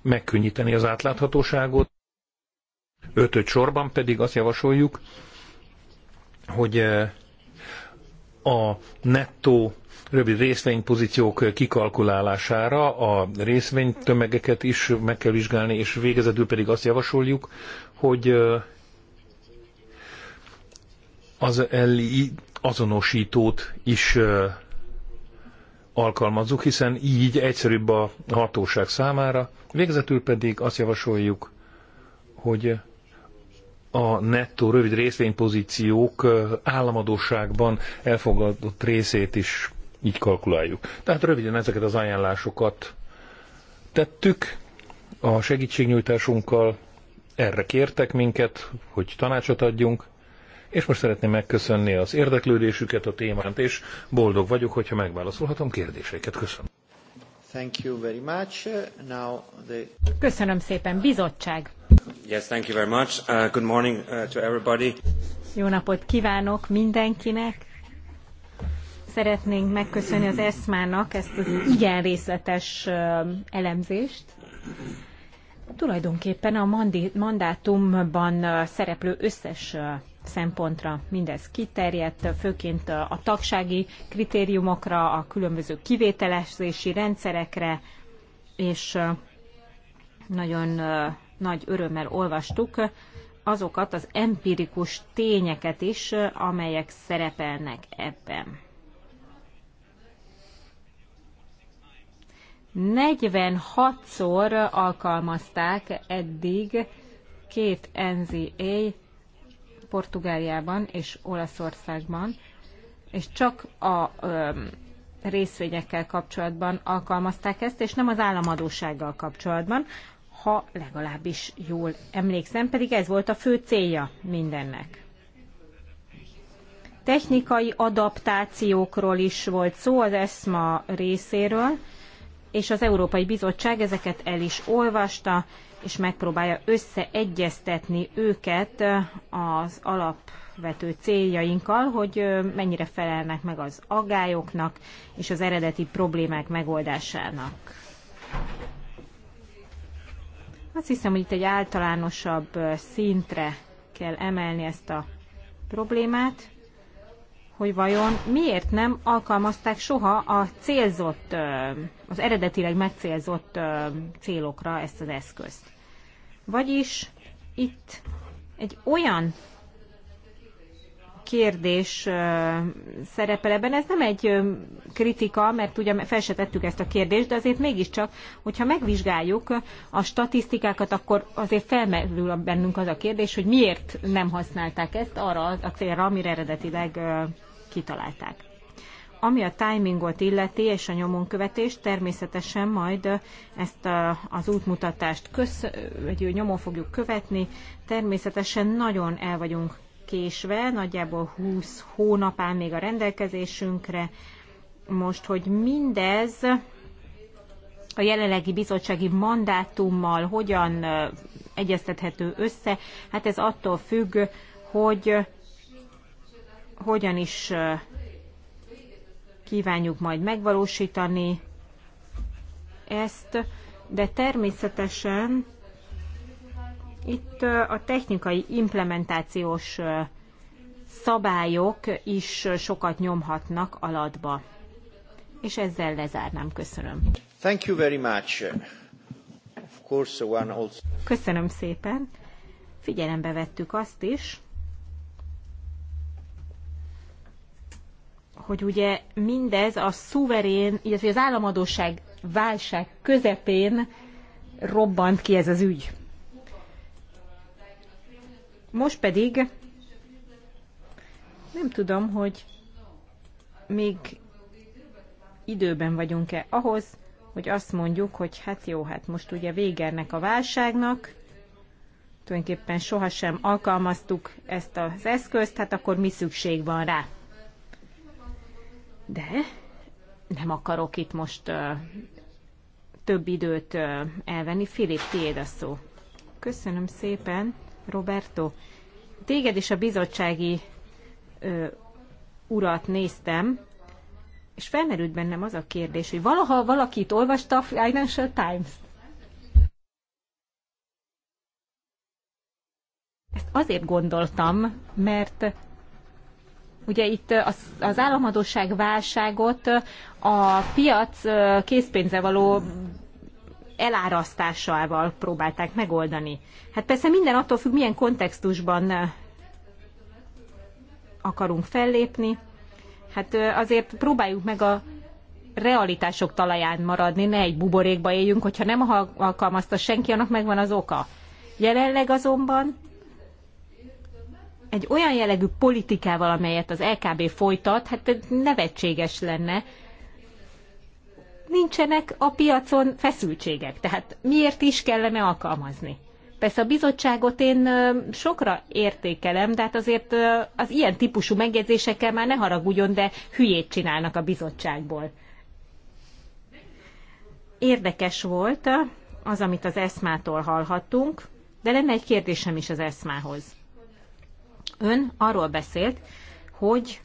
megkönnyíteni az átláthatóságot. Ötöt sorban pedig azt javasoljuk, hogy a nettó rövid részvénypozíciók kikalkulálására a részvénytömegeket is meg kell vizsgálni, és végezetül pedig azt javasoljuk, hogy az LI azonosítót is alkalmazzuk, hiszen így egyszerűbb a hatóság számára. Végezetül pedig azt javasoljuk, hogy a nettó rövid részvénypozíciók államadóságban elfogadott részét is így kalkuláljuk. Tehát röviden ezeket az ajánlásokat tettük a segítségnyújtásunkkal, erre kértek minket, hogy tanácsot adjunk, és most szeretném megköszönni az érdeklődésüket a témánt, és boldog vagyok, hogyha megválaszolhatom kérdéseiket. Köszönöm. Thank you very much. Now the... Köszönöm szépen, bizottság. Yes, thank you very much. Uh, good morning uh, to everybody. Jó napot kívánok mindenkinek. Szeretnénk megköszönni az ESMA-nak ezt az igen részletes uh, elemzést. Tulajdonképpen a mandátumban uh, szereplő összes uh, szempontra mindez kiterjedt, főként a tagsági kritériumokra, a különböző kivételezési rendszerekre, és nagyon nagy örömmel olvastuk azokat az empirikus tényeket is, amelyek szerepelnek ebben. 46-szor alkalmazták eddig két NZA Portugáliában és Olaszországban, és csak a ö, részvényekkel kapcsolatban alkalmazták ezt, és nem az államadósággal kapcsolatban, ha legalábbis jól emlékszem, pedig ez volt a fő célja mindennek. Technikai adaptációkról is volt szó az ESMA részéről, és az Európai Bizottság ezeket el is olvasta, és megpróbálja összeegyeztetni őket az alapvető céljainkkal, hogy mennyire felelnek meg az agályoknak és az eredeti problémák megoldásának. Azt hiszem, hogy itt egy általánosabb szintre kell emelni ezt a problémát, hogy vajon miért nem alkalmazták soha a célzott, az eredetileg megcélzott célokra ezt az eszközt. Vagyis itt egy olyan kérdés szerepel ebben. Ez nem egy kritika, mert ugye fel se tettük ezt a kérdést, de azért mégiscsak, hogyha megvizsgáljuk a statisztikákat, akkor azért felmerül bennünk az a kérdés, hogy miért nem használták ezt arra a célra, amire eredetileg kitalálták. Ami a timingot illeti és a nyomonkövetést, természetesen majd ezt a, az útmutatást köz, vagy nyomon fogjuk követni. Természetesen nagyon el vagyunk késve, nagyjából 20 hónap áll még a rendelkezésünkre. Most, hogy mindez a jelenlegi bizottsági mandátummal hogyan egyeztethető össze, hát ez attól függ, hogy hogyan is kívánjuk majd megvalósítani ezt, de természetesen itt a technikai implementációs szabályok is sokat nyomhatnak alatba. És ezzel lezárnám. Köszönöm. Thank you very much. Of course, one also... Köszönöm szépen. Figyelembe vettük azt is, hogy ugye mindez a szuverén, illetve az államadóság válság közepén robbant ki ez az ügy. Most pedig nem tudom, hogy még időben vagyunk-e ahhoz, hogy azt mondjuk, hogy hát jó, hát most ugye végernek a válságnak, tulajdonképpen sohasem alkalmaztuk ezt az eszközt, hát akkor mi szükség van rá. De nem akarok itt most ö, több időt ö, elvenni. Filip, tiéd a szó. Köszönöm szépen, Roberto. Téged is a bizottsági ö, urat néztem, és felmerült bennem az a kérdés, hogy valaha valakit olvasta a Financial Times. Ezt azért gondoltam, mert Ugye itt az, az államadóság válságot a piac készpénze való elárasztásával próbálták megoldani. Hát persze minden attól függ, milyen kontextusban akarunk fellépni. Hát azért próbáljuk meg a realitások talaján maradni, ne egy buborékba éljünk, hogyha nem alkalmazta senki, annak megvan az oka. Jelenleg azonban egy olyan jellegű politikával, amelyet az LKB folytat, hát nevetséges lenne. Nincsenek a piacon feszültségek, tehát miért is kellene alkalmazni? Persze a bizottságot én sokra értékelem, de hát azért az ilyen típusú megjegyzésekkel már ne haragudjon, de hülyét csinálnak a bizottságból. Érdekes volt az, amit az eszmától hallhattunk, de lenne egy kérdésem is az eszmához. Ön arról beszélt, hogy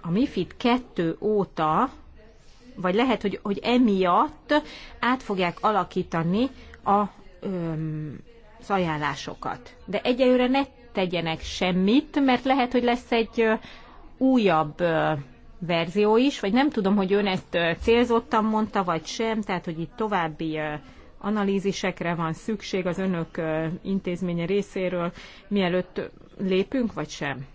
a MIFID 2 óta, vagy lehet, hogy, hogy emiatt át fogják alakítani a az ajánlásokat. De egyelőre ne tegyenek semmit, mert lehet, hogy lesz egy újabb verzió is, vagy nem tudom, hogy ön ezt célzottan mondta, vagy sem, tehát hogy itt további analízisekre van szükség az önök intézménye részéről, mielőtt lépünk, vagy sem?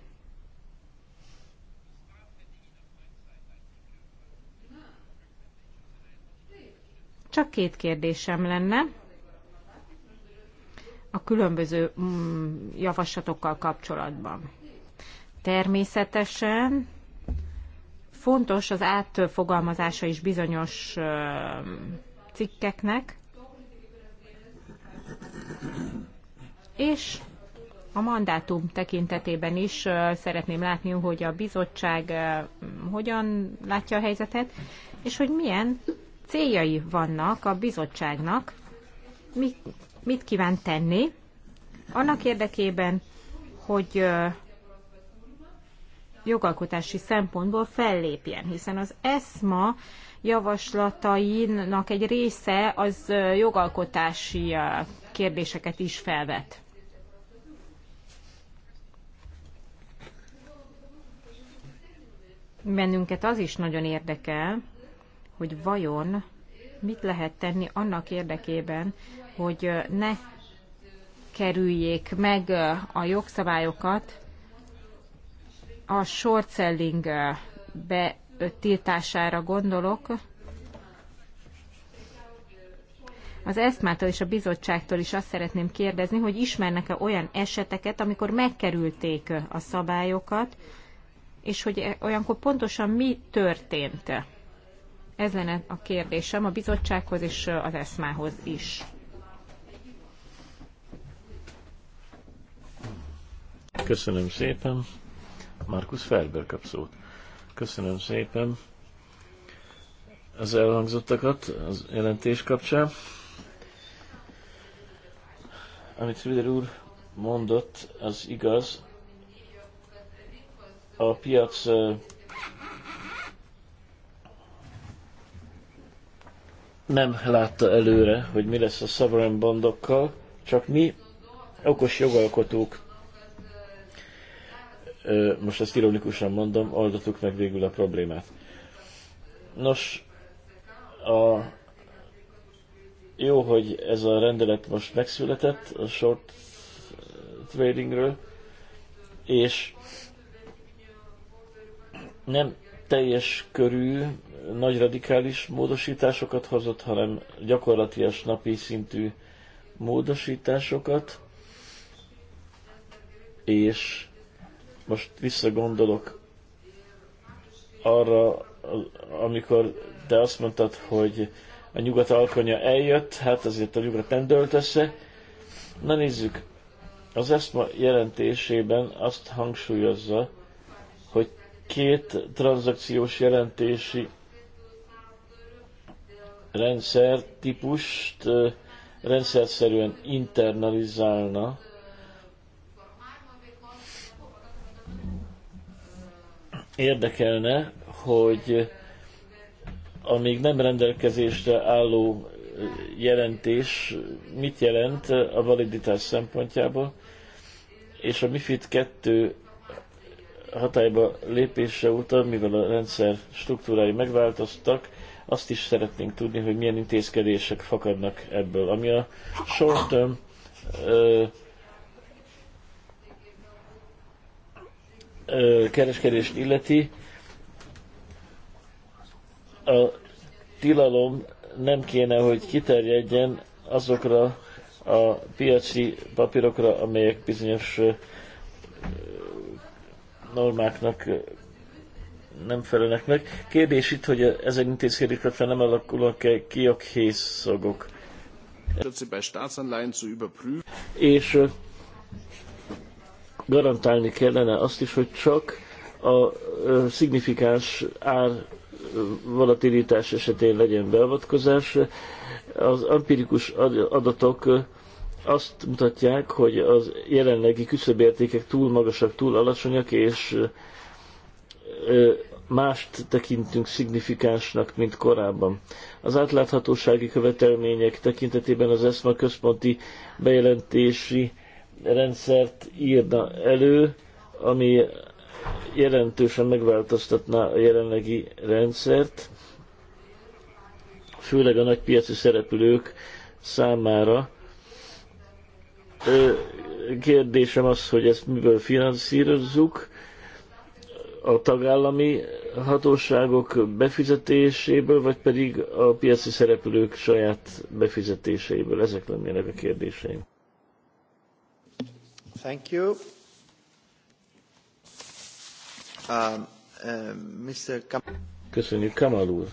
Csak két kérdésem lenne a különböző mm, javaslatokkal kapcsolatban. Természetesen fontos az átfogalmazása is bizonyos cikkeknek, és a mandátum tekintetében is szeretném látni, hogy a bizottság hogyan látja a helyzetet, és hogy milyen céljai vannak a bizottságnak, mit, mit kíván tenni annak érdekében, hogy jogalkotási szempontból fellépjen, hiszen az ESMA javaslatainak egy része az jogalkotási kérdéseket is felvet. bennünket az is nagyon érdekel, hogy vajon mit lehet tenni annak érdekében, hogy ne kerüljék meg a jogszabályokat a short selling betiltására gondolok. Az ESZMÁ-tól és a bizottságtól is azt szeretném kérdezni, hogy ismernek-e olyan eseteket, amikor megkerülték a szabályokat, és hogy e- olyankor pontosan mi történt. Ez lenne a kérdésem a bizottsághoz és az eszmához is. Köszönöm szépen. Markus Felber kap szót. Köszönöm szépen az elhangzottakat az jelentés kapcsán. Amit Rüder úr mondott, az igaz, a piac nem látta előre, hogy mi lesz a sovereign bondokkal, csak mi, okos jogalkotók, most ezt ironikusan mondom, oldottuk meg végül a problémát. Nos, a, jó, hogy ez a rendelet most megszületett a short tradingről, és nem teljes körű, nagy radikális módosításokat hozott, hanem gyakorlatias napi szintű módosításokat, és most visszagondolok arra, amikor te azt mondtad, hogy a nyugat alkonya eljött, hát azért a nyugat nem dölt össze. Na nézzük, az ESMA jelentésében azt hangsúlyozza, két tranzakciós jelentési rendszer típust rendszerszerűen internalizálna, érdekelne, hogy a még nem rendelkezésre álló jelentés mit jelent a validitás szempontjából, és a MIFID 2 hatályba lépése óta, mivel a rendszer struktúrái megváltoztak, azt is szeretnénk tudni, hogy milyen intézkedések fakadnak ebből. Ami a short term ö, ö, kereskedést illeti, a tilalom nem kéne, hogy kiterjedjen azokra a piaci papírokra, amelyek bizonyos normáknak nem felelnek meg. Kérdés itt, hogy ezen fel nem alakulnak-e ki a készszagok. És garantálni kellene azt is, hogy csak a szignifikáns ár volatilitás esetén legyen beavatkozás. Az empirikus adatok azt mutatják, hogy az jelenlegi küszöbértékek túl magasak, túl alacsonyak, és mást tekintünk szignifikánsnak, mint korábban. Az átláthatósági követelmények tekintetében az ESMA központi bejelentési rendszert írna elő, ami jelentősen megváltoztatná a jelenlegi rendszert, főleg a nagy piaci szereplők számára, Kérdésem az, hogy ezt miből finanszírozzuk, a tagállami hatóságok befizetéséből, vagy pedig a piaci szereplők saját befizetéseiből? Ezek lennének a kérdéseim. Thank you. Um, uh, Mr. Kam- Köszönjük, Kamal úr.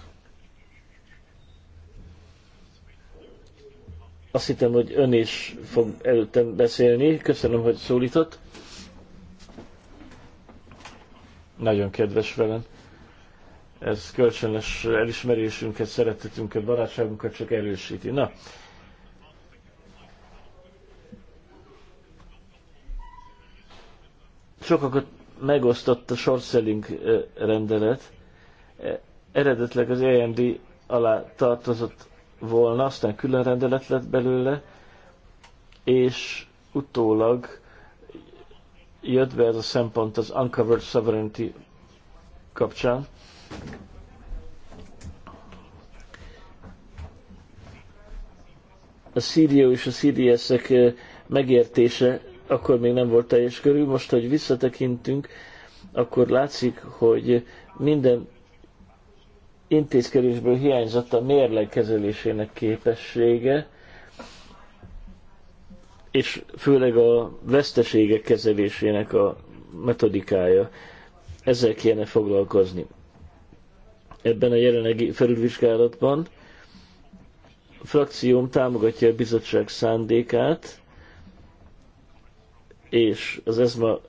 Azt hittem, hogy ön is fog előttem beszélni. Köszönöm, hogy szólított. Nagyon kedves velem. Ez kölcsönös elismerésünket, szeretetünket, barátságunkat csak erősíti. Na, sokakat megosztott a short selling eh, rendelet. Eh, eredetleg az AMD alá tartozott volna, aztán külön rendelet lett belőle, és utólag jött be ez a szempont az Uncovered Sovereignty kapcsán. A CDO és a CDS-ek megértése akkor még nem volt teljes körül, most, hogy visszatekintünk, akkor látszik, hogy minden intézkedésből hiányzott a mérleg kezelésének képessége, és főleg a veszteségek kezelésének a metodikája. Ezzel kéne foglalkozni. Ebben a jelenlegi felülvizsgálatban a frakcióm támogatja a bizottság szándékát, és az ezma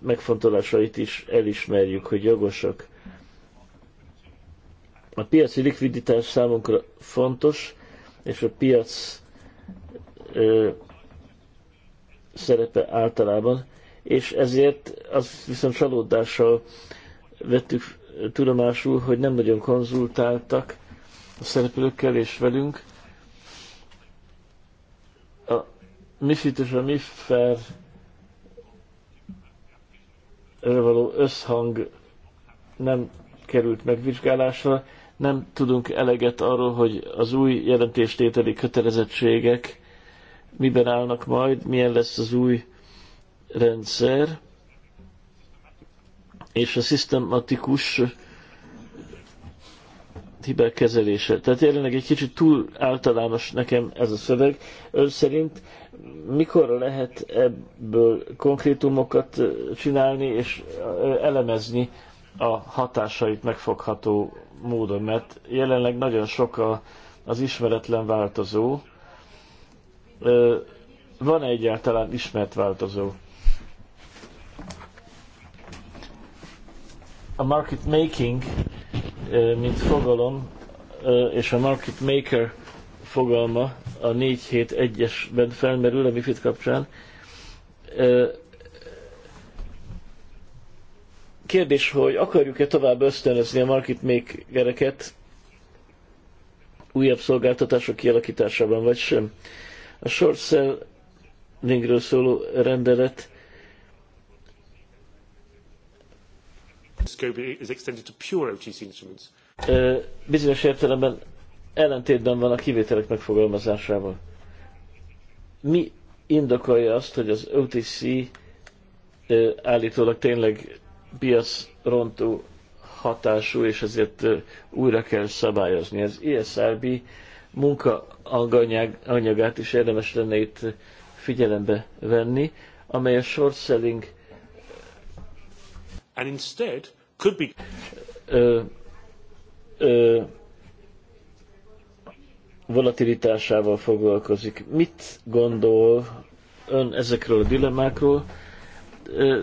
megfontolásait is elismerjük, hogy jogosak. A piaci likviditás számunkra fontos, és a piac ö, szerepe általában, és ezért az viszont csalódással vettük tudomásul, hogy nem nagyon konzultáltak a szereplőkkel és velünk. A MIFIT és a MIFER való összhang nem került megvizsgálásra, nem tudunk eleget arról, hogy az új jelentéstételi kötelezettségek miben állnak majd, milyen lesz az új rendszer, és a szisztematikus hibák kezelése. Tehát jelenleg egy kicsit túl általános nekem ez a szöveg. Ön szerint mikor lehet ebből konkrétumokat csinálni és elemezni a hatásait megfogható módon, mert jelenleg nagyon sok a, az ismeretlen változó. Van-e egyáltalán ismert változó? A market making, mint fogalom, és a market maker fogalma a négy-hét esben felmerül a MIFID kapcsán, Kérdés, hogy akarjuk-e tovább ösztönözni a market makereket újabb szolgáltatások kialakításában, vagy sem. A short sellingről szóló rendelet bizonyos értelemben ellentétben van a kivételek megfogalmazásával. Mi indokolja azt, hogy az OTC állítólag tényleg rontó hatású, és ezért újra kell szabályozni. Az ISRB e munka anyagát is érdemes lenne itt figyelembe venni, amely a short selling And instead could be... volatilitásával foglalkozik. Mit gondol ön ezekről a dilemmákról,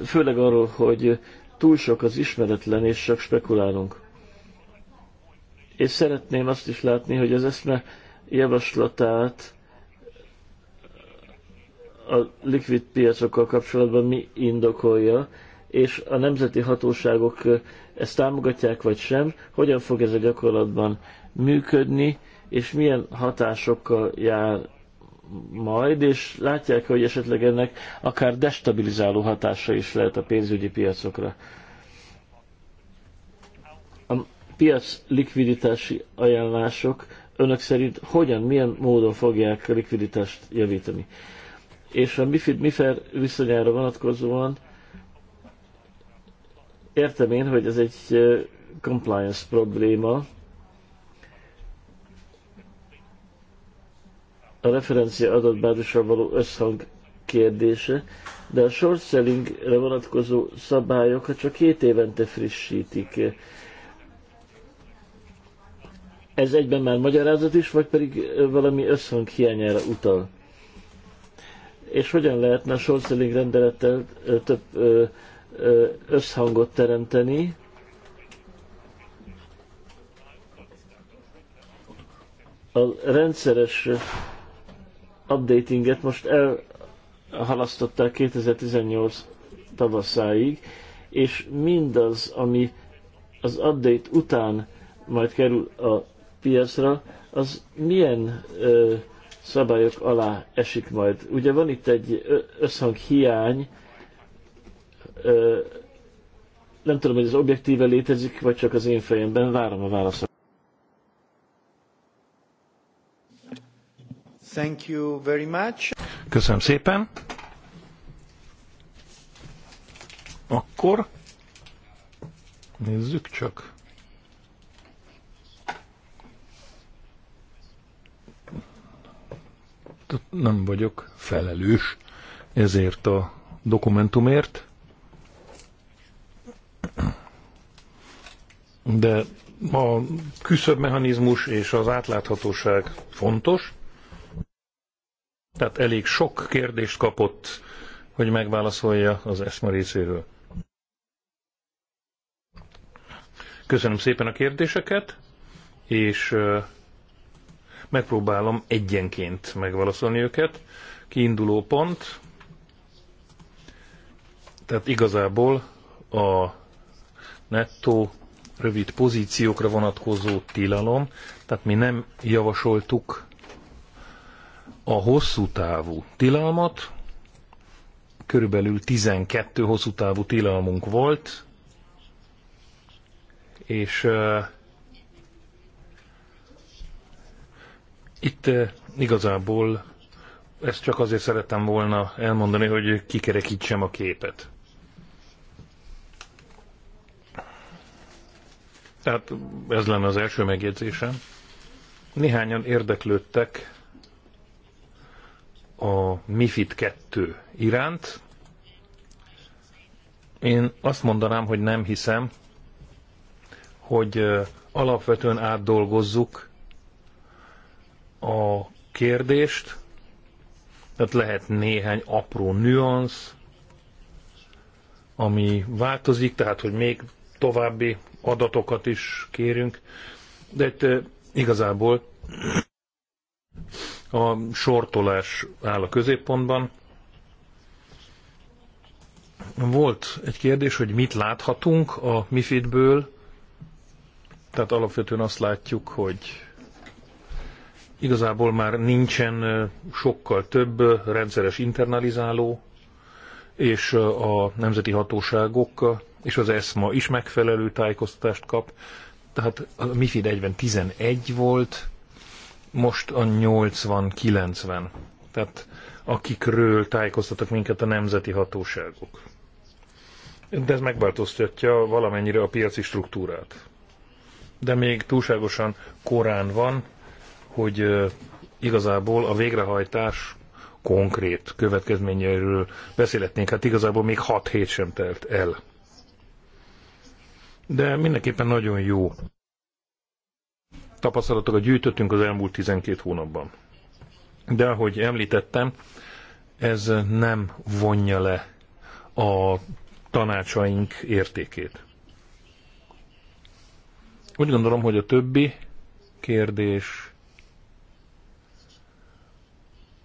főleg arról, hogy túl sok az ismeretlen, és csak spekulálunk. És szeretném azt is látni, hogy az eszme javaslatát a likvid piacokkal kapcsolatban mi indokolja, és a nemzeti hatóságok ezt támogatják vagy sem, hogyan fog ez a gyakorlatban működni, és milyen hatásokkal jár majd, és látják, hogy esetleg ennek akár destabilizáló hatása is lehet a pénzügyi piacokra. A piac likviditási ajánlások önök szerint hogyan, milyen módon fogják a likviditást javítani? És a MIFID-MIFER viszonyára vonatkozóan értem én, hogy ez egy eh, compliance probléma, a referencia adatbázisra való összhang kérdése, de a short sellingre vonatkozó szabályokat csak két évente frissítik. Ez egyben már magyarázat is, vagy pedig valami összhang hiányára utal? És hogyan lehetne a short selling rendelettel több összhangot teremteni, a rendszeres updatinget most elhalasztották 2018 tavaszáig, és mindaz, ami az update után majd kerül a piacra, az milyen ö, szabályok alá esik majd. Ugye van itt egy összhang hiány, ö, nem tudom, hogy ez objektíve létezik, vagy csak az én fejemben, várom a válaszokat. Thank you very much. Köszönöm szépen. Akkor nézzük csak. Nem vagyok felelős ezért a dokumentumért, de a küszöbmechanizmus és az átláthatóság fontos, tehát elég sok kérdést kapott, hogy megválaszolja az ESMA részéről. Köszönöm szépen a kérdéseket, és megpróbálom egyenként megválaszolni őket. Kiinduló pont, tehát igazából a nettó rövid pozíciókra vonatkozó tilalom, tehát mi nem javasoltuk a hosszú távú tilalmat, körülbelül 12 hosszú távú tilalmunk volt, és uh, itt uh, igazából ezt csak azért szerettem volna elmondani, hogy kikerekítsem a képet. Tehát ez lenne az első megjegyzésem. Néhányan érdeklődtek a MIFID 2 iránt. Én azt mondanám, hogy nem hiszem, hogy alapvetően átdolgozzuk a kérdést, tehát lehet néhány apró nüansz, ami változik, tehát hogy még további adatokat is kérünk, de itt igazából a sortolás áll a középpontban. Volt egy kérdés, hogy mit láthatunk a MIFID-ből. Tehát alapvetően azt látjuk, hogy igazából már nincsen sokkal több rendszeres internalizáló, és a nemzeti hatóságok és az ESMA is megfelelő tájékoztatást kap. Tehát a MIFID egyben 11 volt, most a 80-90, tehát akikről tájékoztatok minket a nemzeti hatóságok. De ez megváltoztatja valamennyire a piaci struktúrát. De még túlságosan korán van, hogy igazából a végrehajtás konkrét következményeiről beszélhetnénk. Hát igazából még 6 hét sem telt el. De mindenképpen nagyon jó tapasztalatokat gyűjtöttünk az elmúlt 12 hónapban. De ahogy említettem, ez nem vonja le a tanácsaink értékét. Úgy gondolom, hogy a többi kérdés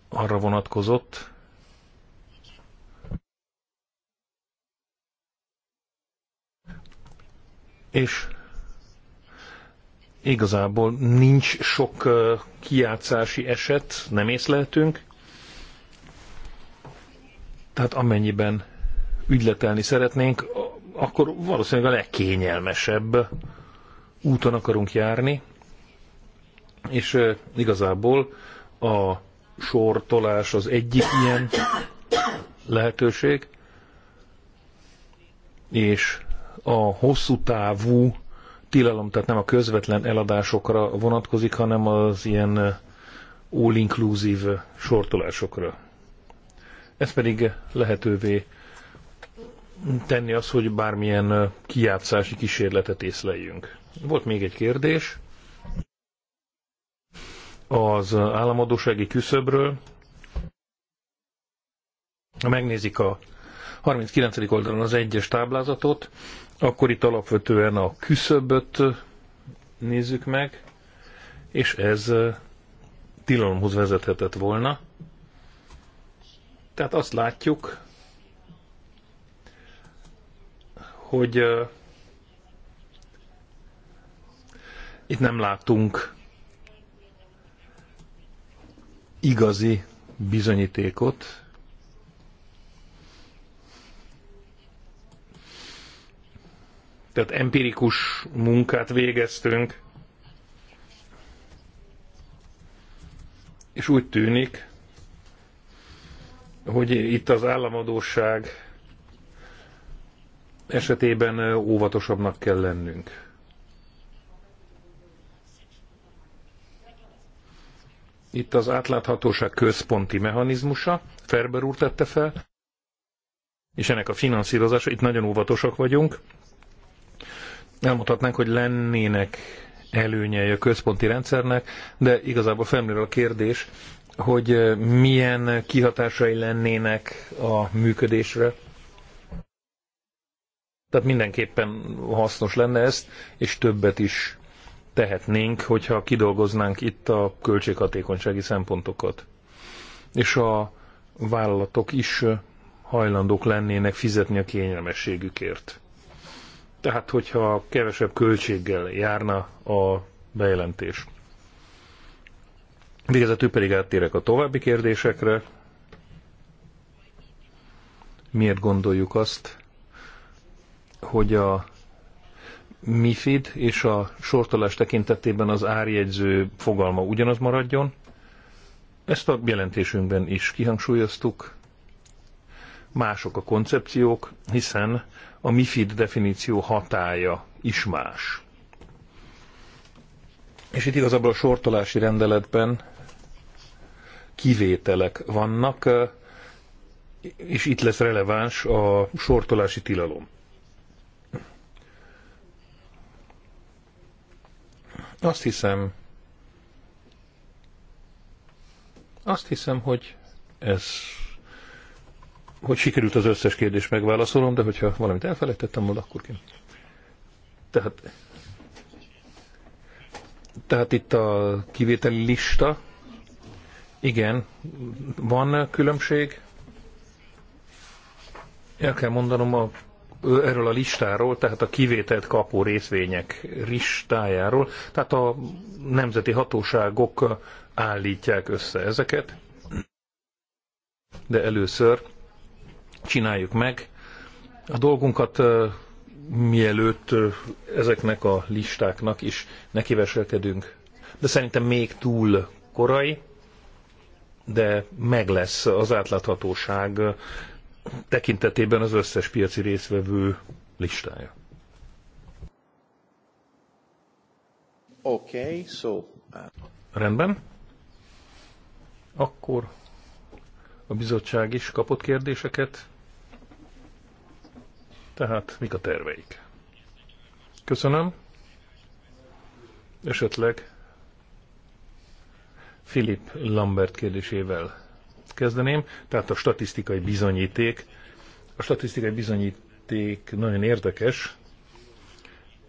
arra vonatkozott, és igazából nincs sok kiátszási eset, nem észleltünk. Tehát amennyiben ügyletelni szeretnénk, akkor valószínűleg a legkényelmesebb úton akarunk járni, és igazából a sortolás az egyik ilyen lehetőség, és a hosszú távú tilalom tehát nem a közvetlen eladásokra vonatkozik, hanem az ilyen eh, all-inclusive sortolásokra. Ez pedig lehetővé tenni az, hogy bármilyen eh, kijátszási kísérletet észleljünk. Volt még egy kérdés az eh, államadósági küszöbről. Megnézik a 39. oldalon az egyes táblázatot, akkor itt alapvetően a küszöböt nézzük meg, és ez tilalomhoz vezethetett volna. Tehát azt látjuk, hogy uh, itt nem látunk igazi bizonyítékot, Tehát empirikus munkát végeztünk, és úgy tűnik, hogy itt az államadóság esetében óvatosabbnak kell lennünk. Itt az átláthatóság központi mechanizmusa, Ferber úr tette fel, és ennek a finanszírozása, itt nagyon óvatosak vagyunk, Elmondhatnánk, hogy lennének előnyei a központi rendszernek, de igazából felmerül a kérdés, hogy milyen kihatásai lennének a működésre. Tehát mindenképpen hasznos lenne ezt, és többet is tehetnénk, hogyha kidolgoznánk itt a költséghatékonysági szempontokat. És a vállalatok is hajlandók lennének fizetni a kényelmességükért. Tehát, hogyha kevesebb költséggel járna a bejelentés. Végezetül pedig áttérek a további kérdésekre. Miért gondoljuk azt, hogy a MIFID és a sortolás tekintetében az árjegyző fogalma ugyanaz maradjon? Ezt a jelentésünkben is kihangsúlyoztuk. Mások a koncepciók, hiszen a MIFID definíció hatája is más. És itt igazából a sortolási rendeletben kivételek vannak, és itt lesz releváns a sortolási tilalom. Azt hiszem, azt hiszem, hogy ez hogy sikerült az összes kérdést megválaszolnom, de hogyha valamit elfelejtettem volna, akkor ki. Tehát, tehát itt a kivételi lista. Igen, van különbség. El kell mondanom a, erről a listáról, tehát a kivételt kapó részvények listájáról. Tehát a nemzeti hatóságok állítják össze ezeket. De először csináljuk meg a dolgunkat, mielőtt ezeknek a listáknak is nekiveselkedünk. De szerintem még túl korai, de meg lesz az átláthatóság tekintetében az összes piaci részvevő listája. Okay, so... Uh, Rendben. Akkor a bizottság is kapott kérdéseket. Tehát mik a terveik? Köszönöm. Esetleg Philip Lambert kérdésével kezdeném. Tehát a statisztikai bizonyíték. A statisztikai bizonyíték nagyon érdekes,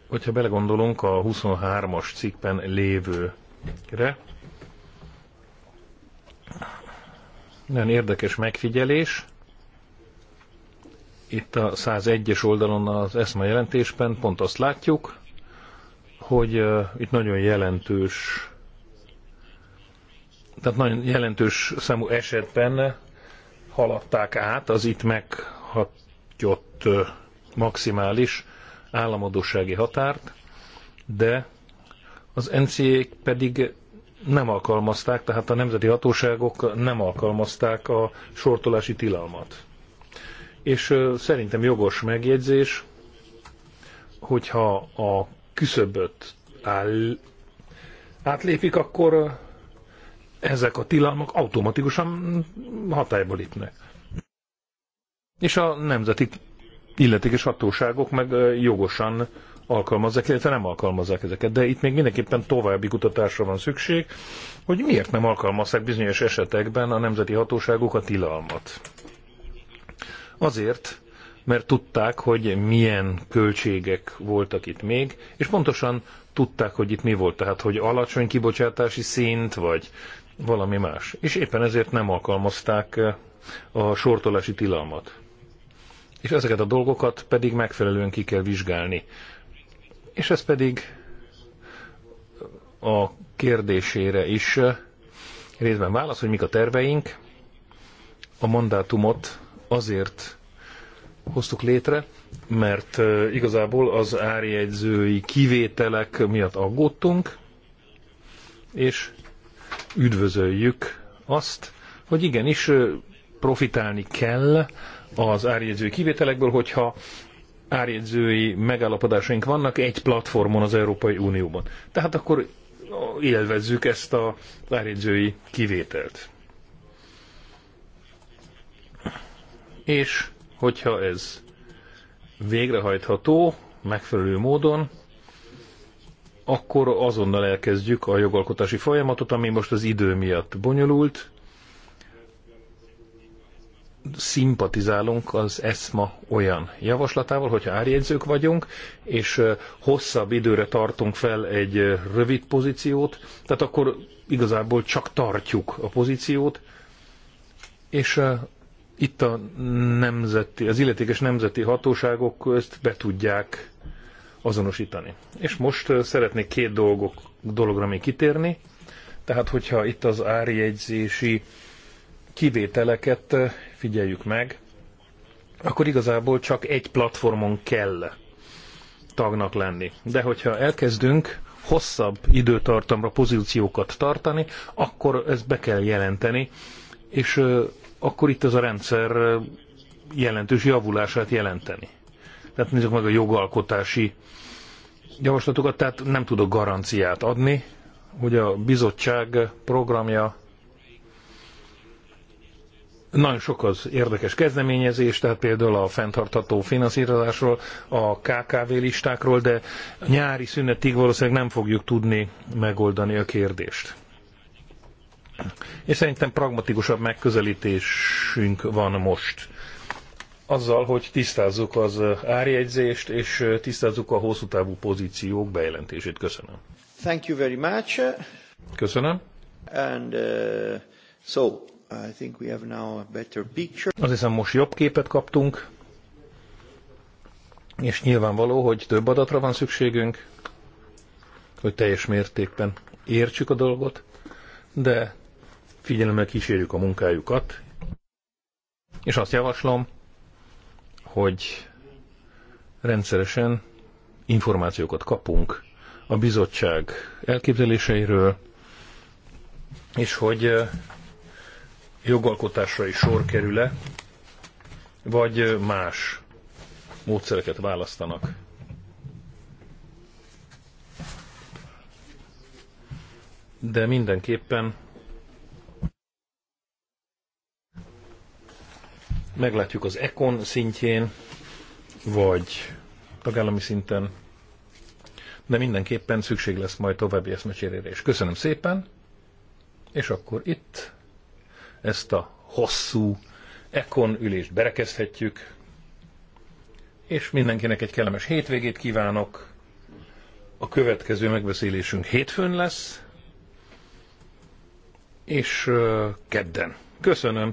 hogyha belegondolunk a 23-as cikkben lévőre. Nagyon érdekes megfigyelés itt a 101-es oldalon az ESMA jelentésben pont azt látjuk, hogy uh, itt nagyon jelentős, tehát nagyon jelentős számú esetben haladták át az itt meghatott uh, maximális államadósági határt, de az nca pedig nem alkalmazták, tehát a nemzeti hatóságok nem alkalmazták a sortolási tilalmat. És szerintem jogos megjegyzés, hogyha a küszöböt áll, átlépik, akkor ezek a tilalmak automatikusan hatályba lépnek. És a nemzeti illetékes hatóságok meg jogosan alkalmazzák, illetve nem alkalmazzák ezeket. De itt még mindenképpen további kutatásra van szükség, hogy miért nem alkalmazzák bizonyos esetekben a nemzeti hatóságok a tilalmat. Azért, mert tudták, hogy milyen költségek voltak itt még, és pontosan tudták, hogy itt mi volt, tehát hogy alacsony kibocsátási szint, vagy valami más. És éppen ezért nem alkalmazták eh, a sortolási tilalmat. És ezeket a dolgokat pedig megfelelően ki kell vizsgálni. És ez pedig a kérdésére is eh, részben válasz, hogy mik a terveink, a mandátumot azért hoztuk létre, mert igazából az árjegyzői kivételek miatt aggódtunk, és üdvözöljük azt, hogy igenis profitálni kell az árjegyzői kivételekből, hogyha árjegyzői megállapodásaink vannak egy platformon az Európai Unióban. Tehát akkor élvezzük ezt a árjegyzői kivételt. és hogyha ez végrehajtható megfelelő módon, akkor azonnal elkezdjük a jogalkotási folyamatot, ami most az idő miatt bonyolult. Szimpatizálunk az ESMA olyan javaslatával, hogyha árjegyzők vagyunk, és hosszabb időre tartunk fel egy rövid pozíciót, tehát akkor igazából csak tartjuk a pozíciót, és itt a nemzeti, az illetékes nemzeti hatóságok ezt be tudják azonosítani. És most szeretnék két dolgok, dologra még kitérni. Tehát, hogyha itt az árjegyzési kivételeket figyeljük meg, akkor igazából csak egy platformon kell tagnak lenni. De hogyha elkezdünk hosszabb időtartamra pozíciókat tartani, akkor ezt be kell jelenteni, és akkor itt az a rendszer jelentős javulását jelenteni. Tehát nézzük meg a jogalkotási javaslatokat, tehát nem tudok garanciát adni, hogy a bizottság programja nagyon sok az érdekes kezdeményezés, tehát például a fenntartható finanszírozásról, a KKV listákról, de nyári szünetig valószínűleg nem fogjuk tudni megoldani a kérdést. És szerintem pragmatikusabb megközelítésünk van most. Azzal, hogy tisztázzuk az árjegyzést, és tisztázzuk a hosszú távú pozíciók bejelentését. Köszönöm. Thank you very much. Köszönöm. And uh, so, I think we have now a better picture. Azt hiszem most jobb képet kaptunk, és nyilvánvaló, hogy több adatra van szükségünk, hogy teljes mértékben értsük a dolgot, de figyelemmel kísérjük a munkájukat, és azt javaslom, hogy rendszeresen információkat kapunk a bizottság elképzeléseiről, és hogy eh, jogalkotásra is sor kerül-e, vagy eh, más módszereket választanak. De mindenképpen meglátjuk az ECON szintjén, vagy tagállami szinten, de mindenképpen szükség lesz majd további eszmecserére is. Köszönöm szépen, és akkor itt ezt a hosszú ECON ülést berekezhetjük. és mindenkinek egy kellemes hétvégét kívánok. A következő megbeszélésünk hétfőn lesz, és kedden. Köszönöm